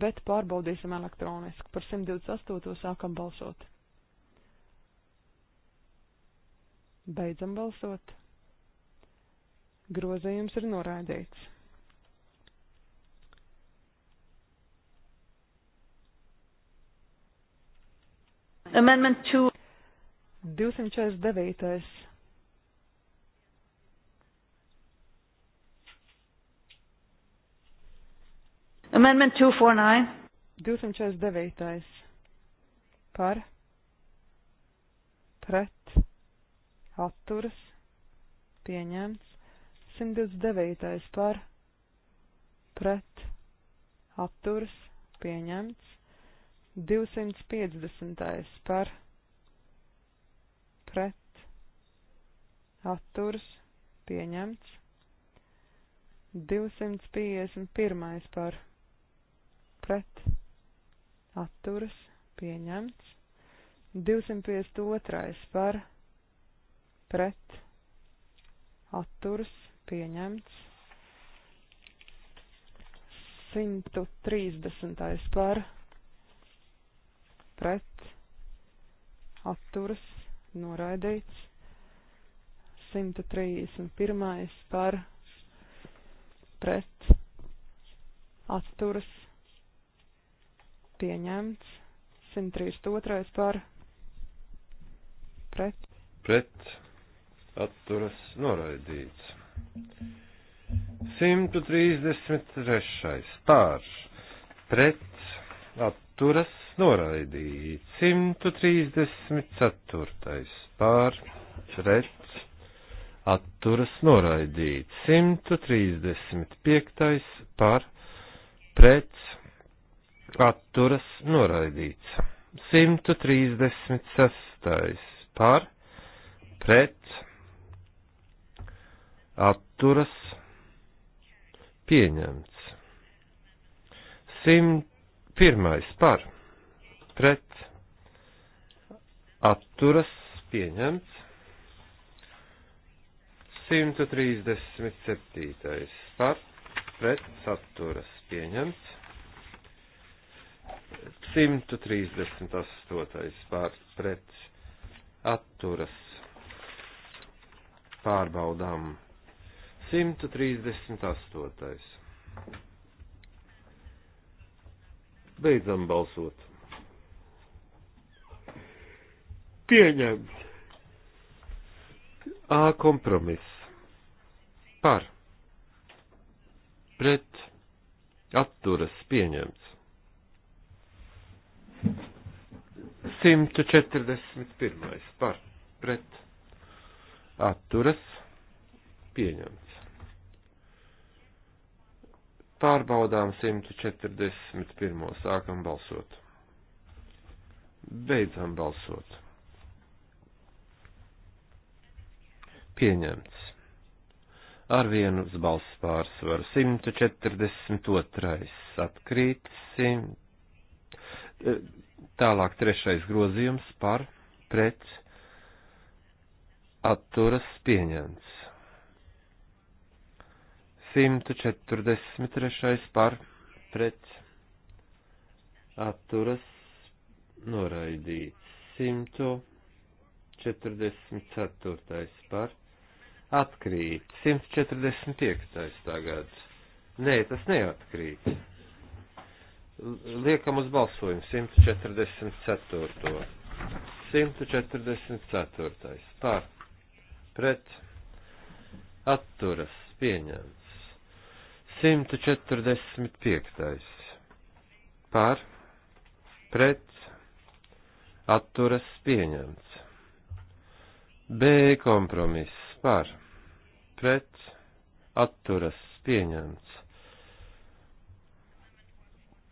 bet pārbaudīsim elektroniski. Par 128. sākam balsot. Beidzam balsot. Grozījums ir noraidīts. Amendment 2. 249. Amendment 249. 249. Par. Pret. Atturas. Pieņemts. 129. Par. Pret. Atturas. Pieņemts. 250. Par. Pret. Atturas. Pieņemts. 251. Par pret atturas pieņemts. 252. par pret atturas pieņemts. 130. par pret atturas noraidīts. 131. par pret atturas pieņemts. 132 par pret. Pret atturas noraidīts. 133 par pret atturas noraidīts. 134 par pret atturas noraidīts. 135 par pret atturas noraidīts. 136. par pret atturas pieņemts. 101. par pret atturas pieņemts. 137. par pret atturas pieņemts. 138. pār pret atturas pārbaudām. 138. Beidzam balsot. Pieņem. A kompromiss. Par. Pret. Atturas pieņemts. 141. par pret atturas pieņemts. Pārbaudām 141. sākam balsot. Beidzam balsot. Pieņemts. Ar vienu balsu pārsvaru 142. atkrīt 100. Eh, tālāk trešais grozījums par pret atturas pieņemts. 143. par pret atturas noraidīts. 144. par atkrīt. 145. tagad. Nē, tas neatkrīt. Liekam uz balsojumu 144. 144. Par. Pret. Atturas. Pieņemts. 145. Par. Pret. Atturas. Pieņemts. B kompromiss. Par. Pret. Atturas. Pieņemts.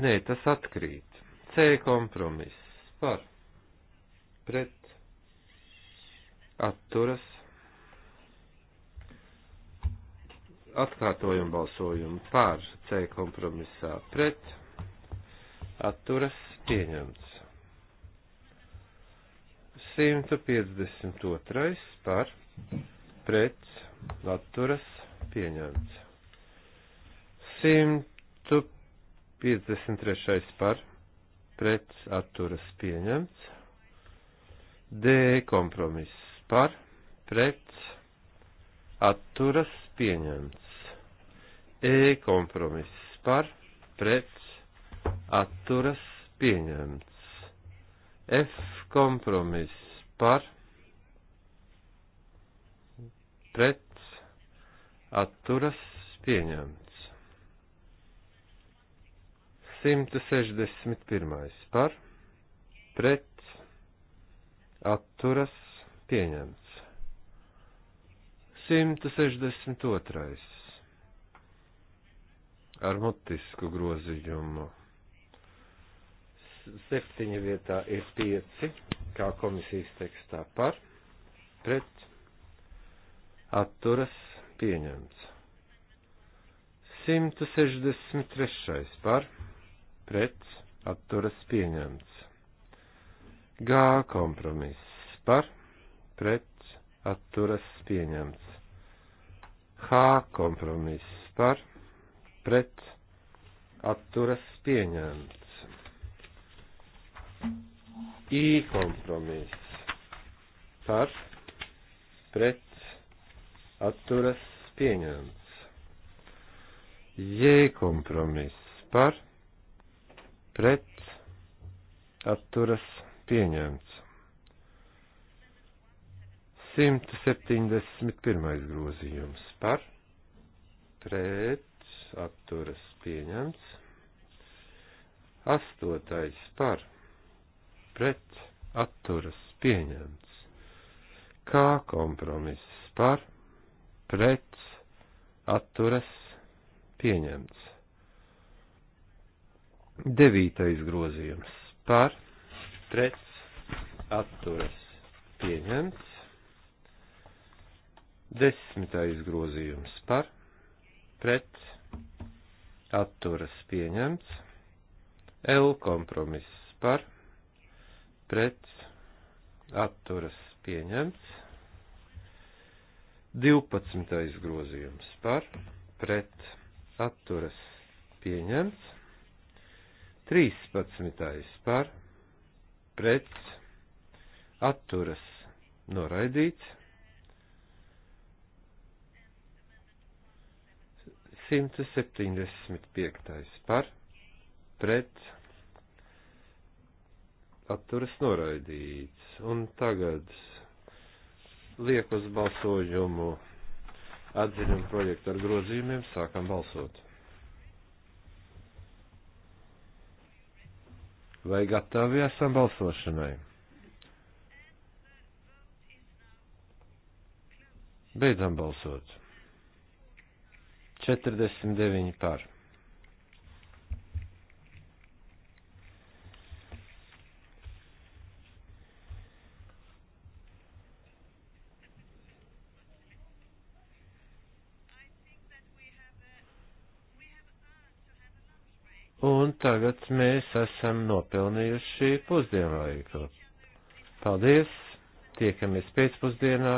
Nē, tas atkrīt. C kompromiss par pret atturas atkārtojumu balsojumu par C kompromisā pret atturas pieņemts. 152 par pret atturas pieņemts. 100 53. par pret atturas pieņemts. D kompromiss par pret atturas pieņemts. E kompromiss par pret atturas pieņemts. F kompromiss par pret atturas pieņemts. 161. par pret atturas pieņemts. 162. ar mutisku groziņumu. Septiņa vietā ir pieci, kā komisijas tekstā par, pret, atturas, pieņemts. 163. par, pret atturas pieņemts. G kompromiss par pret atturas pieņemts. H kompromiss par pret atturas pieņemts. I kompromiss par pret atturas pieņemts. J kompromiss par pret pret atturas pieņemts. 171. grozījums par pret atturas pieņemts. 8. par pret atturas pieņemts. Kā kompromiss par pret atturas pieņemts. Devītais grozījums par pret atturas pieņemts. Desmitais grozījums par pret atturas pieņemts. L kompromiss par pret atturas pieņemts. 12. grozījums par pret atturas pieņemts. 13. par pret atturas noraidīts. 175. par pret atturas noraidīts. Un tagad liek uz balsojumu atziņu projektu ar grozījumiem, sākam balsot. Vai gatavi esam balsošanai? Beidzam balsot. 49 par. Un tagad mēs esam nopelnījuši pusdienlaiku. Paldies! Tiekamies pēcpusdienā.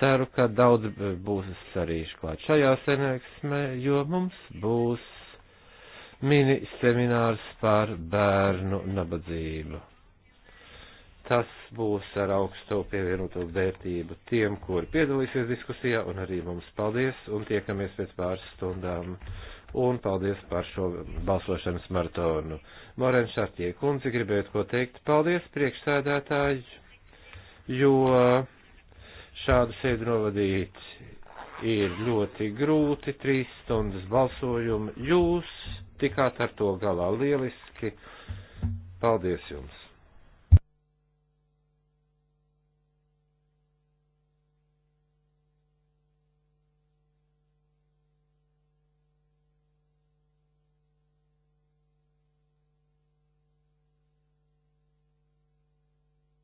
Ceru, ka daudz būs arī klāt šajā senēksmē, jo mums būs mini seminārs par bērnu nabadzību. Tas būs ar augstu pievienoto vērtību tiem, kuri piedalīsies diskusijā, un arī mums paldies, un tiekamies pēc pāris stundām un paldies par šo balsošanas maratonu. Morēn Šartie kundze gribētu ko teikt. Paldies priekšsēdētāji, jo šādu sēdu novadīt ir ļoti grūti, trīs stundas balsojumu. Jūs tikāt ar to galā lieliski. Paldies jums!